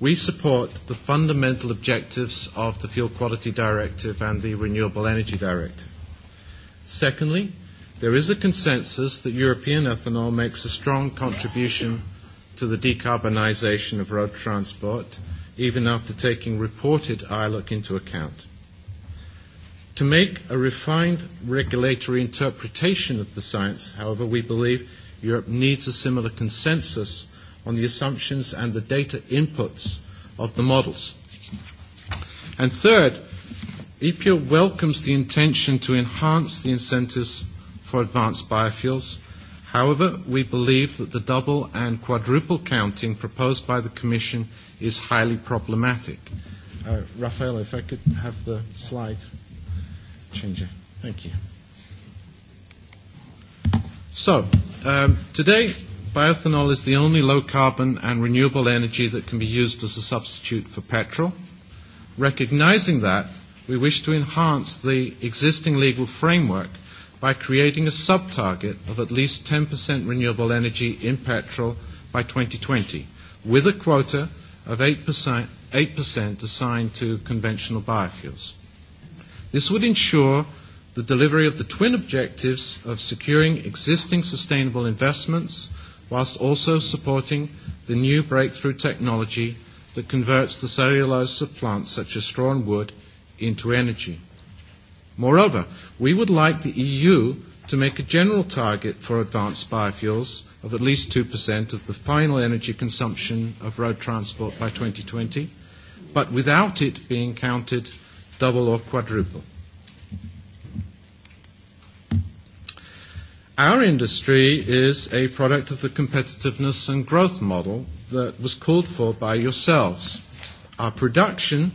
we support the fundamental objectives of the Fuel Quality Directive and the Renewable Energy Directive. Secondly, There is a consensus that European ethanol makes a strong contribution to the decarbonisation of road transport, even after taking reported ILOC into account. To make a refined regulatory interpretation of the science, however, we believe Europe needs a similar consensus on the assumptions and the data inputs of the models. And third, EPO welcomes the intention to enhance the incentives advanced biofuels. However, we believe that the double and quadruple counting proposed by the Commission is highly problematic. Rafael, if I could have the slide changer. Thank you. So, today, Bioethanol is the only low-carbon and renewable energy that can be used as a substitute for petrol. Recognizing that, we wish to enhance the existing legal framework by creating a sub-target of at least 10% renewable energy in petrol by 2020, with a quota of 8% assigned to conventional biofuels. This would ensure the delivery of the twin objectives of securing existing sustainable investments whilst also supporting the new breakthrough technology that converts the cellulose of plants such as straw and wood into energy. Moreover, we would like the EU to make a general target for advanced biofuels of at least 2% of the final energy consumption of road transport by 2020, but without it being counted double or quadruple. Our industry is a product of the competitiveness and growth model that was called for by yourselves. Our production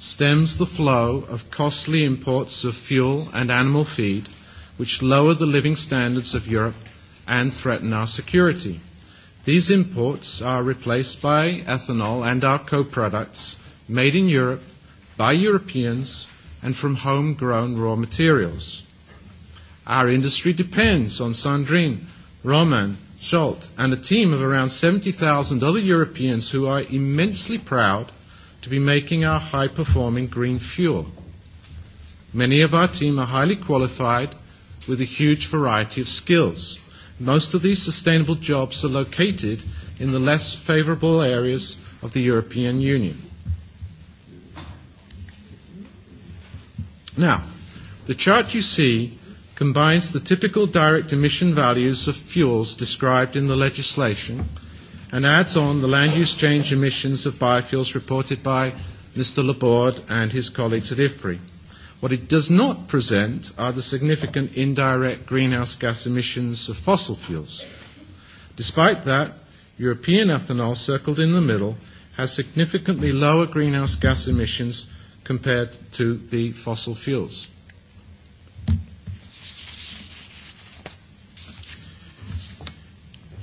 stems the flow of costly imports of fuel and animal feed, which lower the living standards of Europe and threaten our security. These imports are replaced by ethanol and our co-products made in Europe by Europeans and from home-grown raw materials. Our industry depends on Sandrine, Roman, Schultz, and a team of around 70,000 other Europeans who are immensely proud to be making our high-performing green fuel. Many of our team are highly qualified with a huge variety of skills. Most of these sustainable jobs are located in the less favourable areas of the European Union. Now, the chart you see combines the typical direct emission values of fuels described in the legislation and adds on the land use change emissions of biofuels reported by Mr. Laborde and his colleagues at IFPRI. What it does not present are the significant indirect greenhouse gas emissions of fossil fuels. Despite that, European ethanol, circled in the middle, has significantly lower greenhouse gas emissions compared to the fossil fuels.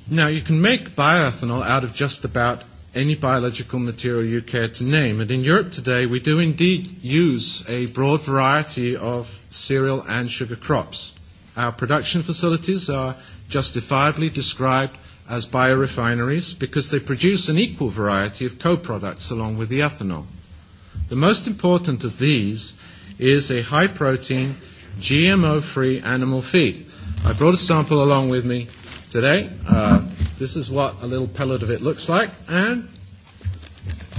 Now, you can make bioethanol out of just about any biological material you care to name. And in Europe today, we do indeed use a broad variety of cereal and sugar crops. Our production facilities are justifiably described as biorefineries because they produce an equal variety of co-products along with the ethanol. The most important of these is a high-protein, GMO-free animal feed. I brought a sample along with me today. This is what a little pellet of it looks like, and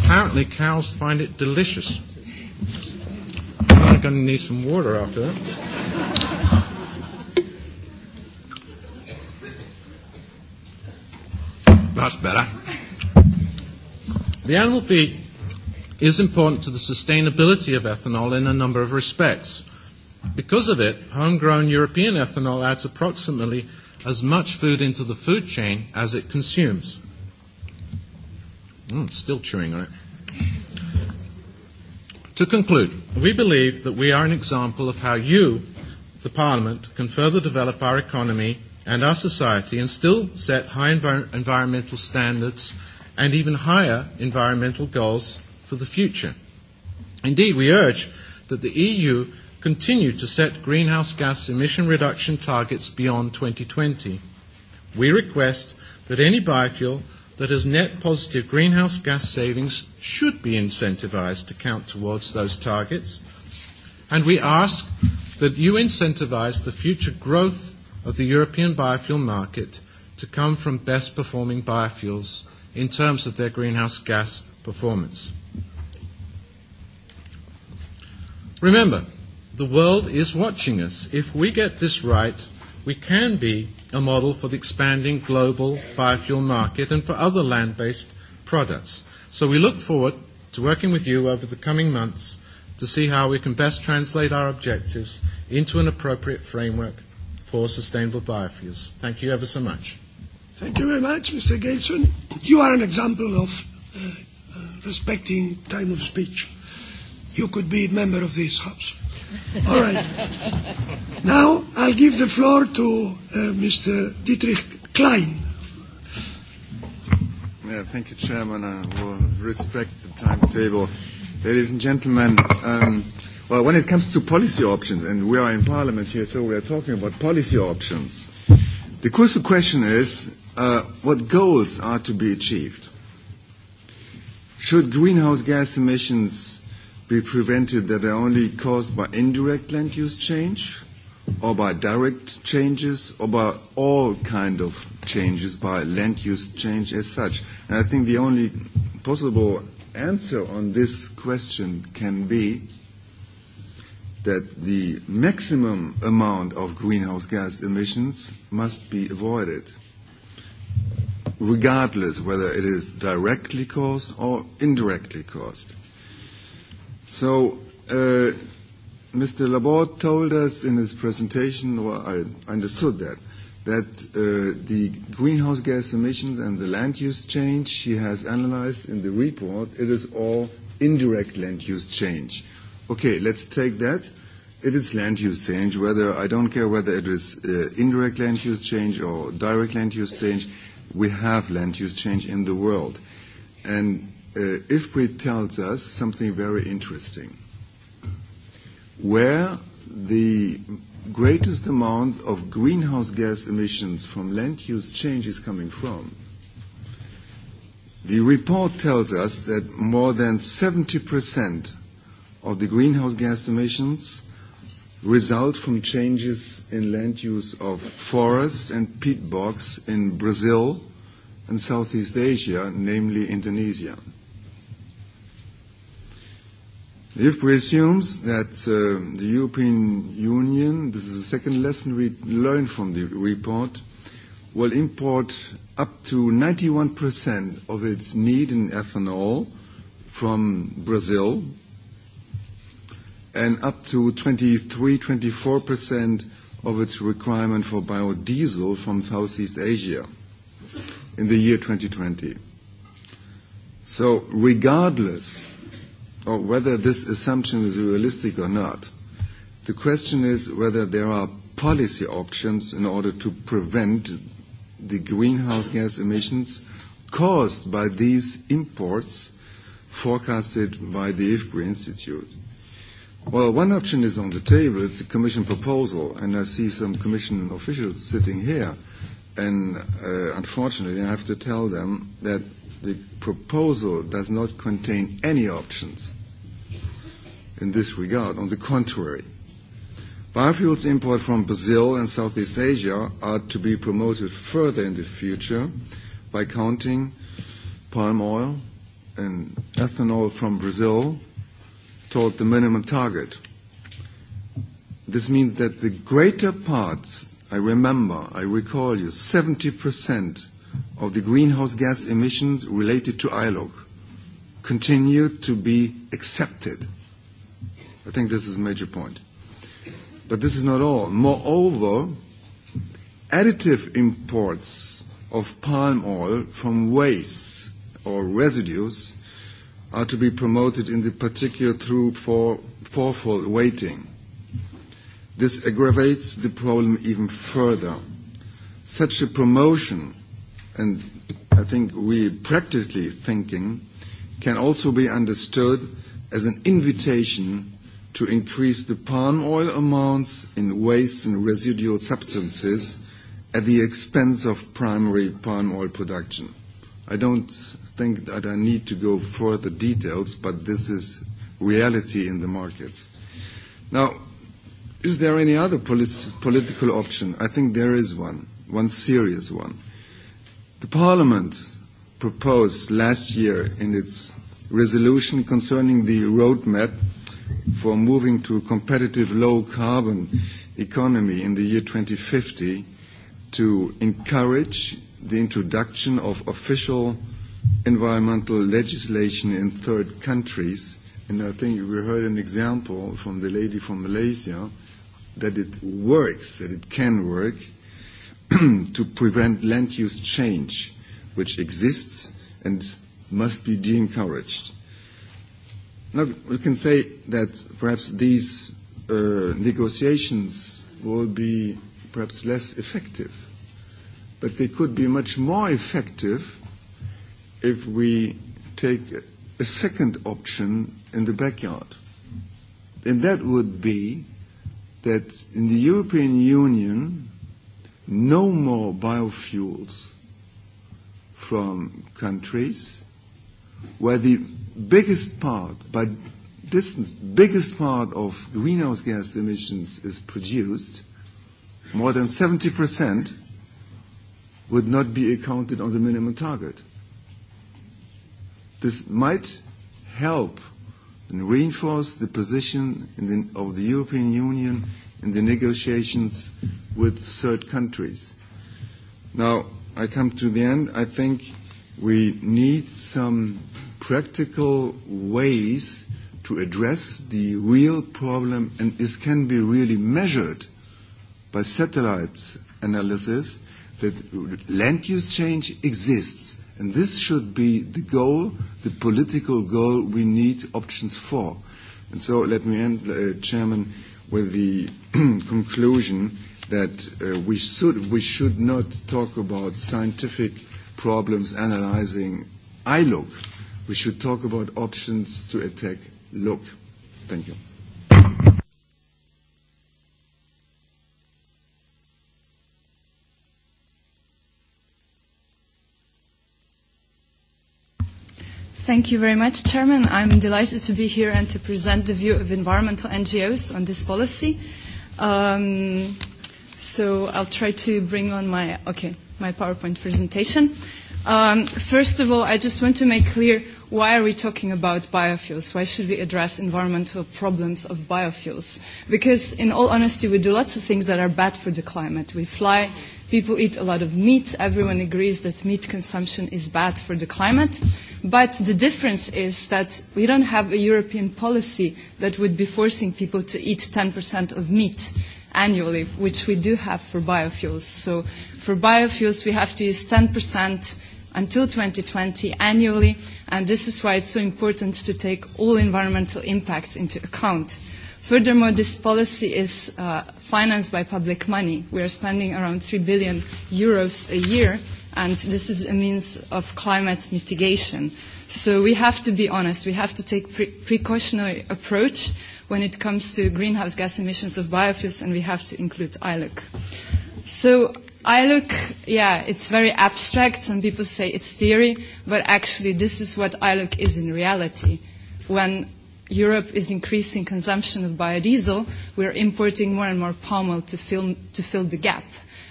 apparently cows find it delicious. I'm going to need some water after that. That's better. The animal feed is important to the sustainability of ethanol in a number of respects. Because of it, homegrown European ethanol adds approximately as much food into the food chain as it consumes. Still chewing on it. To conclude, we believe that we are an example of how you, the Parliament, can further develop our economy and our society and still set high environmental standards and even higher environmental goals for the future. Indeed, we urge that the EU continue to set greenhouse gas emission reduction targets beyond 2020. We request that any biofuel that has net positive greenhouse gas savings should be incentivized to count towards those targets, and we ask that you incentivize the future growth of the European biofuel market to come from best performing biofuels in terms of their greenhouse gas performance. Remember, The world is watching us. If we get this right, we can be a model for the expanding global biofuel market and for other land-based products. So we look forward to working with you over the coming months to see how we can best translate our objectives into an appropriate framework for sustainable biofuels. Thank you ever so much. Thank you very much, Mr. Gateson. You are an example of respecting time of speech. You could be a member of this House. All right. Now I'll give the floor to Mr. Dietrich Klein. Thank you, Chairman. I will respect the timetable. Ladies and gentlemen, well, when it comes to policy options, and we are in Parliament here, so we are talking about policy options, the crucial question is what goals are to be achieved. Should greenhouse gas emissions be prevented that are only caused by indirect land use change or by direct changes or by all kind of changes, by land use change as such. And I think the only possible answer on this question can be that the maximum amount of greenhouse gas emissions must be avoided, regardless whether it is directly caused or indirectly caused. So, Mr. Laborde told us in his presentation, or I understood that, that the greenhouse gas emissions and the land use change he has analyzed in the report, it is all indirect land use change. Okay, let's take that. It is land use change, whether I don't care whether it is indirect land use change or direct land use change. We have land use change in the world. And IFPRI tells us something very interesting. Where the greatest amount of greenhouse gas emissions from land use change is coming from, the report tells us that more than 70% of the greenhouse gas emissions result from changes in land use of forests and peat bogs in Brazil and Southeast Asia, namely Indonesia. If we assume that the European Union, this is the second lesson we learned from the report, will import up to 91% of its need in ethanol from Brazil and up to 23-24% of its requirement for biodiesel from Southeast Asia in the year 2020. So regardless or whether this assumption is realistic or not. The question is whether there are policy options in order to prevent the greenhouse gas emissions caused by these imports forecasted by the IFPRI Institute. Well, one option is on the table. It's a Commission proposal, and I see some Commission officials sitting here. And unfortunately, I have to tell them that the proposal does not contain any options in this regard. On the contrary, biofuels import from Brazil and Southeast Asia are to be promoted further in the future by counting palm oil and ethanol from Brazil toward the minimum target. This means that the greater part, I remember, I recall you, 70% of the greenhouse gas emissions related to ILOC continue to be accepted I think this is a major point. But this is not all. Moreover, additive imports of palm oil from wastes or residues are to be promoted in the particular through for fourfold weighting. This aggravates the problem even further. Such a promotion, and I think we practically thinking, can also be understood as an invitation to increase the palm oil amounts in waste and residual substances at the expense of primary palm oil production. I don't think that I need to go further details, but this is reality in the market. Now, is there any other political option? I think there is one, one serious one. The Parliament proposed last year in its resolution concerning the roadmap for moving to a competitive low-carbon economy in the year 2050 to encourage the introduction of official environmental legislation in third countries. And I think we heard an example from the lady from Malaysia that it works, that it can work, to prevent land use change, which exists and must be de-encouraged. Now we can say that perhaps these negotiations will be perhaps less effective, but they could be much more effective if we take a second option in the backyard. And that would be that in the European Union, no more biofuels from countries where the biggest part, by distance, biggest part of greenhouse gas emissions is produced, more than 70% would not be accounted on the minimum target. This might help and reinforce the position of the European Union in the negotiations with third countries. Now, I come to the end. I think we need some practical ways to address the real problem, and this can be really measured by satellite analysis, that land use change exists. And this should be the goal, the political goal we need options for. And so let me end, Chairman, with the conclusion that we should we should not talk about scientific problems analyzing ILOC we should talk about options to attack look. Thank you. Thank you very much, Chairman. I'm delighted to be here and to present the view of environmental NGOs on this policy. Um, so I'll try to bring on my, okay, my PowerPoint presentation. Um, first of all, I just want to make clear why are we talking about biofuels? Why should we address environmental problems of biofuels? Because in all honesty, we do lots of things that are bad for the climate. We fly, people eat a lot of meat, everyone agrees that meat consumption is bad for the climate. But the difference is that we don't have a European policy that would be forcing people to eat 10% of meat annually, which we do have for biofuels. So for biofuels, we have to use 10% until 2020 annually, and this is why it's so important to take all environmental impacts into account. Furthermore, this policy is financed by public money. We are spending around 3 billion euros a year, and this is a means of climate mitigation. So we have to be honest. We have to take a precautionary approach when it comes to greenhouse gas emissions of biofuels, and we have to include ILUC. So I look, yeah, it's very abstract. Some people say it's theory, but actually this is what ILUC is in reality. When Europe is increasing consumption of biodiesel, we are importing more and more palm oil to fill, to fill the gap.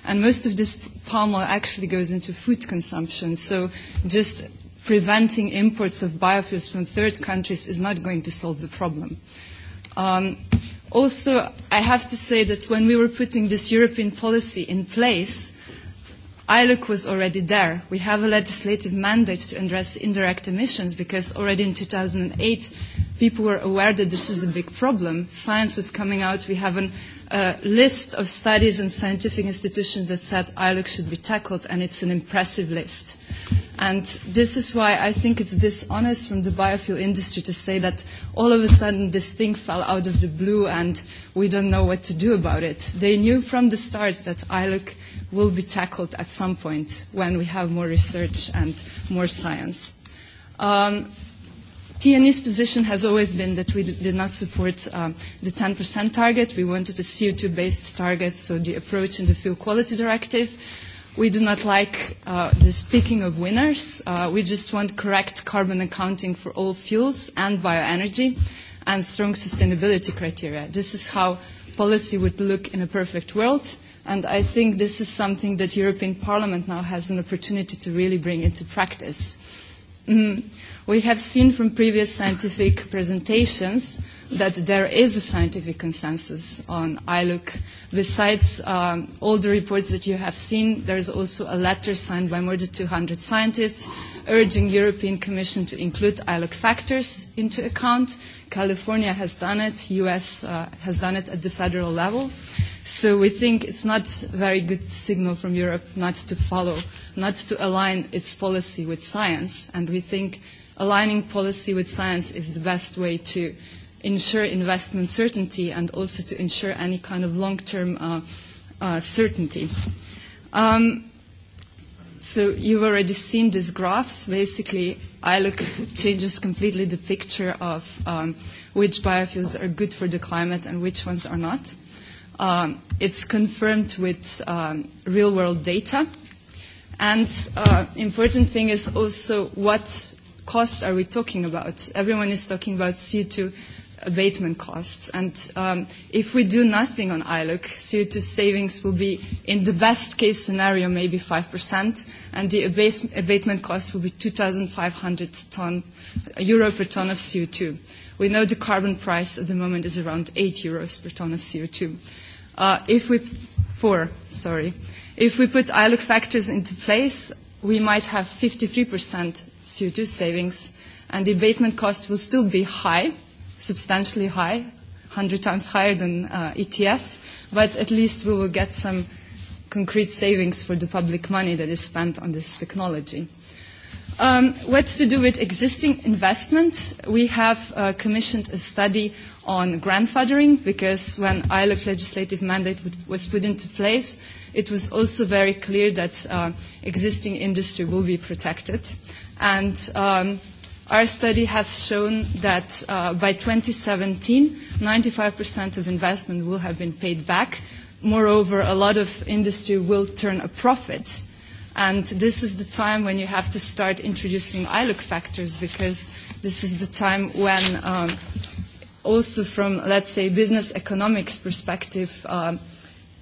And most of this palm oil actually goes into food consumption. So just preventing imports of biofuels from third countries is not going to solve the problem. Um, Also, I have to say that when we were putting this European policy in place, ILUC was already there. We have a legislative mandate to address indirect emissions because already in 2008 people were aware that this is a big problem. Science was coming out. We have an A list of studies and scientific institutions that said ILUC should be tackled, and it's an impressive list. And this is why I think it's dishonest from the biofuel industry to say that all of a sudden this thing fell out of the blue and we don't know what to do about it. They knew from the start that ILUC will be tackled at some point when we have more research and more science. TNE's position has always been that we did not support the 10% target. We wanted a CO2-based target, so the approach in the Fuel Quality Directive. We do not like the speaking of winners. We just want correct carbon accounting for all fuels and bioenergy and strong sustainability criteria. This is how policy would look in a perfect world, and I think this is something that European Parliament now has an opportunity to really bring into practice. We have seen from previous scientific presentations that there is a scientific consensus on ILUC. Besides all the reports that you have seen, there is also a letter signed by more than 200 scientists urging European Commission to include ILUC factors into account. California has done it, US has done it at the federal level. So we think it's not a very good signal from Europe not to follow, not to align its policy with science, and we think aligning policy with science is the best way to ensure investment certainty and also to ensure any kind of long-term certainty. So you've already seen these graphs. Basically, ILUC changes completely the picture of which biofuels are good for the climate and which ones are not. It's confirmed with real-world data. And important thing is also what cost are we talking about? Everyone is talking about CO2 abatement costs. And if we do nothing on ILUC, CO2 savings will be, in the best case scenario, maybe 5%, and the abatement cost will be 2,500 euro per ton of CO2. We know the carbon price at the moment is around 8 euros per ton of CO2. If we, four, sorry, if we put ILUC factors into place, we might have 53% CO2 savings, and the abatement cost will still be high, substantially high, 100 times higher than ETS, but at least we will get some concrete savings for the public money that is spent on this technology. What to do with existing investment? We have commissioned a study on grandfathering because when ILOC legislative mandate was put into place, it was also very clear that existing industry will be protected. And our study has shown that by 2017, 95% of investment will have been paid back. Moreover, a lot of industry will turn a profit. And this is the time when you have to start introducing ILUC factors because this is the time when also from, let's say, business economics perspective,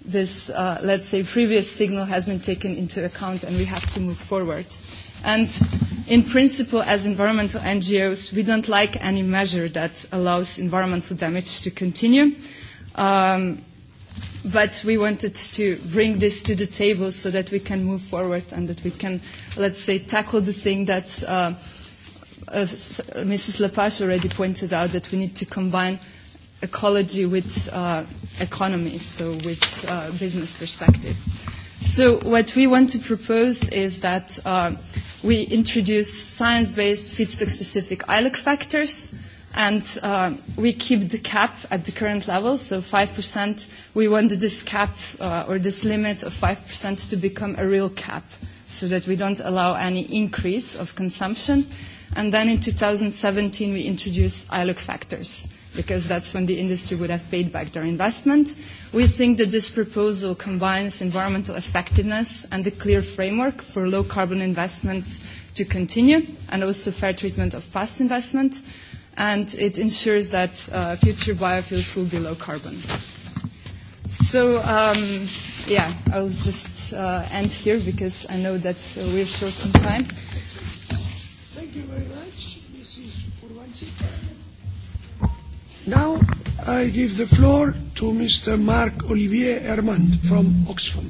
this, let's say, previous signal has been taken into account and we have to move forward. And In principle, as environmental NGOs, we don't like any measure that allows environmental damage to continue. But we wanted to bring this to the table so that we can move forward and that we can, let's say, tackle the thing that Mrs. Lepage already pointed out, that we need to combine ecology with economy, so with business perspective. So what we want to propose is that we introduce science-based feedstock-specific ILUC factors, and we keep the cap at the current level, so 5%. We want this cap or this limit of 5% to become a real cap, so that we don't allow any increase of consumption. And then in 2017, we introduce ILUC factors because that's when the industry would have paid back their investment. We think that this proposal combines environmental effectiveness and a clear framework for low carbon investments to continue and also fair treatment of past investment and it ensures that future biofuels will be low carbon. So, yeah, I'll just end here because I know that we're short on time. Thank you very much, Now I give the floor to Mr. Marc Olivier Hermand from Oxfam.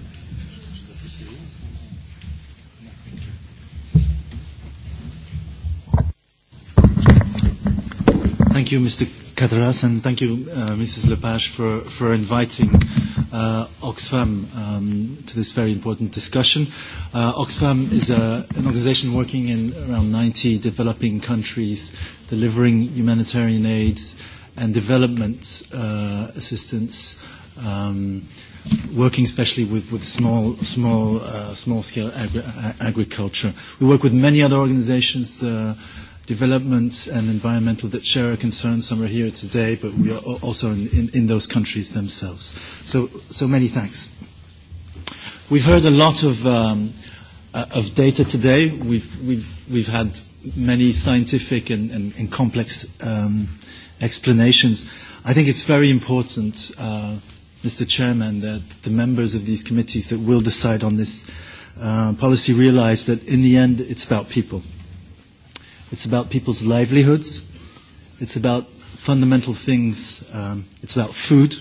Thank you, Mr. Catteras, and thank you, Mrs. Lepage, for, for inviting Oxfam to this very important discussion. Oxfam is an organization working in around 90 developing countries, delivering humanitarian aids and development assistance, um, working especially with, with small, small, small-scale agriculture. We work with many other organizations, the development and environmental that share our concerns. Some are here today, but we are also in, in, those countries themselves. So, so many thanks. We've heard a lot of, um, of data today. We've, we've, we've had many scientific and, and, and complex um, explanations. I think it's very important, Mr. Chairman, that the members of these committees that will decide on this policy realize that in the end it's about people. It's about people's livelihoods. It's about fundamental things. It's about food.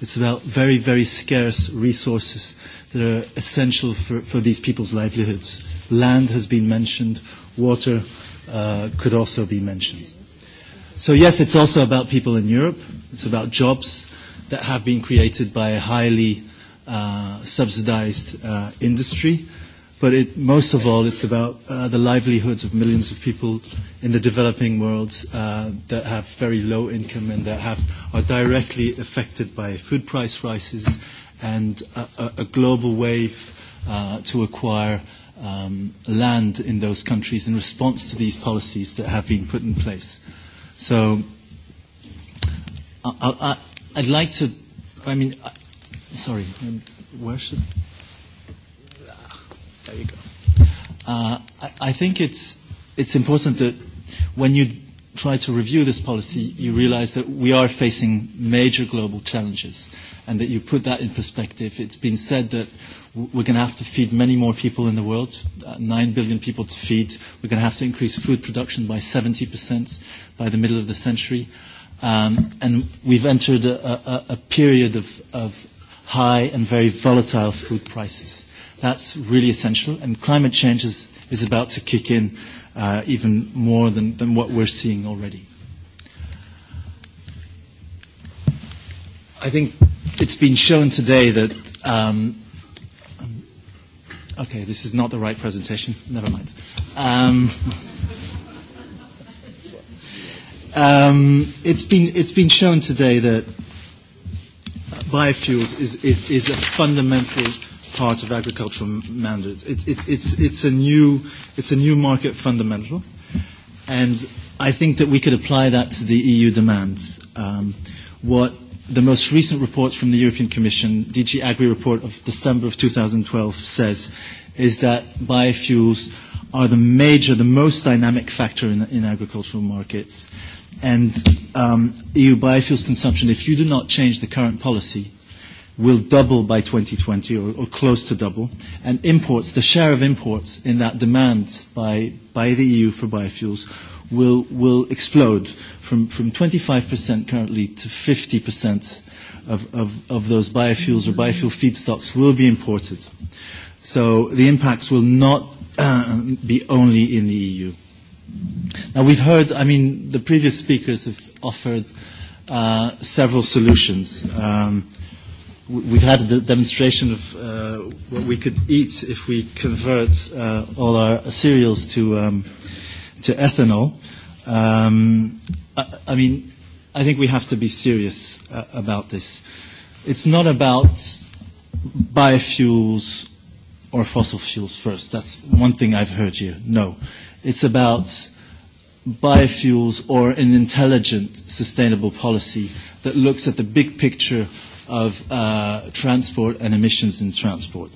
It's about very, very scarce resources that are essential for these people's livelihoods. Land has been mentioned. Water could also be mentioned. So yes, it's also about people in Europe. It's about jobs that have been created by a highly subsidized industry. But it, most of all, it's about the livelihoods of millions of people in the developing world that have very low income and that have, are directly affected by food price rises and a global wave to acquire land in those countries in response to these policies that have been put in place. So I, I, I'd like to, I mean, I, sorry, where should, there you go. Uh, I, I think it's, it's important that when you try to review this policy, you realize that we are facing major global challenges and that you put that in perspective. It's been said that we're going to have to feed many more people in the world, 9 billion people to feed. We're going to have to increase food production by 70% by the middle of the century. And we've entered a period of high and very volatile food prices. That's really essential, and climate change is about to kick in even more than what we're seeing already. I think it's been shown today that Okay, this is not the right presentation. Never mind. Um, um, it's been it's been shown today that biofuels is is, is a fundamental part of agricultural mandates. It, it, it's it's a new it's a new market fundamental, and I think that we could apply that to the EU demands. Um, what the most recent report from the European Commission, DG Agri report of December of 2012, says is that biofuels are the major, the most dynamic factor in agricultural markets. And EU biofuels consumption, if you do not change the current policy, will double by 2020 or close to double. And imports, the share of imports in that demand by by the EU for biofuels will will explode from from 25% currently to 50% of of of those biofuels or biofuel feedstocks will be imported. So the impacts will not be only in the EU. Now we've heard, I mean, the previous speakers have offered several solutions. We've had a demonstration of what we could eat if we convert all our cereals to to ethanol. Um, I, I mean, I think we have to be serious about this. It's not about biofuels or fossil fuels first. That's one thing I've heard here. No. It's about biofuels or an intelligent, sustainable policy that looks at the big picture of transport and emissions in transport.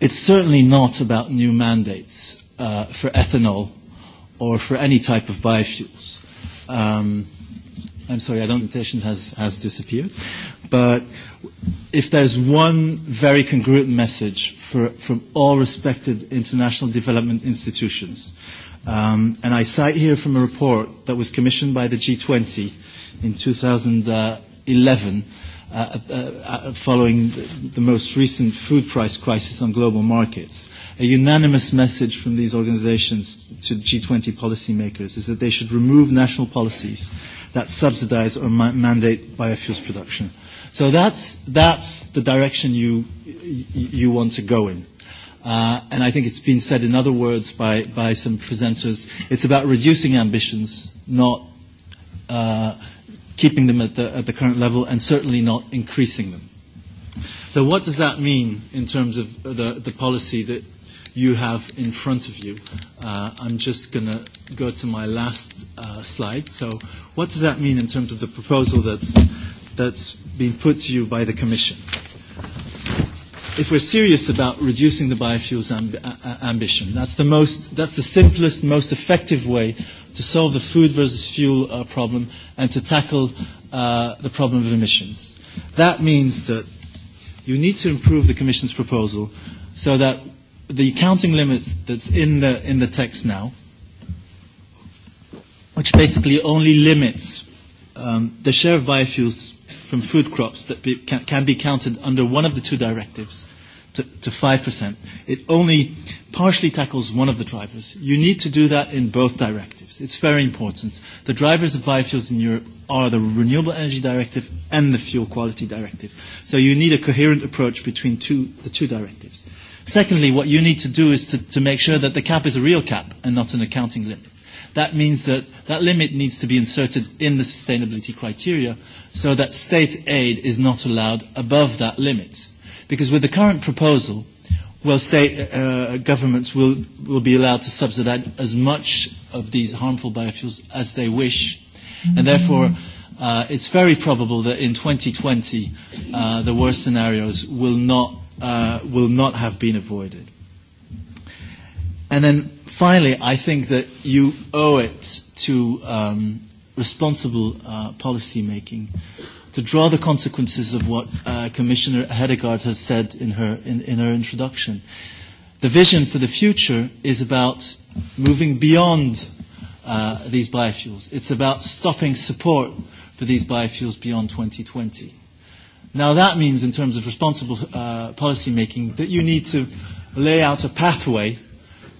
It's certainly not about new mandates for ethanol or for any type of biofuels. Um, I'm sorry, identification has, has disappeared. But if there's one very congruent message for, from all respected international development institutions, um, and I cite here from a report that was commissioned by the G20 in 2011, following the, the most recent food price crisis on global markets, a unanimous message from these organizations to G20 policymakers is that they should remove national policies that subsidize or mandate biofuels production. So that's, that's the direction you, you want to go in. and I think it's been said in other words by, by some presenters, it's about reducing ambitions, not keeping them at the, at the current level and certainly not increasing them. So what does that mean in terms of the, the policy that you have in front of you. I'm just going to go to my last slide. So what does that mean in terms of the proposal that's that's been put to you by the Commission? If we're serious about reducing the biofuels ambition, that's the most, that's the simplest, most effective way to solve the food versus fuel problem and to tackle the problem of emissions. That means that you need to improve the Commission's proposal so that the counting limits that's in the in the text now, which basically only limits the share of biofuels from food crops that can be counted under one of the two directives to 5%. It only partially tackles one of the drivers. You need to do that in both directives. It's very important. The drivers of biofuels in Europe are the Renewable Energy Directive and the Fuel Quality Directive. So you need a coherent approach between the two directives. Secondly, what you need to do is to, to make sure that the cap is a real cap and not an accounting limit. That means that that limit needs to be inserted in the sustainability criteria so that state aid is not allowed above that limit. Because with the current proposal, well, state governments will, will be allowed to subsidize as much of these harmful biofuels as they wish. And therefore, uh, it's very probable that in 2020, uh, the worst scenarios will not will not have been avoided. And then finally, I think that you owe it to responsible policy making to draw the consequences of what Commissioner Hedegaard has said in her in her introduction. The vision for the future is about moving beyond these biofuels. It's about stopping support for these biofuels beyond 2020. Now that means, in terms of responsible policy making, that you need to lay out a pathway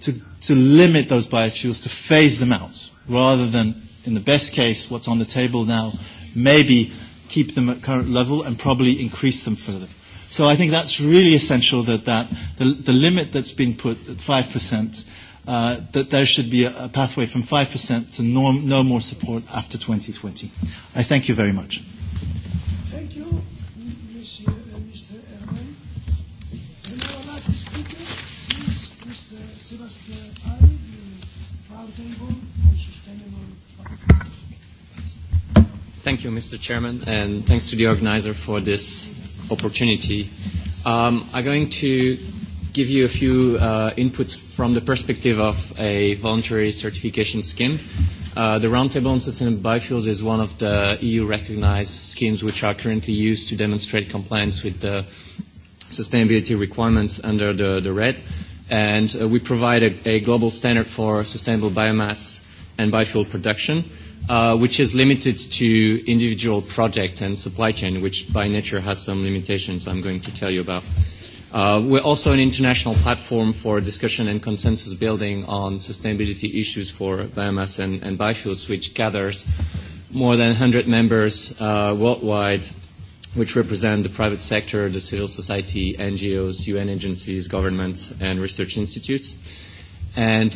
to to limit those biofuels, to phase them out, rather than, in the best case, what's on the table now, maybe keep them at current level and probably increase them further. So I think that's really essential that that the the limit that's been put at 5%, that there should be a pathway from 5% to no more support after 2020. I thank you very much. Thank you, Mr. Chairman, and thanks to the organizer for this opportunity. Um, I'm going to give you a few uh, inputs from the perspective of a voluntary certification scheme. Uh, the Roundtable on Sustainable Biofuels is one of the eu recognised schemes which are currently used to demonstrate compliance with the sustainability requirements under the, RED, and we provide a, a global standard for sustainable biomass and biofuel production which is limited to individual project and supply chain, which by nature has some limitations I'm going to tell you about. We're also an international platform for discussion and consensus building on sustainability issues for biomass and biofuels, which gathers more than 100 members worldwide, which represent the private sector, the civil society, NGOs, UN agencies, governments, and research institutes. And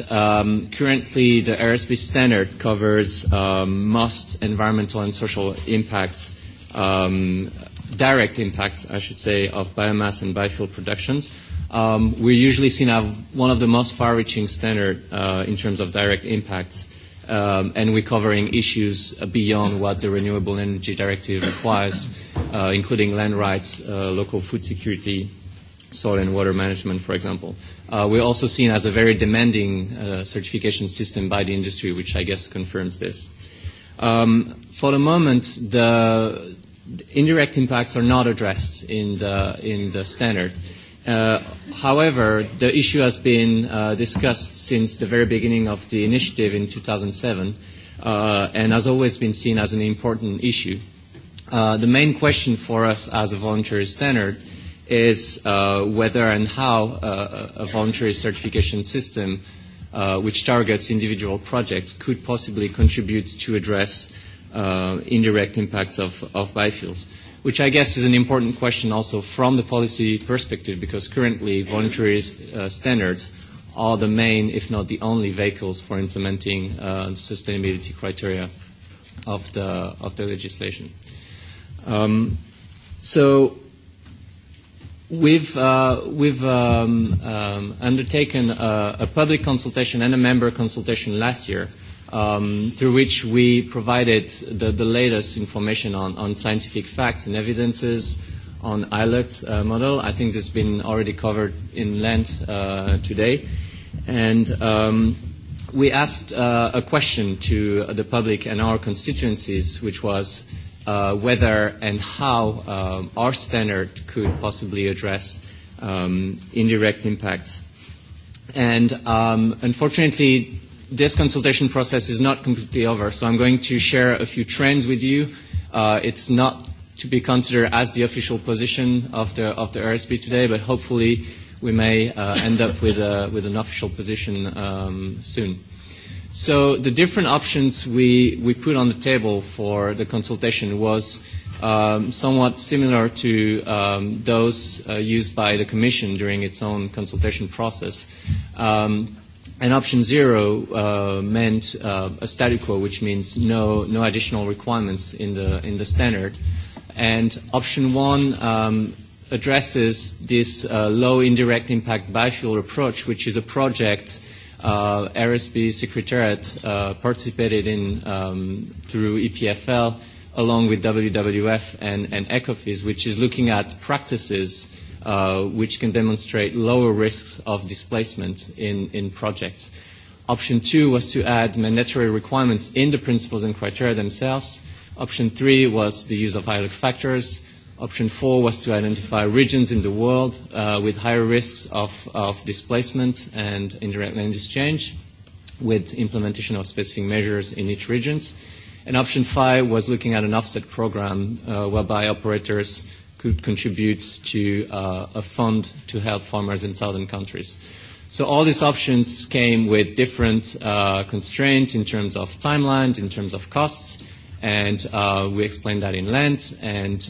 currently, the RSB standard covers most environmental and social impacts, direct impacts, I should say, of biomass and biofuel productions. We're usually seen as one of the most far-reaching standards in terms of direct impacts, and we're covering issues beyond what the Renewable Energy Directive requires, including land rights, local food security soil and water management, for example. We're also seen as a very demanding certification system by the industry, which I guess confirms this. For the moment, the indirect impacts are not addressed in the in the standard. However, the issue has been discussed since the very beginning of the initiative in 2007 and has always been seen as an important issue. The main question for us as a voluntary standard is whether and how a voluntary certification system which targets individual projects could possibly contribute to address indirect impacts of biofuels, which I guess is an important question also from the policy perspective because currently voluntary standards are the main, if not the only, vehicles for implementing sustainability criteria of the legislation. So We've undertaken a public consultation and a member consultation last year, through which we provided the latest information on scientific facts and evidences on uh model. I think this has been already covered in length today. And we asked a question to the public and our constituencies, which was whether and how our standard could possibly address indirect impacts. And unfortunately, this consultation process is not completely over, so I'm going to share a few trends with you. It's not to be considered as the official position of the of the RSP today, but hopefully we may end up with with an official position soon. So the different options we we put on the table for the consultation was somewhat similar to those used by the Commission during its own consultation process. And option zero meant a status quo, which means no no additional requirements in the in the standard. And option one addresses this low indirect impact biofuel approach, which is a project RSB Secretariat participated in through EPFL along with WWF and, and ECOFIS, which is looking at practices which can demonstrate lower risks of displacement in, in projects. Option two was to add mandatory requirements in the principles and criteria themselves. Option three was the use of highlight factors. Option four was to identify regions in the world with higher risks of displacement and indirect land exchange with implementation of specific measures in each region. And option five was looking at an offset program whereby operators could contribute to a fund to help farmers in southern countries. So all these options came with different constraints in terms of timelines, in terms of costs, and we explained that in length, and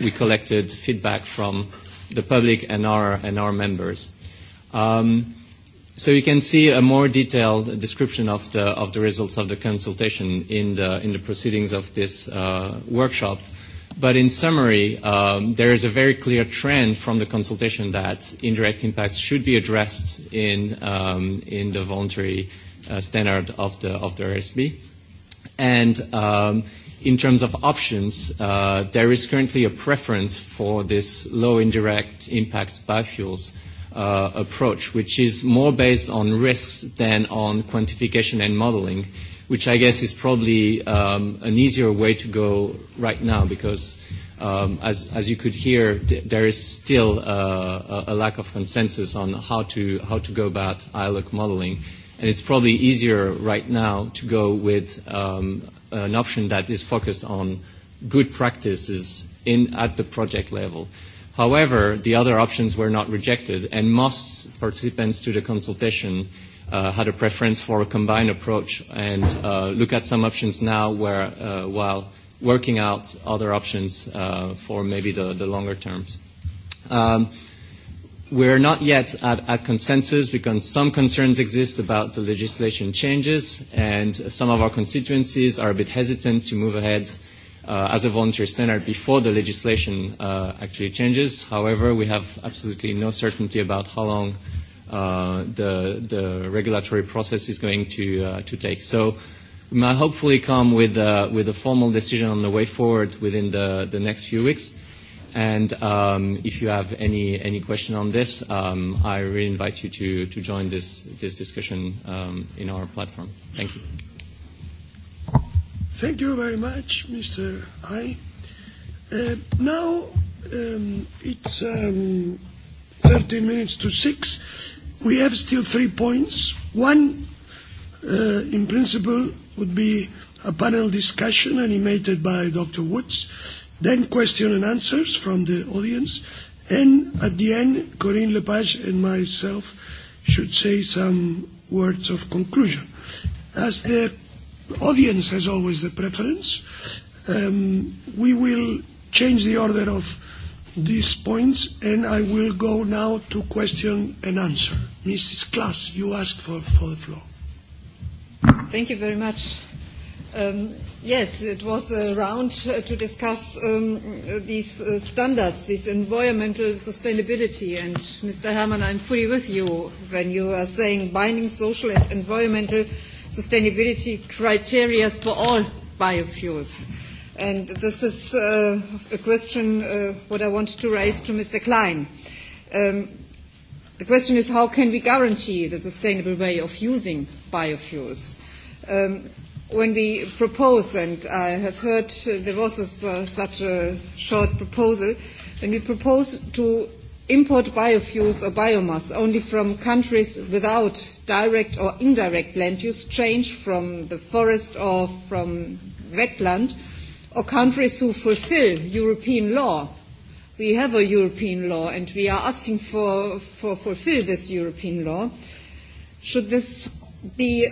we collected feedback from the public and our and our members. So you can see a more detailed description of the of the results of the consultation in the in the proceedings of this workshop. But in summary, there is a very clear trend from the consultation that indirect impacts should be addressed in in the voluntary standard of the of the RSB. And in terms of options, there is currently a preference for this low indirect impact biofuels approach, which is more based on risks than on quantification and modeling, which I guess is probably an easier way to go right now because, as you could hear, there is still a lack of consensus on how to go about ILOC modeling. And it's probably easier right now to go with an option that is focused on good practices at the project level. However, the other options were not rejected, and most participants to the consultation had a preference for a combined approach and look at some options now where while working out other options for maybe the longer terms. We are not yet at consensus because some concerns exist about the legislation changes and some of our constituencies are a bit hesitant to move ahead as a voluntary standard before the legislation actually changes. However, we have absolutely no certainty about how long the regulatory process is going to take. So we might hopefully come with a formal decision on the way forward within the next few weeks. And if you have any any question on this, I really invite you to to join this this discussion in our platform. Thank you. Thank you very much, Mr. I. Now it's 13 minutes to six. We have still three points. One, in principle, would be a panel discussion animated by Dr. Woods then question and answers from the audience, and at the end, Corinne Lepage and myself should say some words of conclusion. As the audience has always the preference, we will change the order of these points, and I will go now to question and answer. Mrs. Klaas, you asked for the floor. Thank you very much. Yes, it was a round to discuss these standards, this environmental sustainability. And Mr. Herman, I'm fully with you when you are saying binding social and environmental sustainability criteria for all biofuels. And this is a question what I want to raise to Mr. Klein. The question is how can we guarantee the sustainable way of using biofuels? When we propose, and I have heard there was such a short proposal, when we propose to import biofuels or biomass only from countries without direct or indirect land use change from the forest or from wetland, or countries who fulfill European law. We have a European law and we are asking for fulfill this European law. Should this be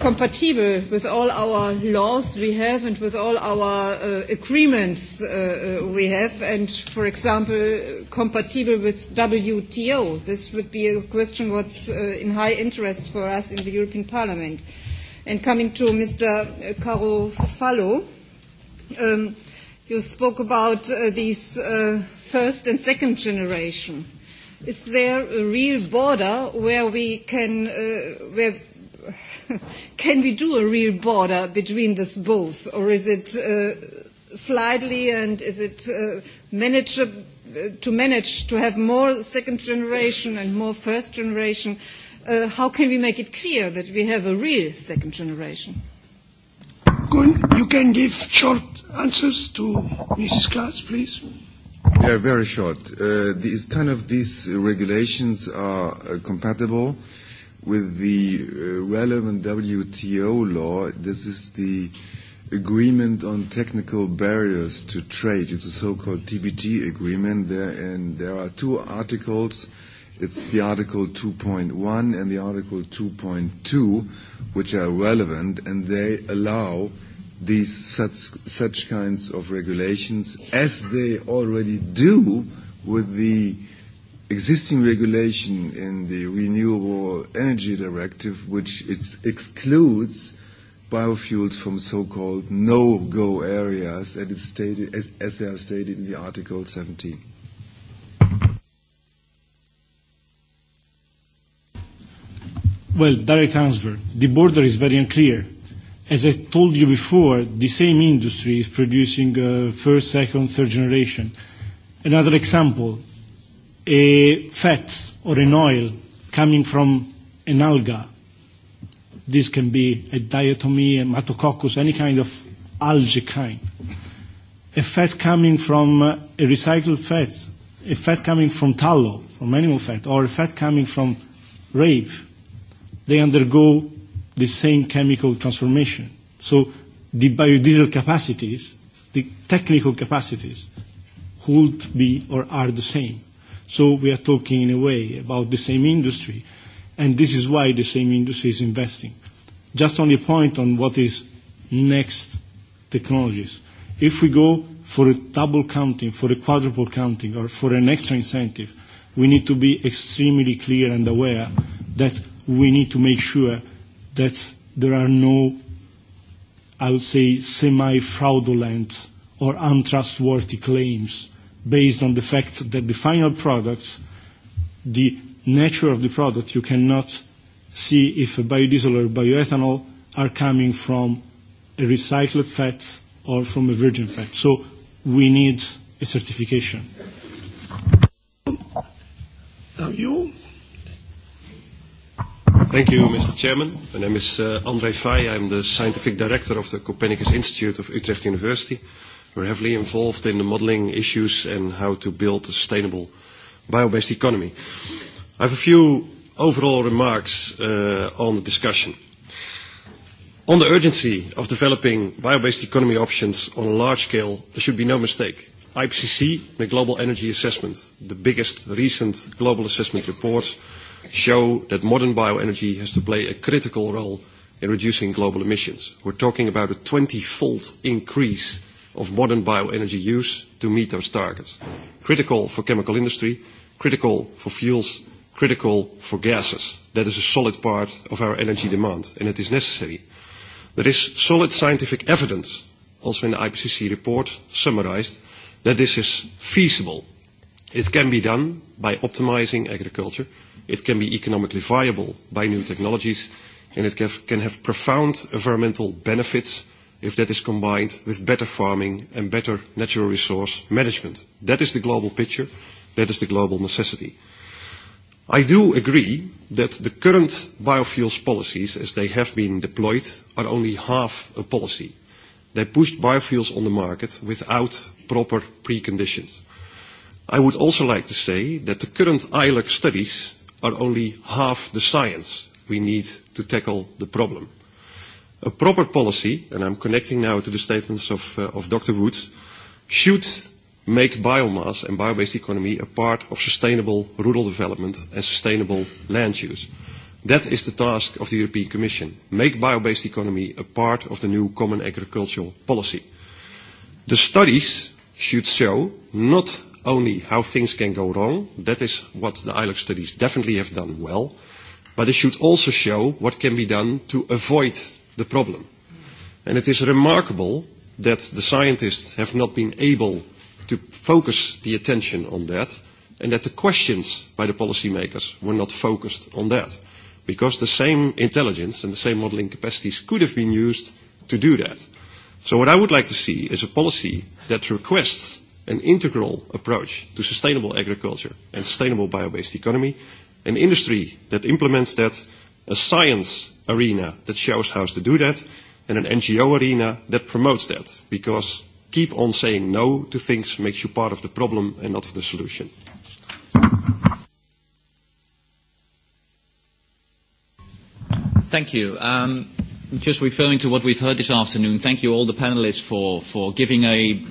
compatible with all our laws we have and with all our agreements we have and for example compatible with WTO. This would be a question what's in high interest for us in the European Parliament. And coming to Mr. Caro-Fallo, you spoke about these first and second generation. Is there a real border where we can, where can we do a real border between this both, or is it slightly and is it manageable? to manage to have more second generation and more first generation, how can we make it clear that we have a real second generation? You can give short answers to Mrs. Klaas, please. Yeah, very short. These kind of these regulations are compatible with the relevant WTO law. This is the agreement on technical barriers to trade. It's a so-called TBT agreement. There and there are two articles. It's the Article 2.1 and the Article 2.2, which are relevant, and they allow these such kinds of regulations, as they already do with the existing regulation in the Renewable Energy Directive, which excludes biofuels from so-called no-go areas, as they are stated in the Article 17. Well, direct answer. The border is very unclear. As I told you before, the same industry is producing first, second, third generation. Another example, a fat or an oil coming from an alga. This can be a diatomy, a matococcus, any kind of algae kind. A fat coming from a recycled fat, a fat coming from tallow, from animal fat, or a fat coming from rape, they undergo the same chemical transformation. So the biodiesel capacities, the technical capacities, would be or are the same. So we are talking in a way about the same industry, and this is why the same industry is investing. Just only a point on what is next technologies. If we go for a double counting, for a quadruple counting, or for an extra incentive, we need to be extremely clear and aware that we need to make sure that there are no, I would say, semi-fraudulent or untrustworthy claims based on the fact that the final products, the nature of the product, you cannot see if a biodiesel or bioethanol are coming from a recycled fat or from a virgin fat. So we need a certification. you. Thank you, Mr. Chairman. My name is André Fay. I'm the scientific director of the Copernicus Institute of Utrecht University. We're heavily involved in the modeling issues and how to build a sustainable bio-based economy. I have a few overall remarks on the discussion. On the urgency of developing bio-based economy options on a large scale, there should be no mistake. IPCC, the Global Energy Assessment, the biggest recent global assessment report, show that modern bioenergy has to play a critical role in reducing global emissions. We're talking about a 20-fold increase of modern bioenergy use to meet those targets. Critical for chemical industry, critical for fuels, critical for gases. That is a solid part of our energy demand, and it is necessary. There is solid scientific evidence, also in the IPCC report, summarized, that this is feasible. It can be done by optimizing agriculture, it can be economically viable by new technologies, and it can have profound environmental benefits if that is combined with better farming and better natural resource management. That is the global picture. That is the global necessity. I do agree that the current biofuels policies, as they have been deployed, are only half a policy. They pushed biofuels on the market without proper preconditions. I would also like to say that the current ILUC studies are only half the science we need to tackle the problem a proper policy, and I'm connecting now to the statements of Dr. Woods, should make biomass and biobased economy a part of sustainable rural development and sustainable land use. That is the task of the European Commission. Make biobased economy a part of the new common agricultural policy. The studies should show not only how things can go wrong, that is what the ILOC studies definitely have done well, but it should also show what can be done to avoid the problem. And it is remarkable that the scientists have not been able to focus the attention on that and that the questions by the policymakers were not focused on that because the same intelligence and the same modeling capacities could have been used to do that. So what I would like to see is a policy that requests an integral approach to sustainable agriculture and sustainable bio-based economy, an industry that implements that, a science arena that shows how to do that and an NGO arena that promotes that because keep on saying no to things makes you part of the problem and not of the solution. Thank you. Um, just referring to what we've heard this afternoon, thank you all the panelists for, for giving a,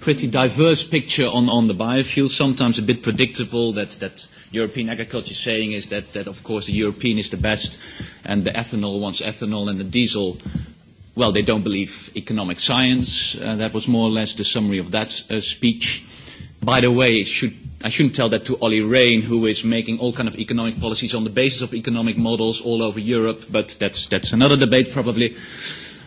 pretty diverse picture on, on the biofuel, sometimes a bit predictable that, that European agriculture saying is that, that of course, the European is the best and the ethanol wants ethanol and the diesel, well, they don't believe economic science. that was more or less the summary of that speech. By the way, it should I shouldn't tell that to Olli Rehn, who is making all kind of economic policies on the basis of economic models all over Europe, but that's, that's another debate probably,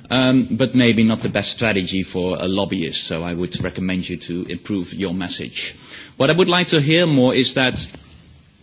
but maybe not the best strategy for a lobbyist, so I would recommend you to improve your message. What I would like to hear more is that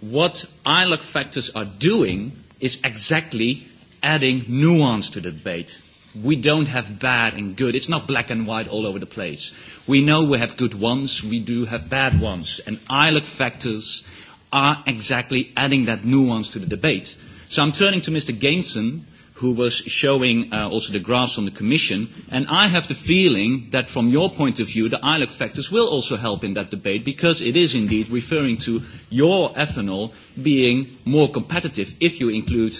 what ILOC factors are doing is exactly adding nuance to the debate. We don't have bad and good. It's not black and white all over the place. We know we have good ones, we do have bad ones. And ILOC factors are exactly adding that nuance to the debate. So I'm turning to Mr. Gainson who was showing also the graphs on the Commission. And I have the feeling that from your point of view, the ILOC factors will also help in that debate because it is indeed referring to your ethanol being more competitive if you include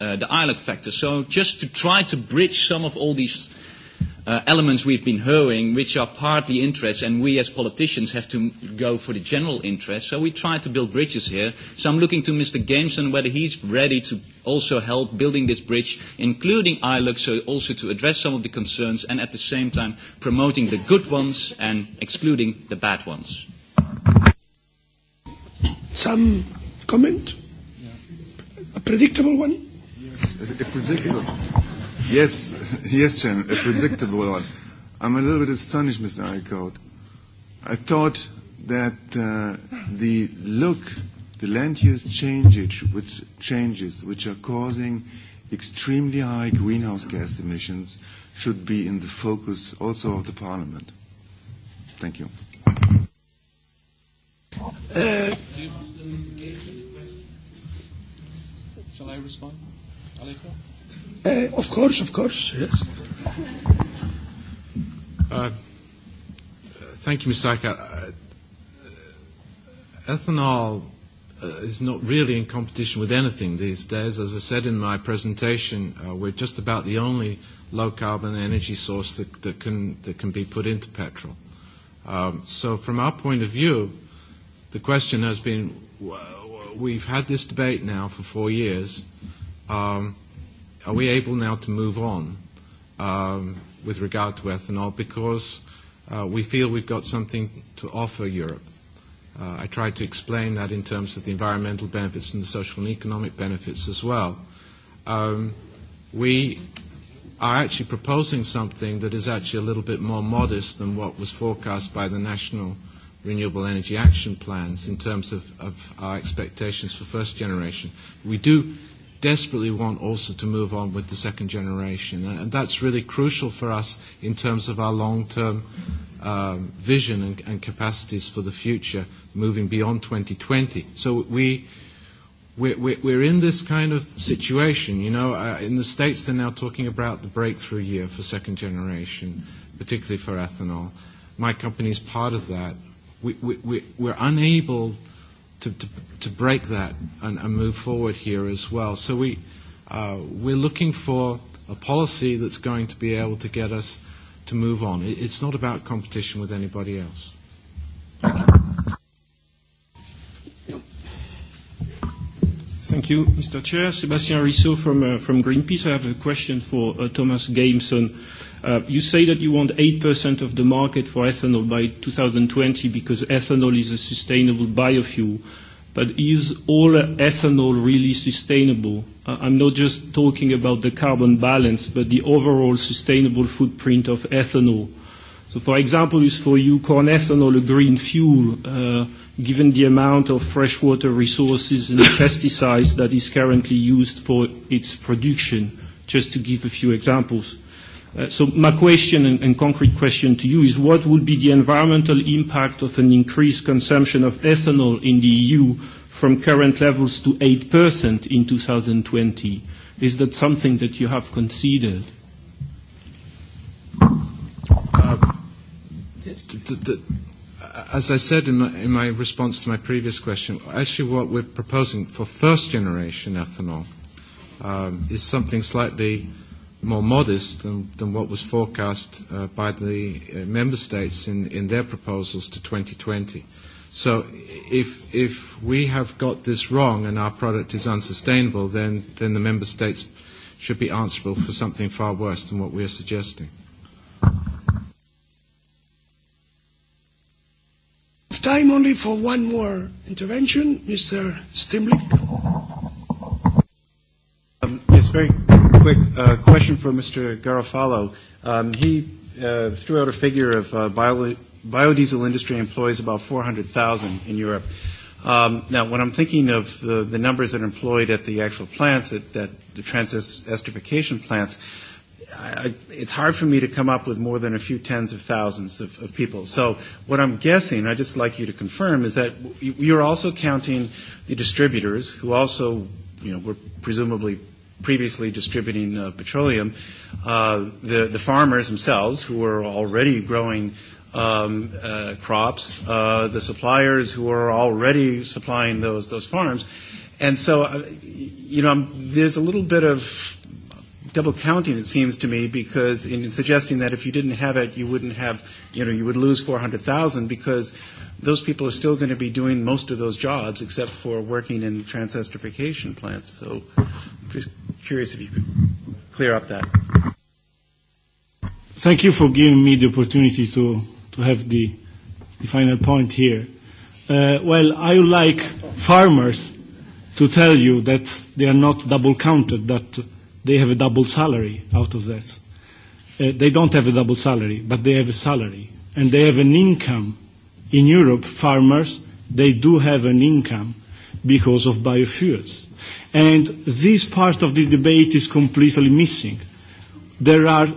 the ILOC factors. So just to try to bridge some of all these elements we've been hearing, which are partly interests, and we as politicians have to go for the general interest. So we try to build bridges here. So I'm looking to Mr. Gameson whether he's ready to also help building this bridge, including ILUC, so also to address some of the concerns and at the same time promoting the good ones and excluding the bad ones. Some comment? A predictable one? Yes, a predictable. Yes, yes, Chen, a predictable one. I'm a little bit astonished, Mr. Eichhout. I thought that the look, the land use changes, which changes, which are causing extremely high greenhouse gas emissions, should be in the focus also of the Parliament. Thank you. Shall I respond, Of course, of course, yes. Thank you, Mr. Ethanol is not really in competition with anything these days. As I said in my presentation, we're just about the only low-carbon energy source that can that can be put into petrol. So from our point of view, the question has been, we've had this debate now for four years. Um are we able now to move on with regard to ethanol? Because we feel we've got something to offer Europe. I tried to explain that in terms of the environmental benefits and the social and economic benefits as well. we are actually proposing something that is actually a little bit more modest than what was forecast by the National Renewable Energy Action Plans in terms of, of our expectations for first generation. We do desperately want also to move on with the second generation. And that's really crucial for us in terms of our long-term vision and capacities for the future, moving beyond 2020. So we we're in this kind of situation. You know, in the States they're now talking about the breakthrough year for second generation, particularly for ethanol. My company is part of that. We We're unable to break that and move forward here as well. So we we're looking for a policy that's going to be able to get us to move on. It's not about competition with anybody else. Thank you, Mr. Chair. Sebastian from from Greenpeace. I have a question for Thomas Gameson You say that you want 8% of the market for ethanol by 2020 because ethanol is a sustainable biofuel. But is all ethanol really sustainable? I'm not just talking about the carbon balance, but the overall sustainable footprint of ethanol. So, for example, is for you corn ethanol a green fuel, given the amount of freshwater resources and pesticides that is currently used for its production? Just to give a few examples. So my question and concrete question to you is what would be the environmental impact of an increased consumption of ethanol in the EU from current levels to 8% in 2020? Is that something that you have considered? As I said in my response to my previous question, actually what we're proposing for first generation ethanol is something slightly more modest than, what was forecast by the member states in, in their proposals to 2020. So if, if we have got this wrong and our product is unsustainable, then, then the member states should be answerable for something far worse than what we are suggesting. Time only for one more intervention. Mr. Stimlik. Yes, very quick question for Mr. Garofalo. He threw out a figure of biodiesel industry employs about 400,000 in Europe. Now, when I'm thinking of the numbers that are employed at the actual plants, at the transesterification plants, it's hard for me to come up with more than a few tens of thousands of people. So what I'm guessing, I'd just like you to confirm, is that you're also counting the distributors who also, you know, were presumably previously distributing petroleum, the the farmers themselves who were already growing crops, the suppliers who are already supplying those those farms, and so you know there's a little bit of double counting it seems to me because in suggesting that if you didn't have it you wouldn't have you know you would lose 400,000 because those people are still going to be doing most of those jobs except for working in transesterification plants so curious if you could clear up that. Thank you for giving me the opportunity to to have the the final point here. Well, I would like farmers to tell you that they are not double counted, that they have a double salary out of that. They don't have a double salary, but they have a salary. And they have an income. In Europe, farmers, they do have an income because of biofuels. And this part of the debate is completely missing. There are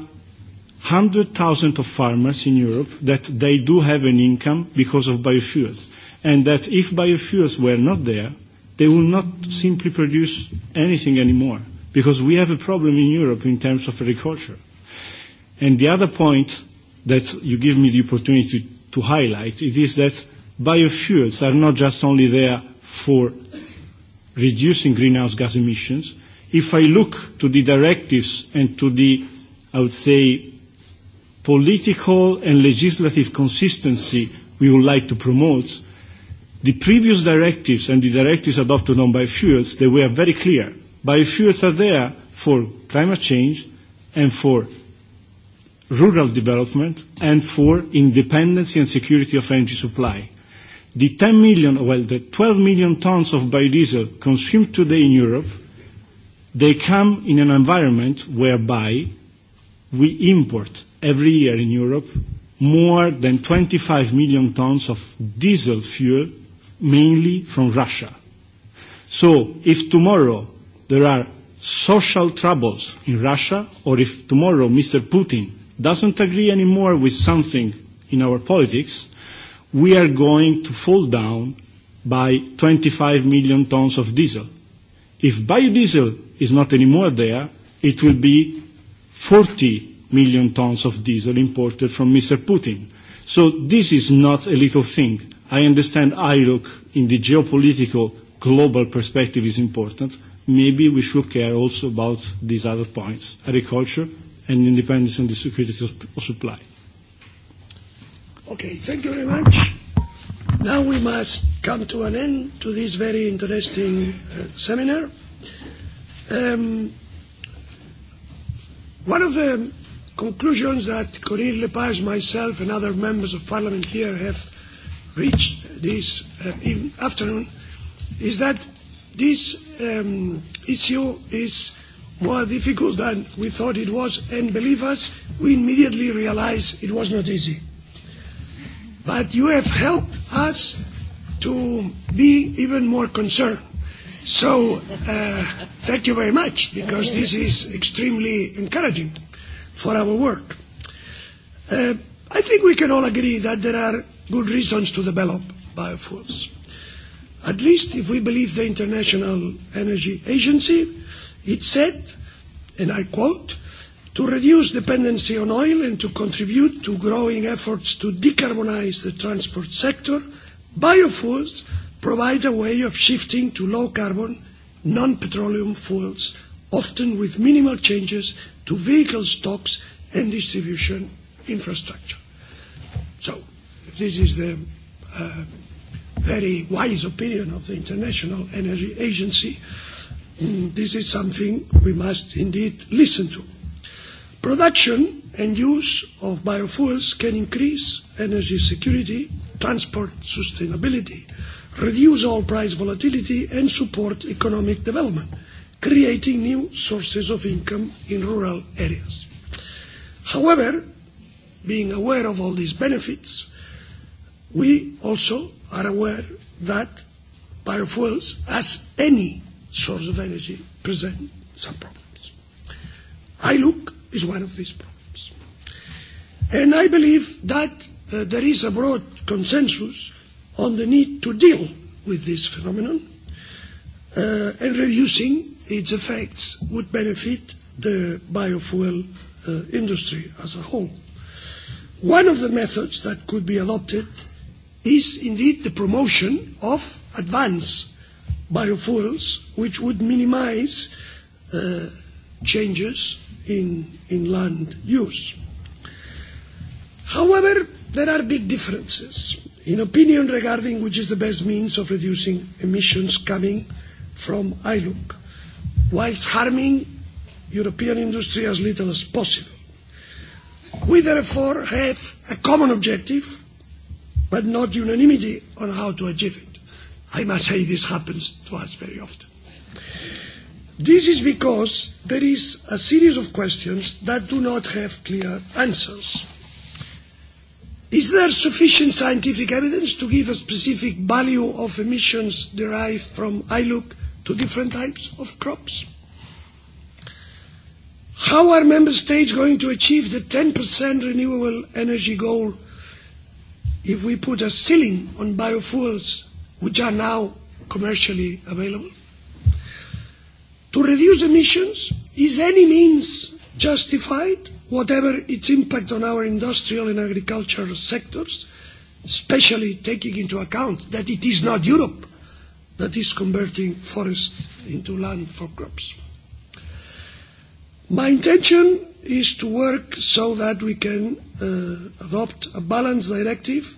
hundred thousand of farmers in Europe that they do have an income because of biofuels, and that if biofuels were not there, they will not simply produce anything anymore, because we have a problem in Europe in terms of agriculture. And the other point that you give me the opportunity to highlight, it is that biofuels are not just only there for reducing greenhouse gas emissions. If I look to the directives and to the, I would say, political and legislative consistency we would like to promote, the previous directives and the directives adopted on biofuels, they were very clear. Biofuels are there for climate change and for rural development and for independence and security of energy supply the 10 million, well, the 12 million tons of biodiesel consumed today in Europe, they come in an environment whereby we import every year in Europe more than 25 million tons of diesel fuel, mainly from Russia. So if tomorrow there are social troubles in Russia, or if tomorrow Mr. Putin doesn't agree anymore with something in our politics, we are going to fall down by 25 million tons of diesel. If biodiesel is not anymore there, it will be 40 million tons of diesel imported from Mr. Putin. So this is not a little thing. I understand look in the geopolitical global perspective is important. Maybe we should care also about these other points, agriculture and independence and the security of supply. Okay, thank you very much. Now we must come to an end to this very interesting seminar. One of the conclusions that Corinne Lepage, myself and other members of Parliament here have reached this afternoon is that this issue is more difficult than we thought it was and believe us, we immediately realized it was not easy but you have helped us to be even more concerned. So thank you very much, because this is extremely encouraging for our work. I think we can all agree that there are good reasons to develop biofuels. At least if we believe the International Energy Agency, it said, and I quote, to reduce dependency on oil and to contribute to growing efforts to decarbonise the transport sector, biofuels provide a way of shifting to low carbon, non petroleum fuels, often with minimal changes to vehicle stocks and distribution infrastructure. So this is the very wise opinion of the International Energy Agency. This is something we must indeed listen to. Production and use of biofuels can increase energy security, transport sustainability, reduce oil price volatility and support economic development, creating new sources of income in rural areas. However, being aware of all these benefits, we also are aware that biofuels, as any source of energy, present some problems. I look is one of these problems. And I believe that there is a broad consensus on the need to deal with this phenomenon and reducing its effects would benefit the biofuel industry as a whole. One of the methods that could be adopted is indeed the promotion of advanced biofuels which would minimise changes in in land use. However, there are big differences in opinion regarding which is the best means of reducing emissions coming from ILUC, whilst harming European industry as little as possible. We therefore have a common objective, but not unanimity on how to achieve it. I must say this happens to us very often. This is because there is a series of questions that do not have clear answers. Is there sufficient scientific evidence to give a specific value of emissions derived from ILUC to different types of crops? How are member states going to achieve the 10% renewable energy goal if we put a ceiling on biofuels which are now commercially available? To reduce emissions is any means justified, whatever its impact on our industrial and agricultural sectors, especially taking into account that it is not Europe that is converting forest into land for crops. My intention is to work so that we can adopt a balanced directive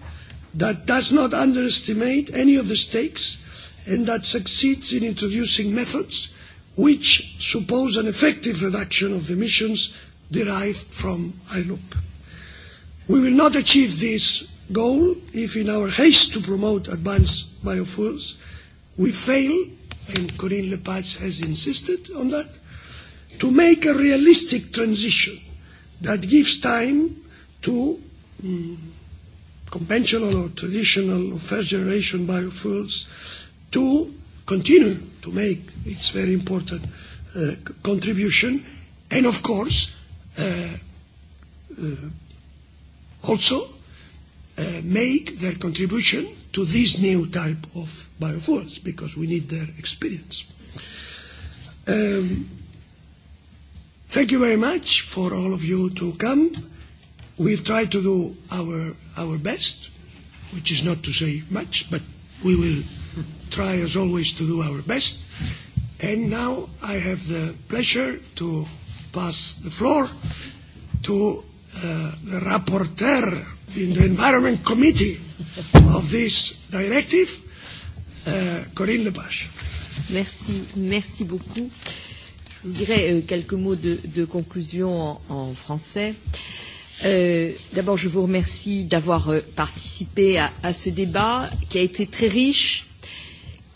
that does not underestimate any of the stakes and that succeeds in introducing methods which suppose an effective reduction of the emissions derived from ILUP. We will not achieve this goal if in our haste to promote advanced biofuels we fail, and Corinne Lepage has insisted on that, to make a realistic transition that gives time to conventional or traditional or first generation biofuels to continue to make its very important contribution and of course also make their contribution to this new type of biofuels because we need their experience. Thank you very much for all of you to come. We'll try to do our our best, which is not to say much, but we will try as always to do our best. And now I have the pleasure to pass the floor to the rapporteur in the Environment Committee of this directive, Corinne Lepage. Merci, merci beaucoup. Je vous dirai quelques mots de conclusion en français. D'abord, je vous remercie d'avoir participé à ce débat qui a été très riche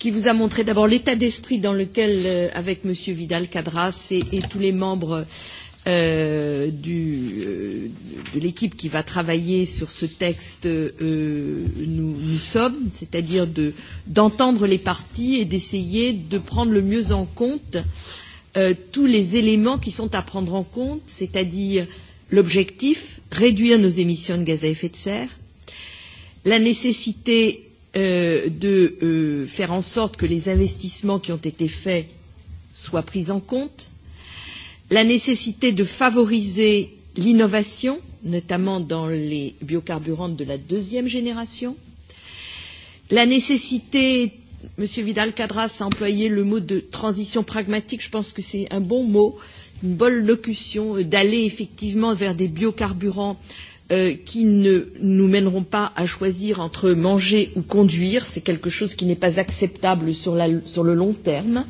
qui vous a montré d'abord l'état d'esprit dans lequel, avec M. Vidal Cadras et tous les membres de l'équipe qui va travailler sur ce texte, nous sommes, c'est-à-dire d'entendre les parties et d'essayer de prendre le mieux en compte tous les éléments qui sont à prendre en compte, c'est-à-dire l'objectif, réduire nos émissions de gaz à effet de serre, la nécessité de faire en sorte que les investissements qui ont été faits soient pris en compte, la nécessité de favoriser l'innovation, notamment dans les biocarburants de la deuxième génération, la nécessité M. Vidal Cadras a employé le mot de transition pragmatique, je pense que c'est un bon mot, une bonne locution, d'aller effectivement vers des biocarburants qui ne nous mèneront pas à choisir entre manger ou conduire. C'est quelque chose qui n'est pas acceptable sur le long terme.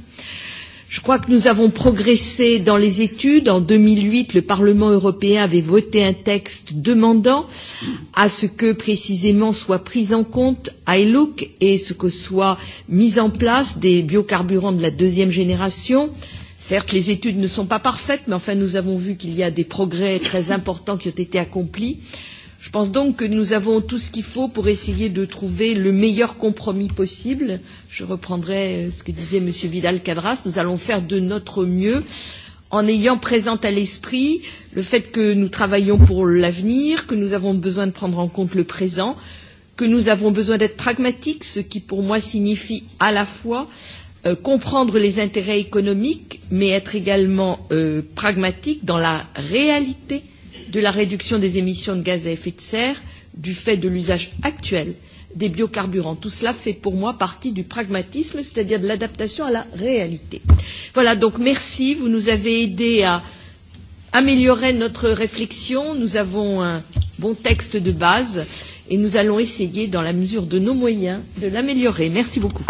Je crois que nous avons progressé dans les études. En 2008, le Parlement européen avait voté un texte demandant à ce que précisément soit prise en compte iLUC et ce que soient mis en place des biocarburants de la deuxième génération Certes, les études ne sont pas parfaites, mais enfin, nous avons vu qu'il y a des progrès très importants qui ont été accomplis. Je pense donc que nous avons tout ce qu'il faut pour essayer de trouver le meilleur compromis possible. Je reprendrai ce que disait M. Vidal-Cadras. Nous allons faire de notre mieux en ayant présent à l'esprit le fait que nous travaillons pour l'avenir, que nous avons besoin de prendre en compte le présent, que nous avons besoin d'être pragmatiques, ce qui pour moi signifie à la fois comprendre les intérêts économiques, mais être également pragmatique dans la réalité de la réduction des émissions de gaz à effet de serre du fait de l'usage actuel des biocarburants. Tout cela fait pour moi partie du pragmatisme, c'est-à-dire de l'adaptation à la réalité. Voilà, donc merci, vous nous avez aidé à améliorer notre réflexion. Nous avons un bon texte de base et nous allons essayer, dans la mesure de nos moyens, de l'améliorer. Merci beaucoup.